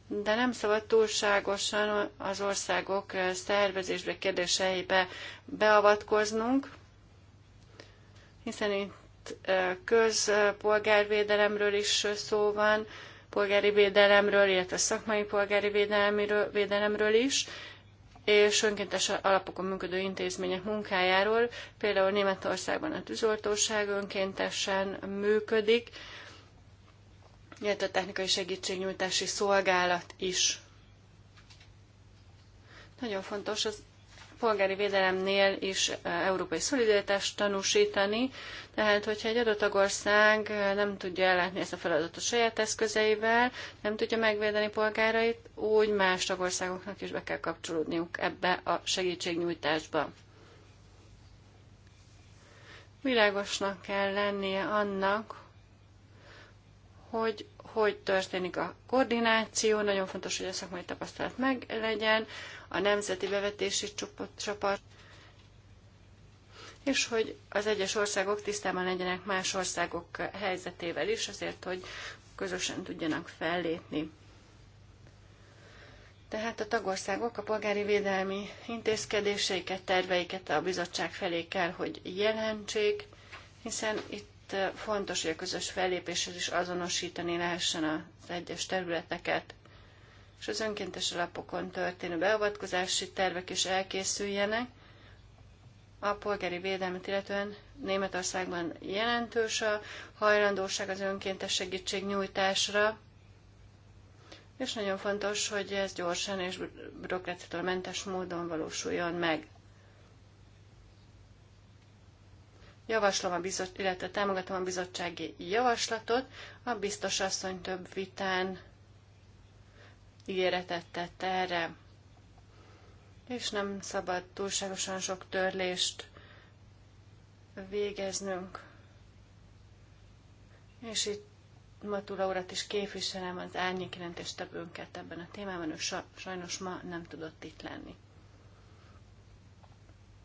de nem szabad túlságosan az országok eh, szervezésbe, kérdéseibe beavatkoznunk, hiszen itt eh, közpolgárvédelemről is szó van, polgári védelemről, illetve szakmai polgári védelemről, védelemről is, és önkéntes alapokon működő intézmények munkájáról. Például Németországban a tűzoltóság önkéntesen működik, illetve a technikai segítségnyújtási szolgálat is. Nagyon fontos az polgári védelemnél is eh, európai szolidaritást tanúsítani, tehát hogyha egy adott tagország eh, nem tudja ellátni ezt a feladatot saját eszközeivel, nem tudja megvédeni polgárait, úgy más tagországoknak is be kell kapcsolódniuk ebbe a segítségnyújtásba. Világosnak kell lennie annak, hogy hogy történik a koordináció, nagyon fontos, hogy a szakmai tapasztalat meg legyen, a Nemzeti Bevetési Csapat, és hogy az egyes országok tisztában legyenek más országok helyzetével is, azért, hogy közösen tudjanak fellépni. Tehát a tagországok a polgári védelmi intézkedéseiket, terveiket a bizottság felé kell, hogy jelentsék, hiszen itt fontos, hogy a közös fellépéshez is azonosítani lehessen az egyes területeket és az önkéntes alapokon történő beavatkozási tervek is elkészüljenek. A polgári védelmet illetően Németországban jelentős a hajlandóság az önkéntes segítségnyújtásra, és nagyon fontos, hogy ez gyorsan és bürokráciától mentes módon valósuljon meg. Javaslom a bizot, illetve támogatom a bizottsági javaslatot, a biztos asszony több vitán ígéretet tett erre, és nem szabad túlságosan sok törlést végeznünk. És itt Matula urat is képviselem, az árnyék jelentéstevőnket ebben a témában, ő sajnos ma nem tudott itt lenni.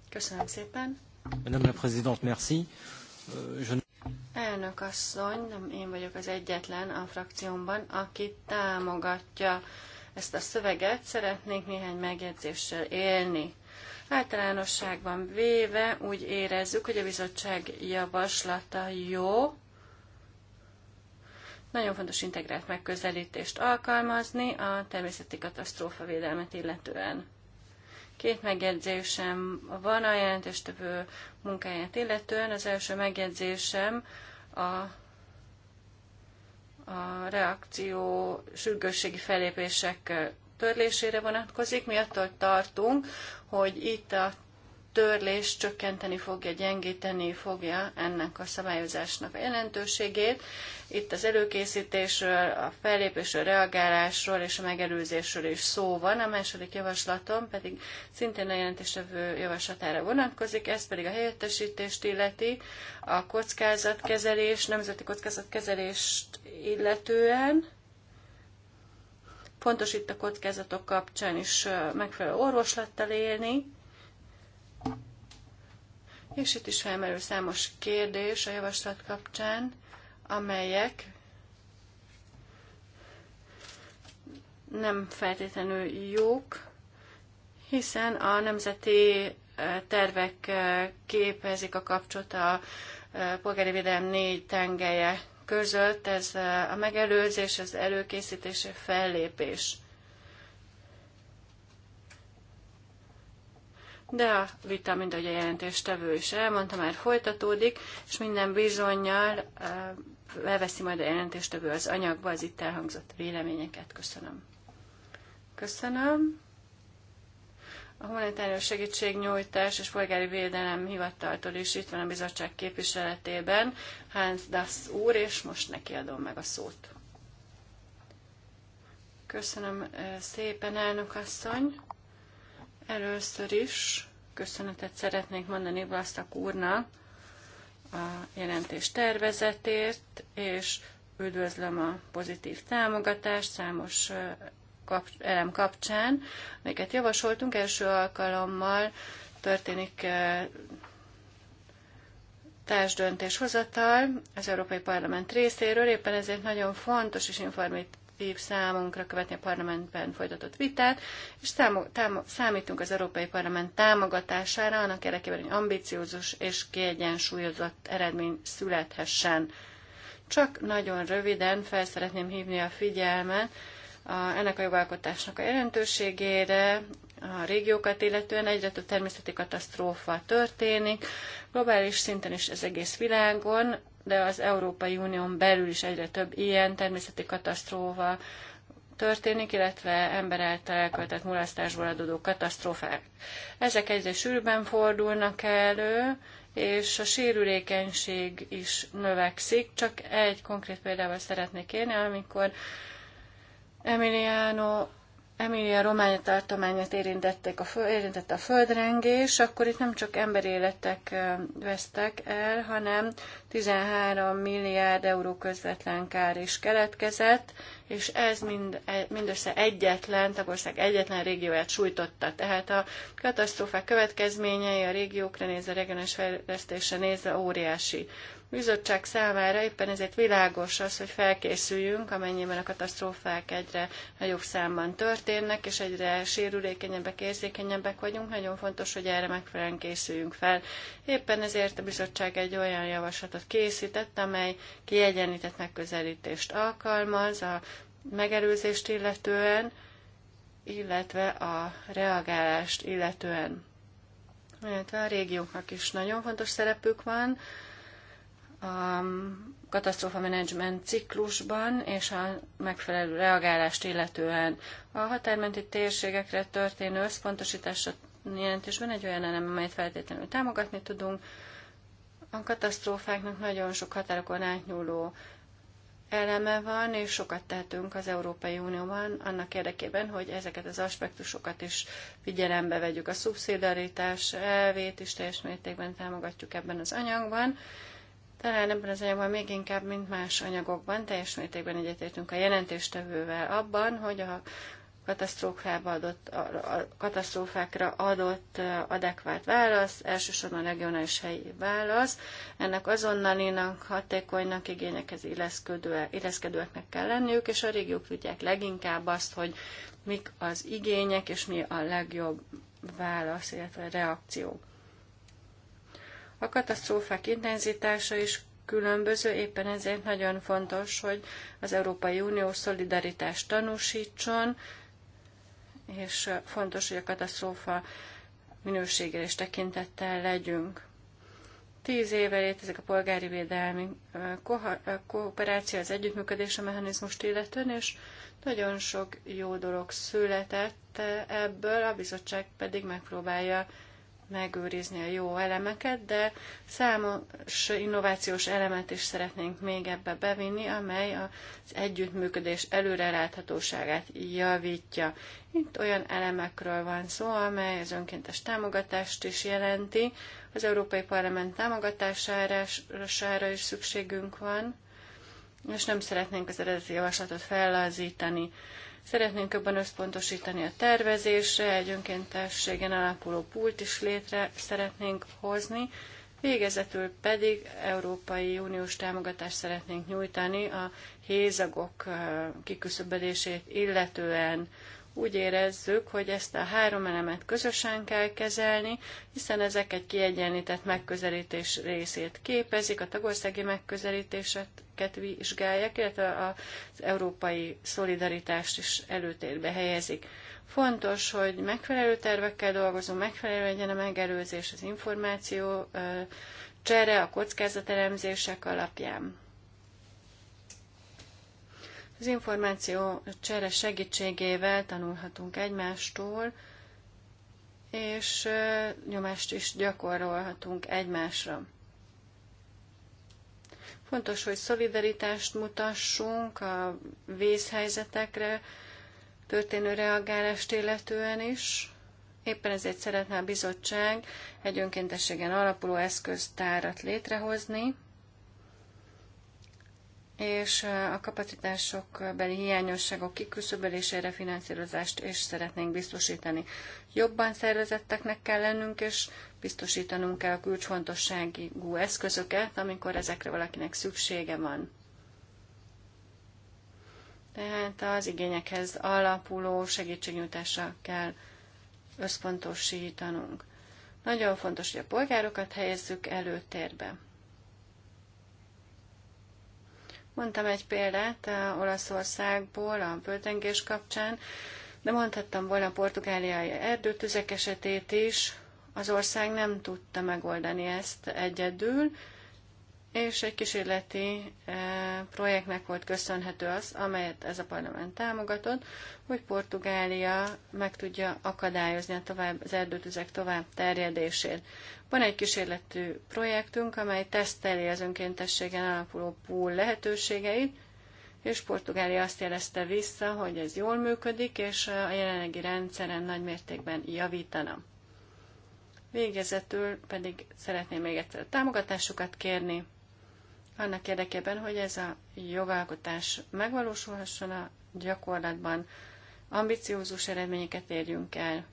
Köszönöm szépen. Madame la Présidente, merci. Euh, je... Elnök asszony, nem én vagyok az egyetlen a frakciómban, aki támogatja ezt a szöveget, szeretnénk néhány megjegyzéssel élni. Általánosságban véve úgy érezzük, hogy a bizottság javaslata jó, nagyon fontos integrált megközelítést alkalmazni a természeti katasztrófa védelmet illetően. Két megjegyzésem van a jelentéstövő munkáját illetően. Az első megjegyzésem a a reakció sürgősségi fellépések törlésére vonatkozik. Mi attól tartunk, hogy itt a törlés csökkenteni fogja, gyengíteni fogja ennek a szabályozásnak a jelentőségét. Itt az előkészítésről, a fellépésről, reagálásról és a megelőzésről is szó van. A második javaslatom pedig szintén a jelentéstevő javaslatára vonatkozik, ez pedig a helyettesítést illeti, a kockázatkezelés, nemzeti kockázatkezelést illetően fontos itt a kockázatok kapcsán is megfelelő orvoslattal élni, és itt is felmerül számos kérdés a javaslat kapcsán, amelyek nem feltétlenül jók, hiszen a nemzeti eh, tervek eh, képezik a kapcsolat a eh, polgári védelem négy tengelye között. Ez a megelőzés, az előkészítés, a fellépés. de a vita, mint ahogy a jelentéstevő is elmondta, már folytatódik, és minden bizonyal elveszi majd a jelentéstevő az anyagba az itt elhangzott véleményeket. Köszönöm. Köszönöm. A humanitárius segítségnyújtás és polgári védelem hivataltól is itt van a bizottság képviseletében Hans Dass úr, és most neki adom meg a szót. Köszönöm szépen, elnök asszony. Először is köszönetet szeretnék mondani Vasztak úrnak a jelentés tervezetért, és üdvözlöm a pozitív támogatást számos kap, elem kapcsán, amiket javasoltunk. Első alkalommal történik társdöntéshozatal az Európai Parlament részéről, éppen ezért nagyon fontos és informatív év számunkra követni a parlamentben folytatott vitát, és számú, támo, számítunk az Európai Parlament támogatására annak érdekében, hogy ambiciózus és kiegyensúlyozott eredmény születhessen. Csak nagyon röviden fel szeretném hívni a figyelmet a, ennek a jogalkotásnak a jelentőségére, a régiókat illetően egyre több természeti katasztrófa történik, globális szinten is az egész világon, de az Európai Unión belül is egyre több ilyen természeti katasztrófa történik, illetve ember által elköltett mulasztásból adódó katasztrófák. Ezek egyre sűrűbben fordulnak elő, és a sérülékenység is növekszik. Csak egy konkrét példával szeretnék élni, amikor Emiliano Emilia Románia tartományát érintették a föl, érintett a földrengés, akkor itt nem csak emberéletek vesztek el, hanem 13 milliárd euró közvetlen kár is keletkezett, és ez mind, e, mindössze egyetlen, tagország egyetlen régióját sújtotta. Tehát a katasztrófák következményei a régiókra nézve, regionális fejlesztésre nézve óriási bizottság számára éppen ezért világos az, hogy felkészüljünk, amennyiben a katasztrófák egyre nagyobb számban történnek, és egyre sérülékenyebbek, érzékenyebbek vagyunk. Nagyon fontos, hogy erre megfelelően készüljünk fel. Éppen ezért a bizottság egy olyan javaslatot készített, amely kiegyenlített megközelítést alkalmaz a megelőzést illetően, illetve a reagálást illetően. Illetve a régióknak is nagyon fontos szerepük van a katasztrófa menedzsment ciklusban és a megfelelő reagálást illetően. A határmenti térségekre történő összpontosításra jelentésben egy olyan elem, amelyet feltétlenül támogatni tudunk. A katasztrófáknak nagyon sok határokon átnyúló eleme van, és sokat tehetünk az Európai Unióban annak érdekében, hogy ezeket az aspektusokat is figyelembe vegyük. A szubszidaritás elvét is teljes mértékben támogatjuk ebben az anyagban, talán ebben az anyagban még inkább, mint más anyagokban, teljes mértékben egyetértünk a jelentéstevővel abban, hogy a katasztrófába adott, a katasztrófákra adott adekvát válasz, elsősorban regionális helyi válasz. Ennek azonnalinak, hatékonynak, igényekhez illeszkedőeknek kell lenniük, és a régiók tudják leginkább azt, hogy mik az igények, és mi a legjobb válasz, illetve reakció. A katasztrófák intenzitása is különböző, éppen ezért nagyon fontos, hogy az Európai Unió szolidaritást tanúsítson, és fontos, hogy a katasztrófa minőségére is tekintettel legyünk. Tíz éve létezik a polgári védelmi kooperáció, az együttműködés a mechanizmust illetően, és nagyon sok jó dolog született ebből, a bizottság pedig megpróbálja megőrizni a jó elemeket, de számos innovációs elemet is szeretnénk még ebbe bevinni, amely az együttműködés előreláthatóságát javítja. Itt olyan elemekről van szó, amely az önkéntes támogatást is jelenti, az Európai Parlament támogatására is szükségünk van, és nem szeretnénk az eredeti javaslatot fellazítani. Szeretnénk jobban összpontosítani a tervezésre, egy önkéntességen alapuló pult is létre szeretnénk hozni, végezetül pedig Európai Uniós támogatást szeretnénk nyújtani a hézagok eh, kiküszöbölését illetően úgy érezzük, hogy ezt a három elemet közösen kell kezelni, hiszen ezek egy kiegyenlített megközelítés részét képezik, a tagországi megközelítéseket vizsgálják, illetve az európai szolidaritást is előtérbe helyezik. Fontos, hogy megfelelő tervekkel dolgozunk, megfelelő legyen a megelőzés, az információ csere a kockázatelemzések alapján. Az információ csere segítségével tanulhatunk egymástól, és nyomást is gyakorolhatunk egymásra. Fontos, hogy szolidaritást mutassunk a vészhelyzetekre történő reagálást illetően is. Éppen ezért szeretne a bizottság egy önkéntességen alapuló eszköztárat létrehozni, és a kapacitások beli hiányosságok kiküszöbölésére finanszírozást is szeretnénk biztosítani. Jobban szervezetteknek kell lennünk, és biztosítanunk kell a kulcsfontosságú eszközöket, amikor ezekre valakinek szüksége van. Tehát az igényekhez alapuló segítségnyújtásra kell összpontosítanunk. Nagyon fontos, hogy a polgárokat helyezzük előtérbe. Mondtam egy példát eh, Olaszországból a földrengés kapcsán, de mondhattam volna a portugáliai erdőtüzek esetét is. Az ország nem tudta megoldani ezt egyedül, és egy kísérleti eh, projektnek volt köszönhető az, amelyet ez a parlament támogatott, hogy Portugália meg tudja akadályozni a tovább, az erdőtüzek tovább terjedését. Van egy kísérleti projektünk, amely teszteli az önkéntességen alapuló pool lehetőségeit, és Portugália azt jelezte vissza, hogy ez jól működik, és a jelenlegi rendszeren nagymértékben javítana. Végezetül pedig szeretném még egyszer a támogatásukat kérni, annak érdekében, hogy ez a jogalkotás megvalósulhasson a gyakorlatban, ambiciózus eredményeket érjünk el,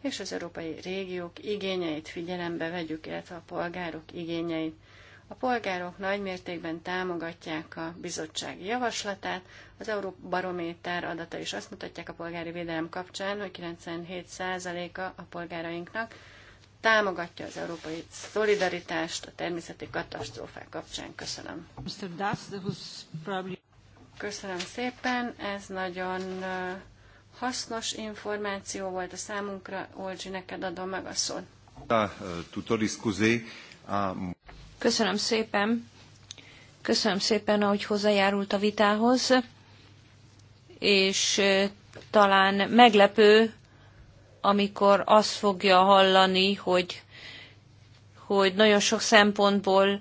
és az európai régiók igényeit figyelembe vegyük, illetve a polgárok igényeit. A polgárok nagymértékben támogatják a bizottság javaslatát. Az Európa Barométer adatai is azt mutatják a polgári védelem kapcsán, hogy 97%-a a polgárainknak támogatja az európai szolidaritást a természeti katasztrófák kapcsán. Köszönöm. Köszönöm szépen, ez nagyon hasznos információ volt a számunkra. Olcsi, neked adom meg a szót. Köszönöm szépen. Köszönöm szépen, ahogy hozzájárult a vitához, és talán meglepő, amikor azt fogja hallani, hogy, hogy nagyon sok szempontból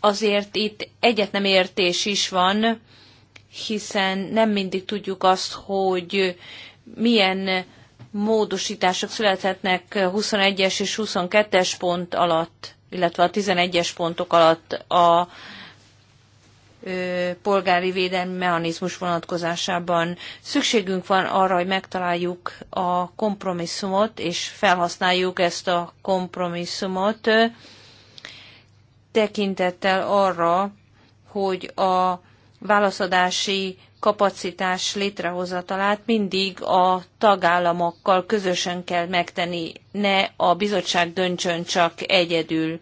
azért itt egyet nem értés is van, hiszen nem mindig tudjuk azt, hogy milyen módosítások születhetnek 21-es és 22-es pont alatt, illetve a 11-es pontok alatt a polgári védelmi mechanizmus vonatkozásában. Szükségünk van arra, hogy megtaláljuk a kompromisszumot, és felhasználjuk ezt a kompromisszumot tekintettel arra, hogy a válaszadási kapacitás létrehozatalát mindig a tagállamokkal közösen kell megtenni, ne a bizottság döntsön csak egyedül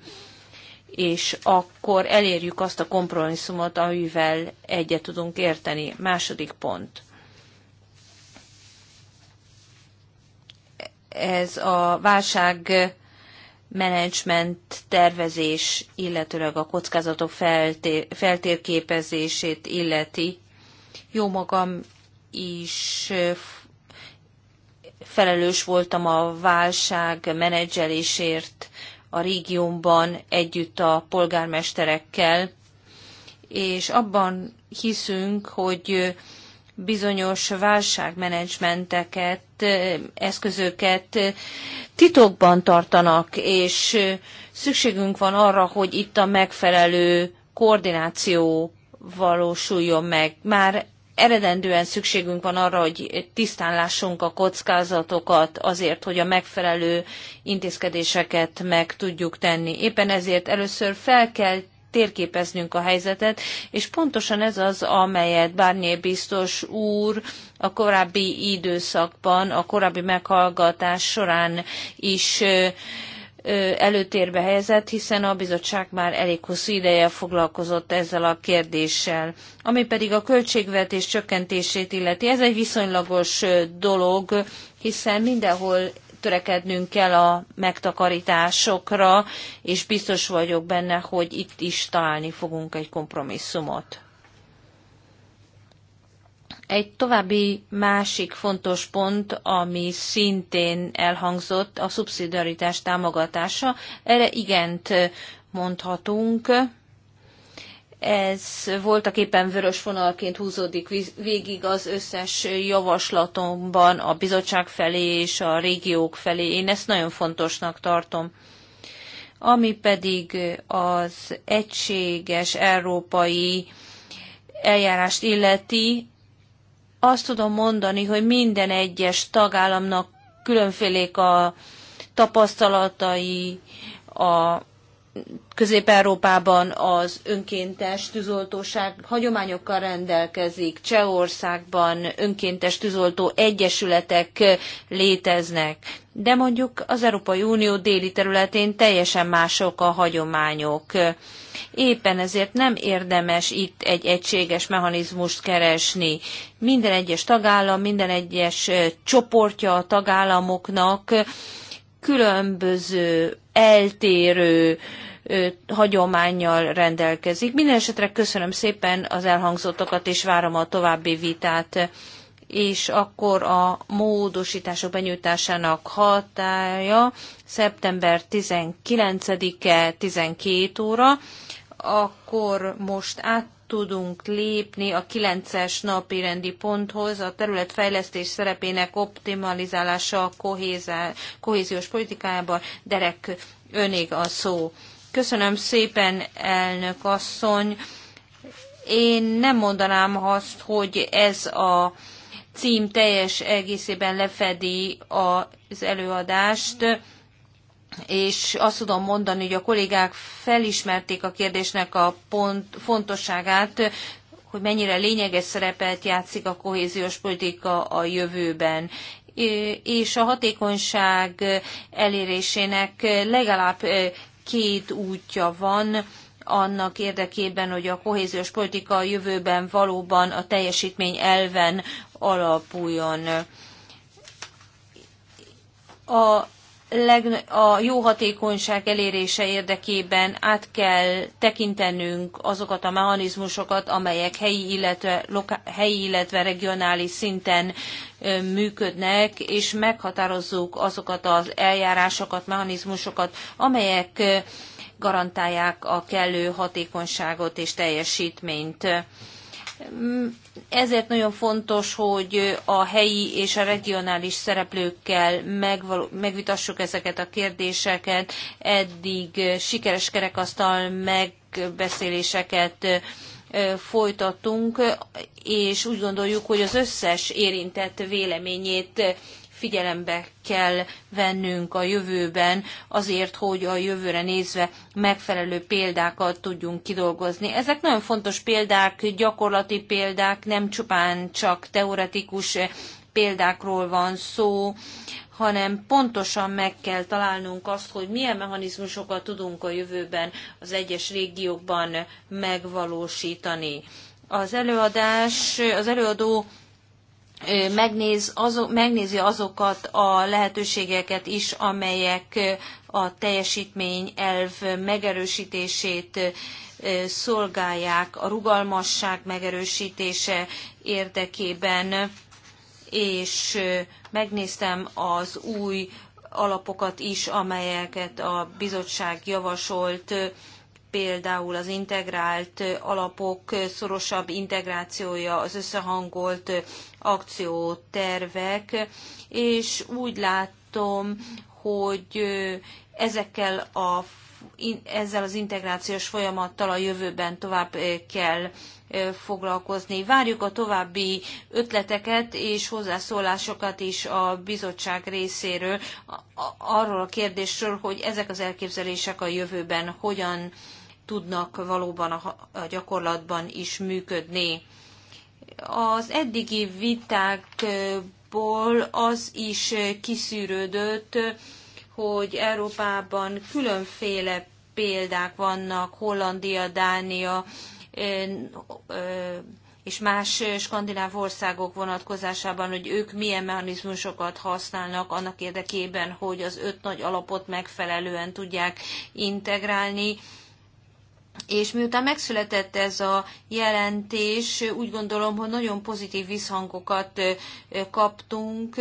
és akkor elérjük azt a kompromisszumot, amivel egyet tudunk érteni. Második pont. Ez a válság menedzsment tervezés, illetőleg a kockázatok feltér, feltérképezését illeti. Jó magam is felelős voltam a válság menedzselésért, a régiónban együtt a polgármesterekkel, és abban hiszünk, hogy bizonyos válságmenedzsmenteket, eszközöket titokban tartanak, és szükségünk van arra, hogy itt a megfelelő koordináció valósuljon meg. Már eredendően szükségünk van arra, hogy tisztán lássunk a kockázatokat azért, hogy a megfelelő intézkedéseket meg tudjuk tenni. Éppen ezért először fel kell térképeznünk a helyzetet, és pontosan ez az, amelyet Barnier biztos úr a korábbi időszakban, a korábbi meghallgatás során is előtérbe helyezett, hiszen a bizottság már elég hosszú ideje foglalkozott ezzel a kérdéssel. Ami pedig a költségvetés csökkentését illeti, ez egy viszonylagos dolog, hiszen mindenhol törekednünk kell a megtakarításokra, és biztos vagyok benne, hogy itt is találni fogunk egy kompromisszumot. Egy további másik fontos pont, ami szintén elhangzott, a szubszidiaritás támogatása. Erre igent mondhatunk. Ez voltak éppen vörös vonalként húzódik végig az összes javaslatomban a bizottság felé és a régiók felé. Én ezt nagyon fontosnak tartom ami pedig az egységes európai eljárást illeti, azt tudom mondani, hogy minden egyes tagállamnak különfélék a tapasztalatai, a Közép-Európában az önkéntes tűzoltóság hagyományokkal rendelkezik, Csehországban önkéntes tűzoltó egyesületek léteznek, de mondjuk az Európai Unió déli területén teljesen mások a hagyományok. Éppen ezért nem érdemes itt egy egységes mechanizmust keresni. Minden egyes tagállam, minden egyes csoportja a tagállamoknak különböző, eltérő hagyományjal rendelkezik. Minden esetre köszönöm szépen az elhangzottakat, és várom a további vitát és akkor a módosítások benyújtásának hatája szeptember 19-e 12 óra, akkor most át tudunk lépni a 9-es napi rendi ponthoz, a területfejlesztés szerepének optimalizálása a kohézál, kohéziós politikájában. Derek, önig a szó. Köszönöm szépen, elnök asszony. Én nem mondanám azt, hogy ez a cím teljes egészében lefedi az előadást és azt tudom mondani, hogy a kollégák felismerték a kérdésnek a pont, fontosságát, hogy mennyire lényeges szerepet játszik a kohéziós politika a jövőben és a hatékonyság elérésének legalább két útja van annak érdekében, hogy a kohéziós politika a jövőben valóban a teljesítmény elven alapuljon. A a jó hatékonyság elérése érdekében át kell tekintenünk azokat a mechanizmusokat, amelyek helyi, illetve, loka, helyi, illetve regionális szinten működnek, és meghatározzuk azokat az eljárásokat, mechanizmusokat, amelyek garantálják a kellő hatékonyságot és teljesítményt ezért nagyon fontos, hogy a helyi és a regionális szereplőkkel megvitassuk ezeket a kérdéseket. Eddig sikeres kerekasztal megbeszéléseket folytattunk, és úgy gondoljuk, hogy az összes érintett véleményét figyelembe kell vennünk a jövőben, azért, hogy a jövőre nézve megfelelő példákat tudjunk kidolgozni. Ezek nagyon fontos példák, gyakorlati példák, nem csupán csak teoretikus példákról van szó, hanem pontosan meg kell találnunk azt, hogy milyen mechanizmusokat tudunk a jövőben az egyes régiókban megvalósítani. Az előadás, az előadó megnéz, azok, megnézi azokat a lehetőségeket is, amelyek a teljesítmény elv megerősítését szolgálják, a rugalmasság megerősítése érdekében, és megnéztem az új alapokat is, amelyeket a bizottság javasolt például az integrált alapok szorosabb integrációja, az összehangolt akciótervek, és úgy látom, hogy ezekkel a ezzel az integrációs folyamattal a jövőben tovább kell foglalkozni. Várjuk a további ötleteket és hozzászólásokat is a bizottság részéről arról a kérdésről, hogy ezek az elképzelések a jövőben hogyan tudnak valóban a gyakorlatban is működni. Az eddigi vitákból az is kiszűrődött, hogy Európában különféle példák vannak, Hollandia, Dánia és más skandináv országok vonatkozásában, hogy ők milyen mechanizmusokat használnak annak érdekében, hogy az öt nagy alapot megfelelően tudják integrálni és miután megszületett ez a jelentés, úgy gondolom, hogy nagyon pozitív visszhangokat kaptunk.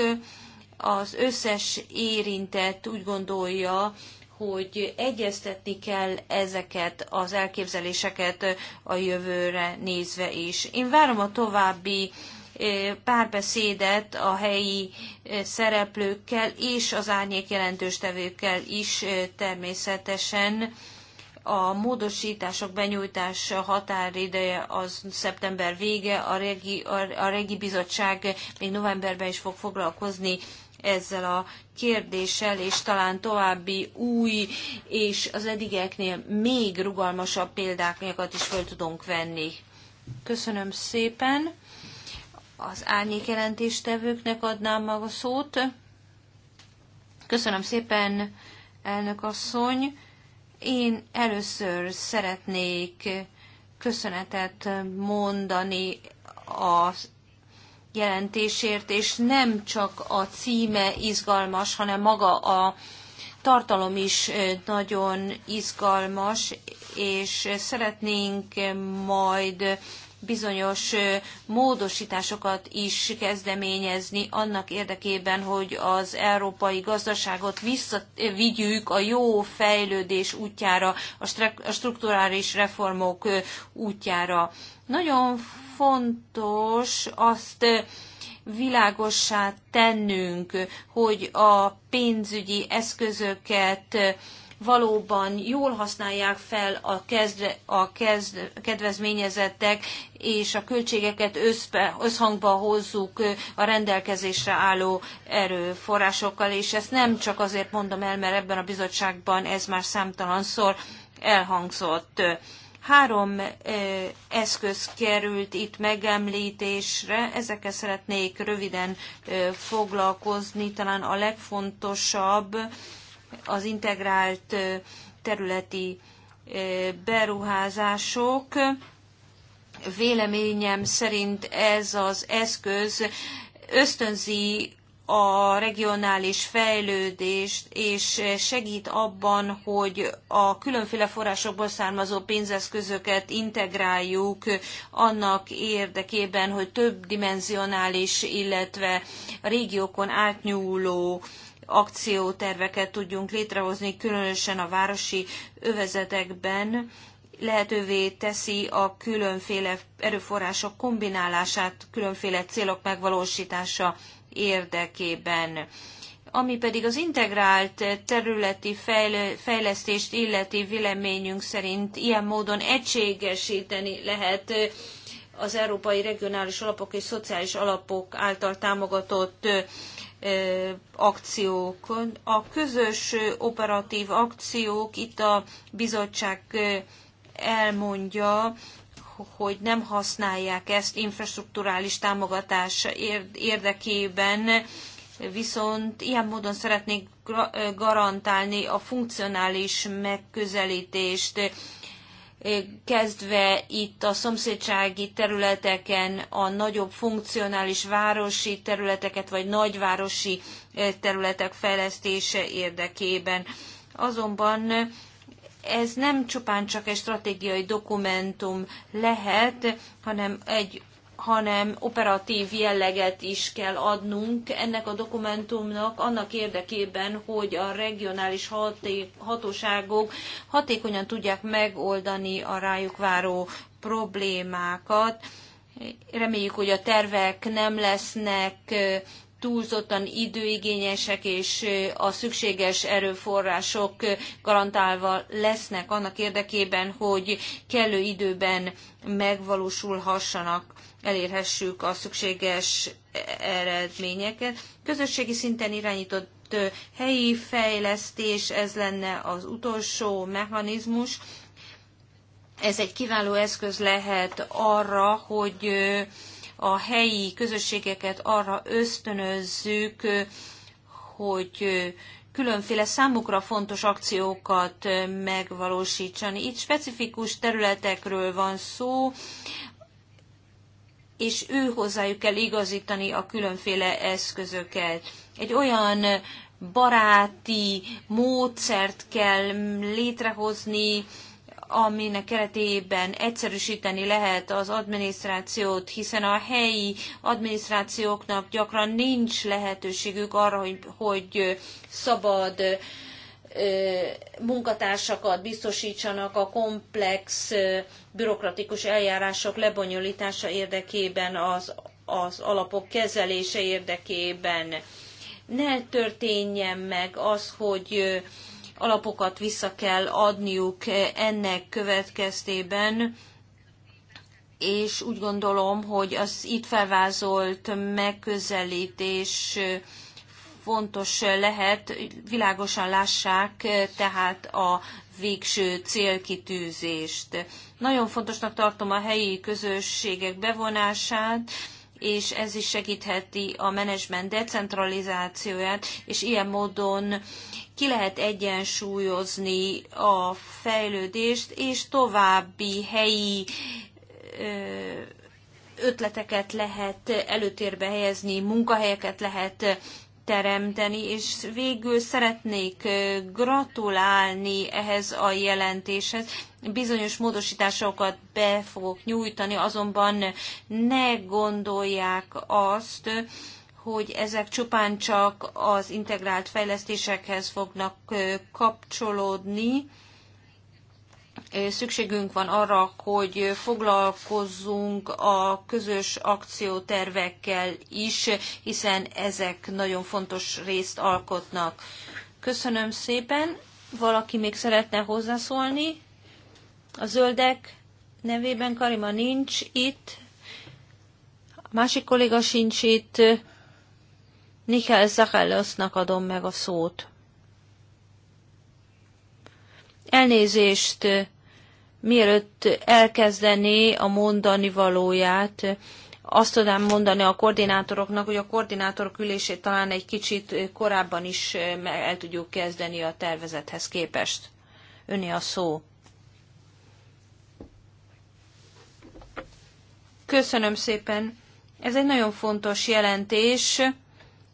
Az összes érintett úgy gondolja, hogy egyeztetni kell ezeket az elképzeléseket a jövőre nézve is. Én várom a további párbeszédet a helyi szereplőkkel és az árnyék jelentős tevőkkel is természetesen a módosítások benyújtása határideje az szeptember vége, a régi a, a régi bizottság még novemberben is fog foglalkozni ezzel a kérdéssel, és talán további új és az eddigeknél még rugalmasabb példákat is föl tudunk venni. Köszönöm szépen. Az árnyék jelentéstevőknek adnám maga szót. Köszönöm szépen, elnök asszony. Én először szeretnék köszönetet mondani a jelentésért, és nem csak a címe izgalmas, hanem maga a tartalom is nagyon izgalmas, és szeretnénk majd bizonyos módosításokat is kezdeményezni annak érdekében, hogy az európai gazdaságot visszavigyük a jó fejlődés útjára, a strukturális reformok útjára. Nagyon fontos azt világossá tennünk, hogy a pénzügyi eszközöket valóban jól használják fel a, kezdre, a kezd, kedvezményezettek, és a költségeket összbe, összhangba hozzuk a rendelkezésre álló erőforrásokkal, és ezt nem csak azért mondom el, mert ebben a bizottságban ez már számtalanszor elhangzott. Három eszköz került itt megemlítésre, ezekkel szeretnék röviden foglalkozni, talán a legfontosabb, az integrált területi beruházások. Véleményem szerint ez az eszköz ösztönzi a regionális fejlődést, és segít abban, hogy a különféle forrásokból származó pénzeszközöket integráljuk annak érdekében, hogy több dimenzionális, illetve régiókon átnyúló akcióterveket tudjunk létrehozni, különösen a városi övezetekben, lehetővé teszi a különféle erőforrások kombinálását, különféle célok megvalósítása érdekében. Ami pedig az integrált területi fejlesztést illeti véleményünk szerint ilyen módon egységesíteni lehet az európai regionális alapok és szociális alapok által támogatott akciókon. A közös operatív akciók, itt a bizottság elmondja, hogy nem használják ezt infrastruktúrális támogatás érdekében, viszont ilyen módon szeretnék garantálni a funkcionális megközelítést, kezdve itt a szomszédsági területeken a nagyobb funkcionális városi területeket, vagy nagyvárosi területek fejlesztése érdekében. Azonban ez nem csupán csak egy stratégiai dokumentum lehet, hanem egy hanem operatív jelleget is kell adnunk ennek a dokumentumnak annak érdekében, hogy a regionális hatóságok hatékonyan tudják megoldani a rájuk váró problémákat. Reméljük, hogy a tervek nem lesznek túlzottan időigényesek, és a szükséges erőforrások garantálva lesznek annak érdekében, hogy kellő időben megvalósulhassanak elérhessük a szükséges eredményeket. Közösségi szinten irányított helyi fejlesztés, ez lenne az utolsó mechanizmus. Ez egy kiváló eszköz lehet arra, hogy a helyi közösségeket arra ösztönözzük, hogy különféle számukra fontos akciókat megvalósítsani. Itt specifikus területekről van szó, és ő hozzájuk kell igazítani a különféle eszközöket. Egy olyan baráti módszert kell létrehozni, aminek keretében egyszerűsíteni lehet az adminisztrációt, hiszen a helyi adminisztrációknak gyakran nincs lehetőségük arra, hogy, hogy szabad munkatársakat biztosítsanak a komplex bürokratikus eljárások lebonyolítása érdekében, az, az alapok kezelése érdekében. Ne történjen meg az, hogy alapokat vissza kell adniuk ennek következtében, és úgy gondolom, hogy az itt felvázolt megközelítés fontos lehet, világosan lássák tehát a végső célkitűzést. Nagyon fontosnak tartom a helyi közösségek bevonását, és ez is segítheti a menedzsment decentralizációját, és ilyen módon ki lehet egyensúlyozni a fejlődést, és további helyi ötleteket lehet előtérbe helyezni, munkahelyeket lehet teremteni, és végül szeretnék gratulálni ehhez a jelentéshez. Bizonyos módosításokat be fogok nyújtani, azonban ne gondolják azt, hogy ezek csupán csak az integrált fejlesztésekhez fognak kapcsolódni, szükségünk van arra, hogy foglalkozzunk a közös akciótervekkel is, hiszen ezek nagyon fontos részt alkotnak. Köszönöm szépen. Valaki még szeretne hozzászólni? A zöldek nevében Karima nincs itt, a másik kolléga sincs itt. Nikael Zakellosznak adom meg a szót. Elnézést, mielőtt elkezdené a mondani valóját, azt tudnám mondani a koordinátoroknak, hogy a koordinátorok ülését talán egy kicsit korábban is eh, el tudjuk kezdeni a tervezethez képest. Öné a szó. Köszönöm szépen. Ez egy nagyon fontos jelentés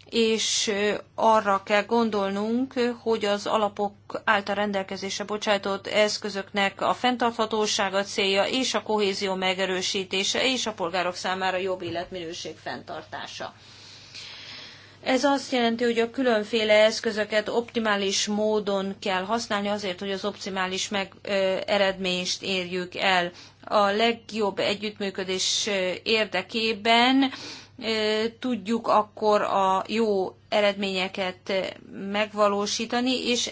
és arra kell gondolnunk, hogy az alapok által rendelkezésre bocsájtott eszközöknek a fenntarthatósága célja és a kohézió megerősítése és a polgárok számára jobb életminőség fenntartása. Ez azt jelenti, hogy a különféle eszközöket optimális módon kell használni azért, hogy az optimális meg, ö, eredményst érjük el. A legjobb együttműködés érdekében tudjuk akkor a jó eredményeket megvalósítani, és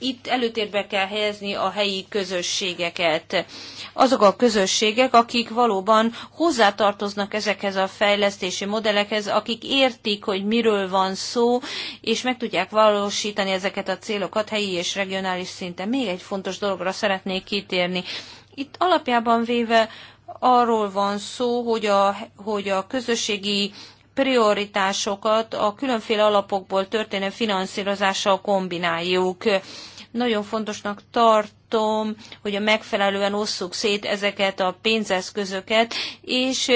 itt előtérbe kell helyezni a helyi közösségeket. Azok a közösségek, akik valóban hozzátartoznak ezekhez a fejlesztési modellekhez, akik értik, hogy miről van szó, és meg tudják valósítani ezeket a célokat helyi és regionális szinten. Még egy fontos dologra szeretnék kitérni. Itt alapjában véve arról van szó, hogy a, hogy a közösségi prioritásokat a különféle alapokból történő finanszírozással kombináljuk. Nagyon fontosnak tartom, hogy a megfelelően osszuk szét ezeket a pénzeszközöket, és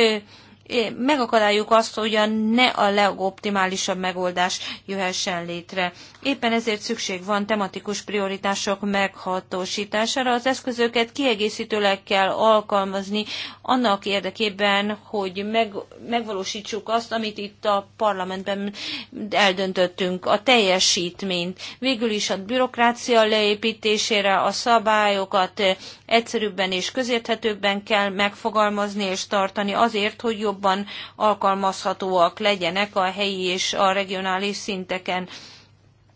megakadályuk azt, hogy a ne a legoptimálisabb megoldás jöhessen létre. Éppen ezért szükség van tematikus prioritások meghatósítására. Az eszközöket kiegészítőleg kell alkalmazni annak érdekében, hogy meg, megvalósítsuk azt, amit itt a parlamentben eldöntöttünk, a teljesítményt. Végül is a bürokrácia leépítésére a szabályokat egyszerűbben és közérthetőbben kell megfogalmazni és tartani azért, hogy jobb jobban alkalmazhatóak legyenek a helyi és a regionális szinteken.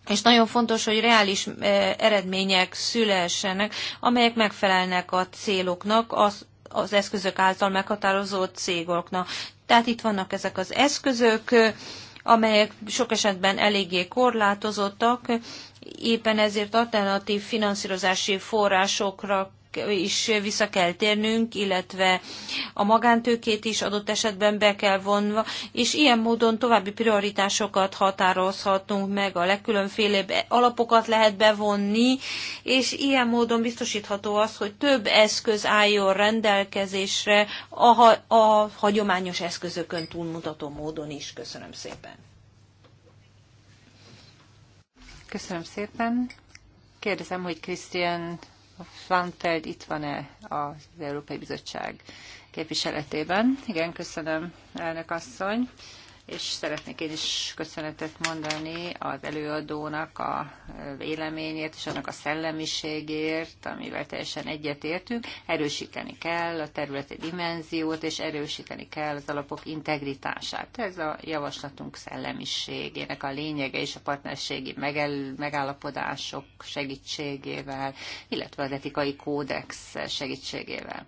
És nagyon fontos, hogy reális eh, eredmények szülessenek, amelyek megfelelnek a céloknak, az, az eszközök által meghatározott céloknak. Tehát itt vannak ezek az eszközök, eh, amelyek sok esetben eléggé korlátozottak, éppen ezért alternatív finanszírozási forrásokra is vissza kell térnünk, illetve a magántőkét is adott esetben be kell vonva, és ilyen módon további prioritásokat határozhatunk meg, a legkülönfélebb alapokat lehet bevonni, és ilyen módon biztosítható az, hogy több eszköz álljon rendelkezésre a, a hagyományos eszközökön túlmutató módon is. Köszönöm szépen. Köszönöm szépen. Kérdezem, hogy Krisztián Fanfeld itt van-e az Európai Bizottság képviseletében? Igen, köszönöm, elnök asszony és szeretnék én is köszönetet mondani az előadónak a véleményért és annak a szellemiségért, amivel teljesen egyetértünk. Erősíteni kell a területi dimenziót, és erősíteni kell az alapok integritását. Ez a javaslatunk szellemiségének a lényege és a partnerségi megállapodások segítségével, illetve az etikai kódex segítségével.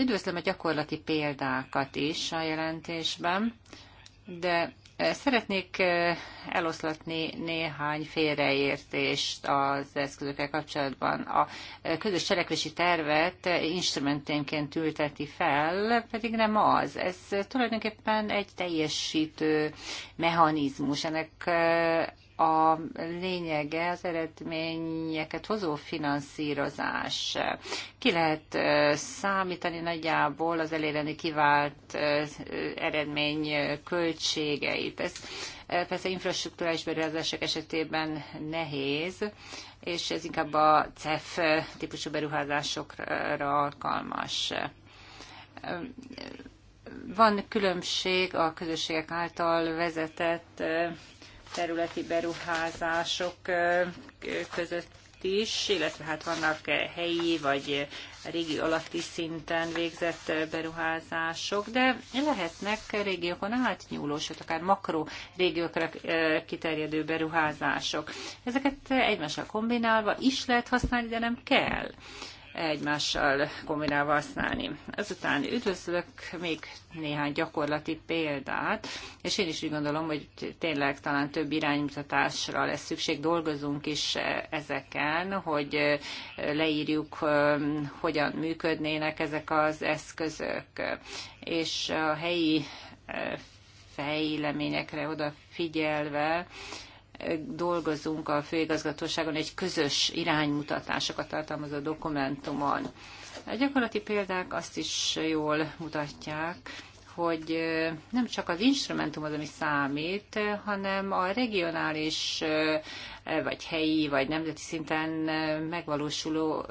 Üdvözlöm a gyakorlati példákat is a jelentésben, de e, Szeretnék e, eloszlatni néhány félreértést az eszközökkel kapcsolatban. A e, közös cselekvési tervet instrumenténként ülteti fel, pedig nem az. Ez tulajdonképpen egy teljesítő mechanizmus. Ennek a lényege az eredményeket hozó finanszírozás. Ki lehet számítani nagyjából az eléreni kivált eredmény költségeit. Ez persze infrastruktúrális beruházások esetében nehéz, és ez inkább a CEF típusú beruházásokra alkalmas van különbség a közösségek által vezetett területi beruházások között is, illetve hát vannak helyi vagy régi alatti szinten végzett beruházások, de lehetnek régiókon átnyúló, sőt akár makro régiókra kiterjedő beruházások. Ezeket egymással kombinálva is lehet használni, de nem kell egymással kombinálva használni. Ezután üdvözlök még néhány gyakorlati példát, és én is úgy gondolom, hogy tényleg talán több iránymutatásra lesz szükség, dolgozunk is ezeken, hogy leírjuk, hogyan működnének ezek az eszközök, és a helyi fejleményekre odafigyelve, dolgozunk a főigazgatóságon egy közös iránymutatásokat tartalmazó dokumentumon. A gyakorlati példák azt is jól mutatják, hogy nem csak az instrumentum az, ami számít, hanem a regionális, vagy helyi, vagy nemzeti szinten megvalósuló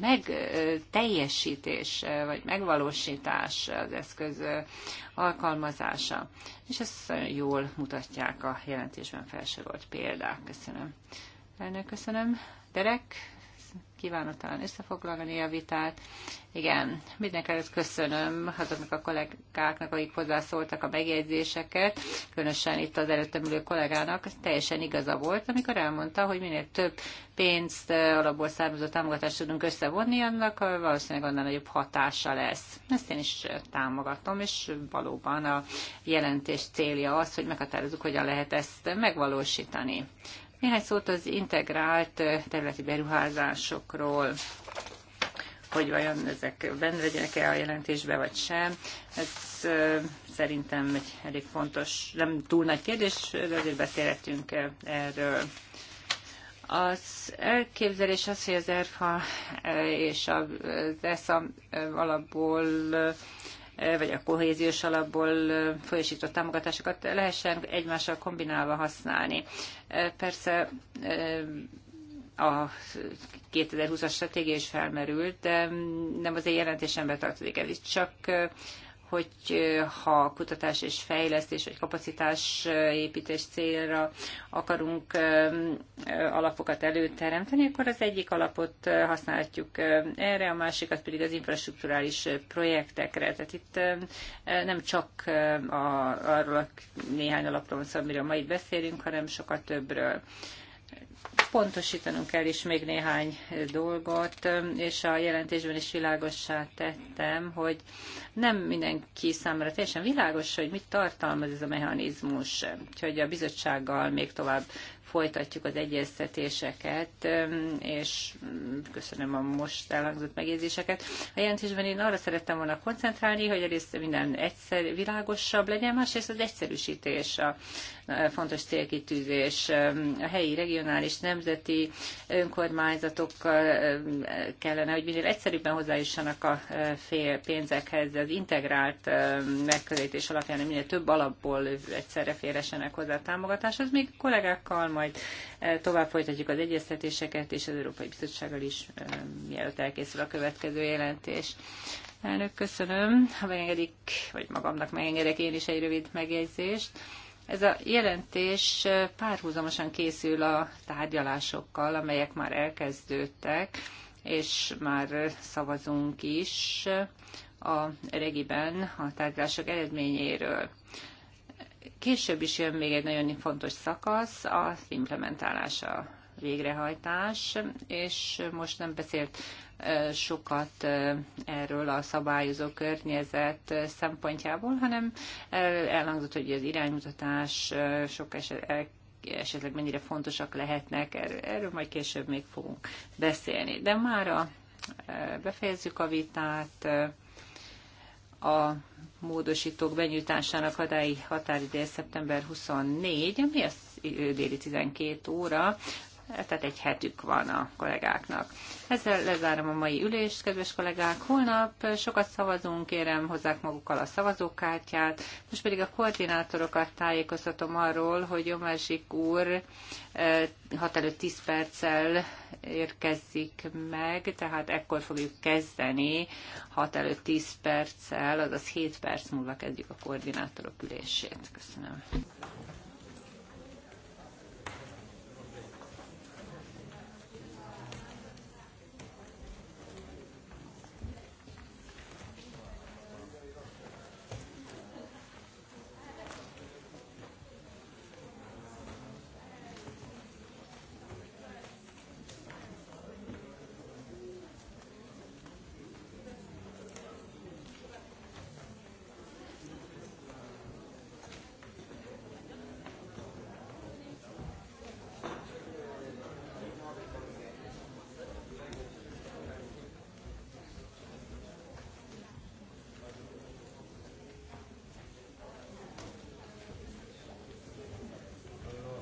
megteljesítés, vagy megvalósítás az eszköz alkalmazása. És ezt jól mutatják a jelentésben felsorolt példák. Köszönöm. Elnök, köszönöm. Derek? kívánok talán összefoglalni a vitát. Igen, mindenek előtt köszönöm azoknak a kollégáknak, akik hozzászóltak a megjegyzéseket, különösen itt az előttem ülő kollégának teljesen igaza volt, amikor elmondta, hogy minél több pénzt, eh, alapból származó támogatást tudunk összevonni, annak eh, valószínűleg annál nagyobb hatása lesz. Ezt én is eh, támogatom, és valóban a jelentés célja az, hogy meghatározzuk, hogyan lehet ezt megvalósítani. Néhány szót az integrált területi beruházásokról hogy vajon ezek benne legyenek-e a jelentésbe, vagy sem. Ez szerintem egy elég fontos, nem túl nagy kérdés, de azért beszélhetünk e- erről. Az elképzelés az, hogy az ERFA és az ESA alapból vagy a kohéziós alapból folyosított támogatásokat lehessen egymással kombinálva használni. Persze a 2020-as stratégia is felmerült, de nem az én jelentésembe tartozik ez. Itt csak hogy ha kutatás és fejlesztés vagy kapacitás építés célra akarunk alapokat előteremteni, akkor az egyik alapot használhatjuk erre, a másikat pedig az infrastruktúrális projektekre. Tehát itt nem csak a, arról a néhány alapról van szó, amiről ma itt beszélünk, hanem sokat többről pontosítanunk kell is még néhány dolgot, és a jelentésben is világossá tettem, hogy nem mindenki számára teljesen világos, hogy mit tartalmaz ez a mechanizmus. Úgyhogy a bizottsággal még tovább folytatjuk az egyeztetéseket, és köszönöm a most elhangzott megjegyzéseket. A jelentésben én arra szerettem volna koncentrálni, hogy egyrészt minden egyszer világosabb legyen, másrészt az egyszerűsítés a fontos célkitűzés. A helyi, regionális, nemzeti önkormányzatok kellene, hogy minél egyszerűbben hozzájussanak a fél pénzekhez, az integrált megközelítés alapján, hogy minél több alapból egyszerre férjesenek hozzá a támogatáshoz. Még kollégákkal majd tovább folytatjuk az egyeztetéseket, és az Európai Bizottsággal is mielőtt elkészül a következő jelentés. Elnök, köszönöm. Ha megengedik, vagy magamnak megengedek én is egy rövid megjegyzést. Ez a jelentés párhuzamosan készül a tárgyalásokkal, amelyek már elkezdődtek, és már szavazunk is a regiben a tárgyalások eredményéről. Később is jön még egy nagyon fontos szakasz, az implementálása végrehajtás, és most nem beszélt sokat eh, erről a szabályozó környezet szempontjából, hanem eh, elhangzott, hogy az iránymutatás eh, sok eset, esetleg mennyire fontosak lehetnek, er-, erről majd később még fogunk beszélni. De már befejezzük a vitát, a módosítók benyújtásának határidő: szeptember 24, ami az déli 12 óra tehát egy hetük van a kollégáknak. Ezzel lezárom a mai ülést, kedves kollégák. Holnap sokat szavazunk, kérem hozzák magukkal a szavazókártyát. Most pedig a koordinátorokat tájékoztatom arról, hogy Jomásik úr 6 eh, előtt 10 perccel érkezik meg, tehát ekkor fogjuk kezdeni 6 előtt 10 perccel, azaz 7 perc múlva kezdjük a koordinátorok ülését. Köszönöm.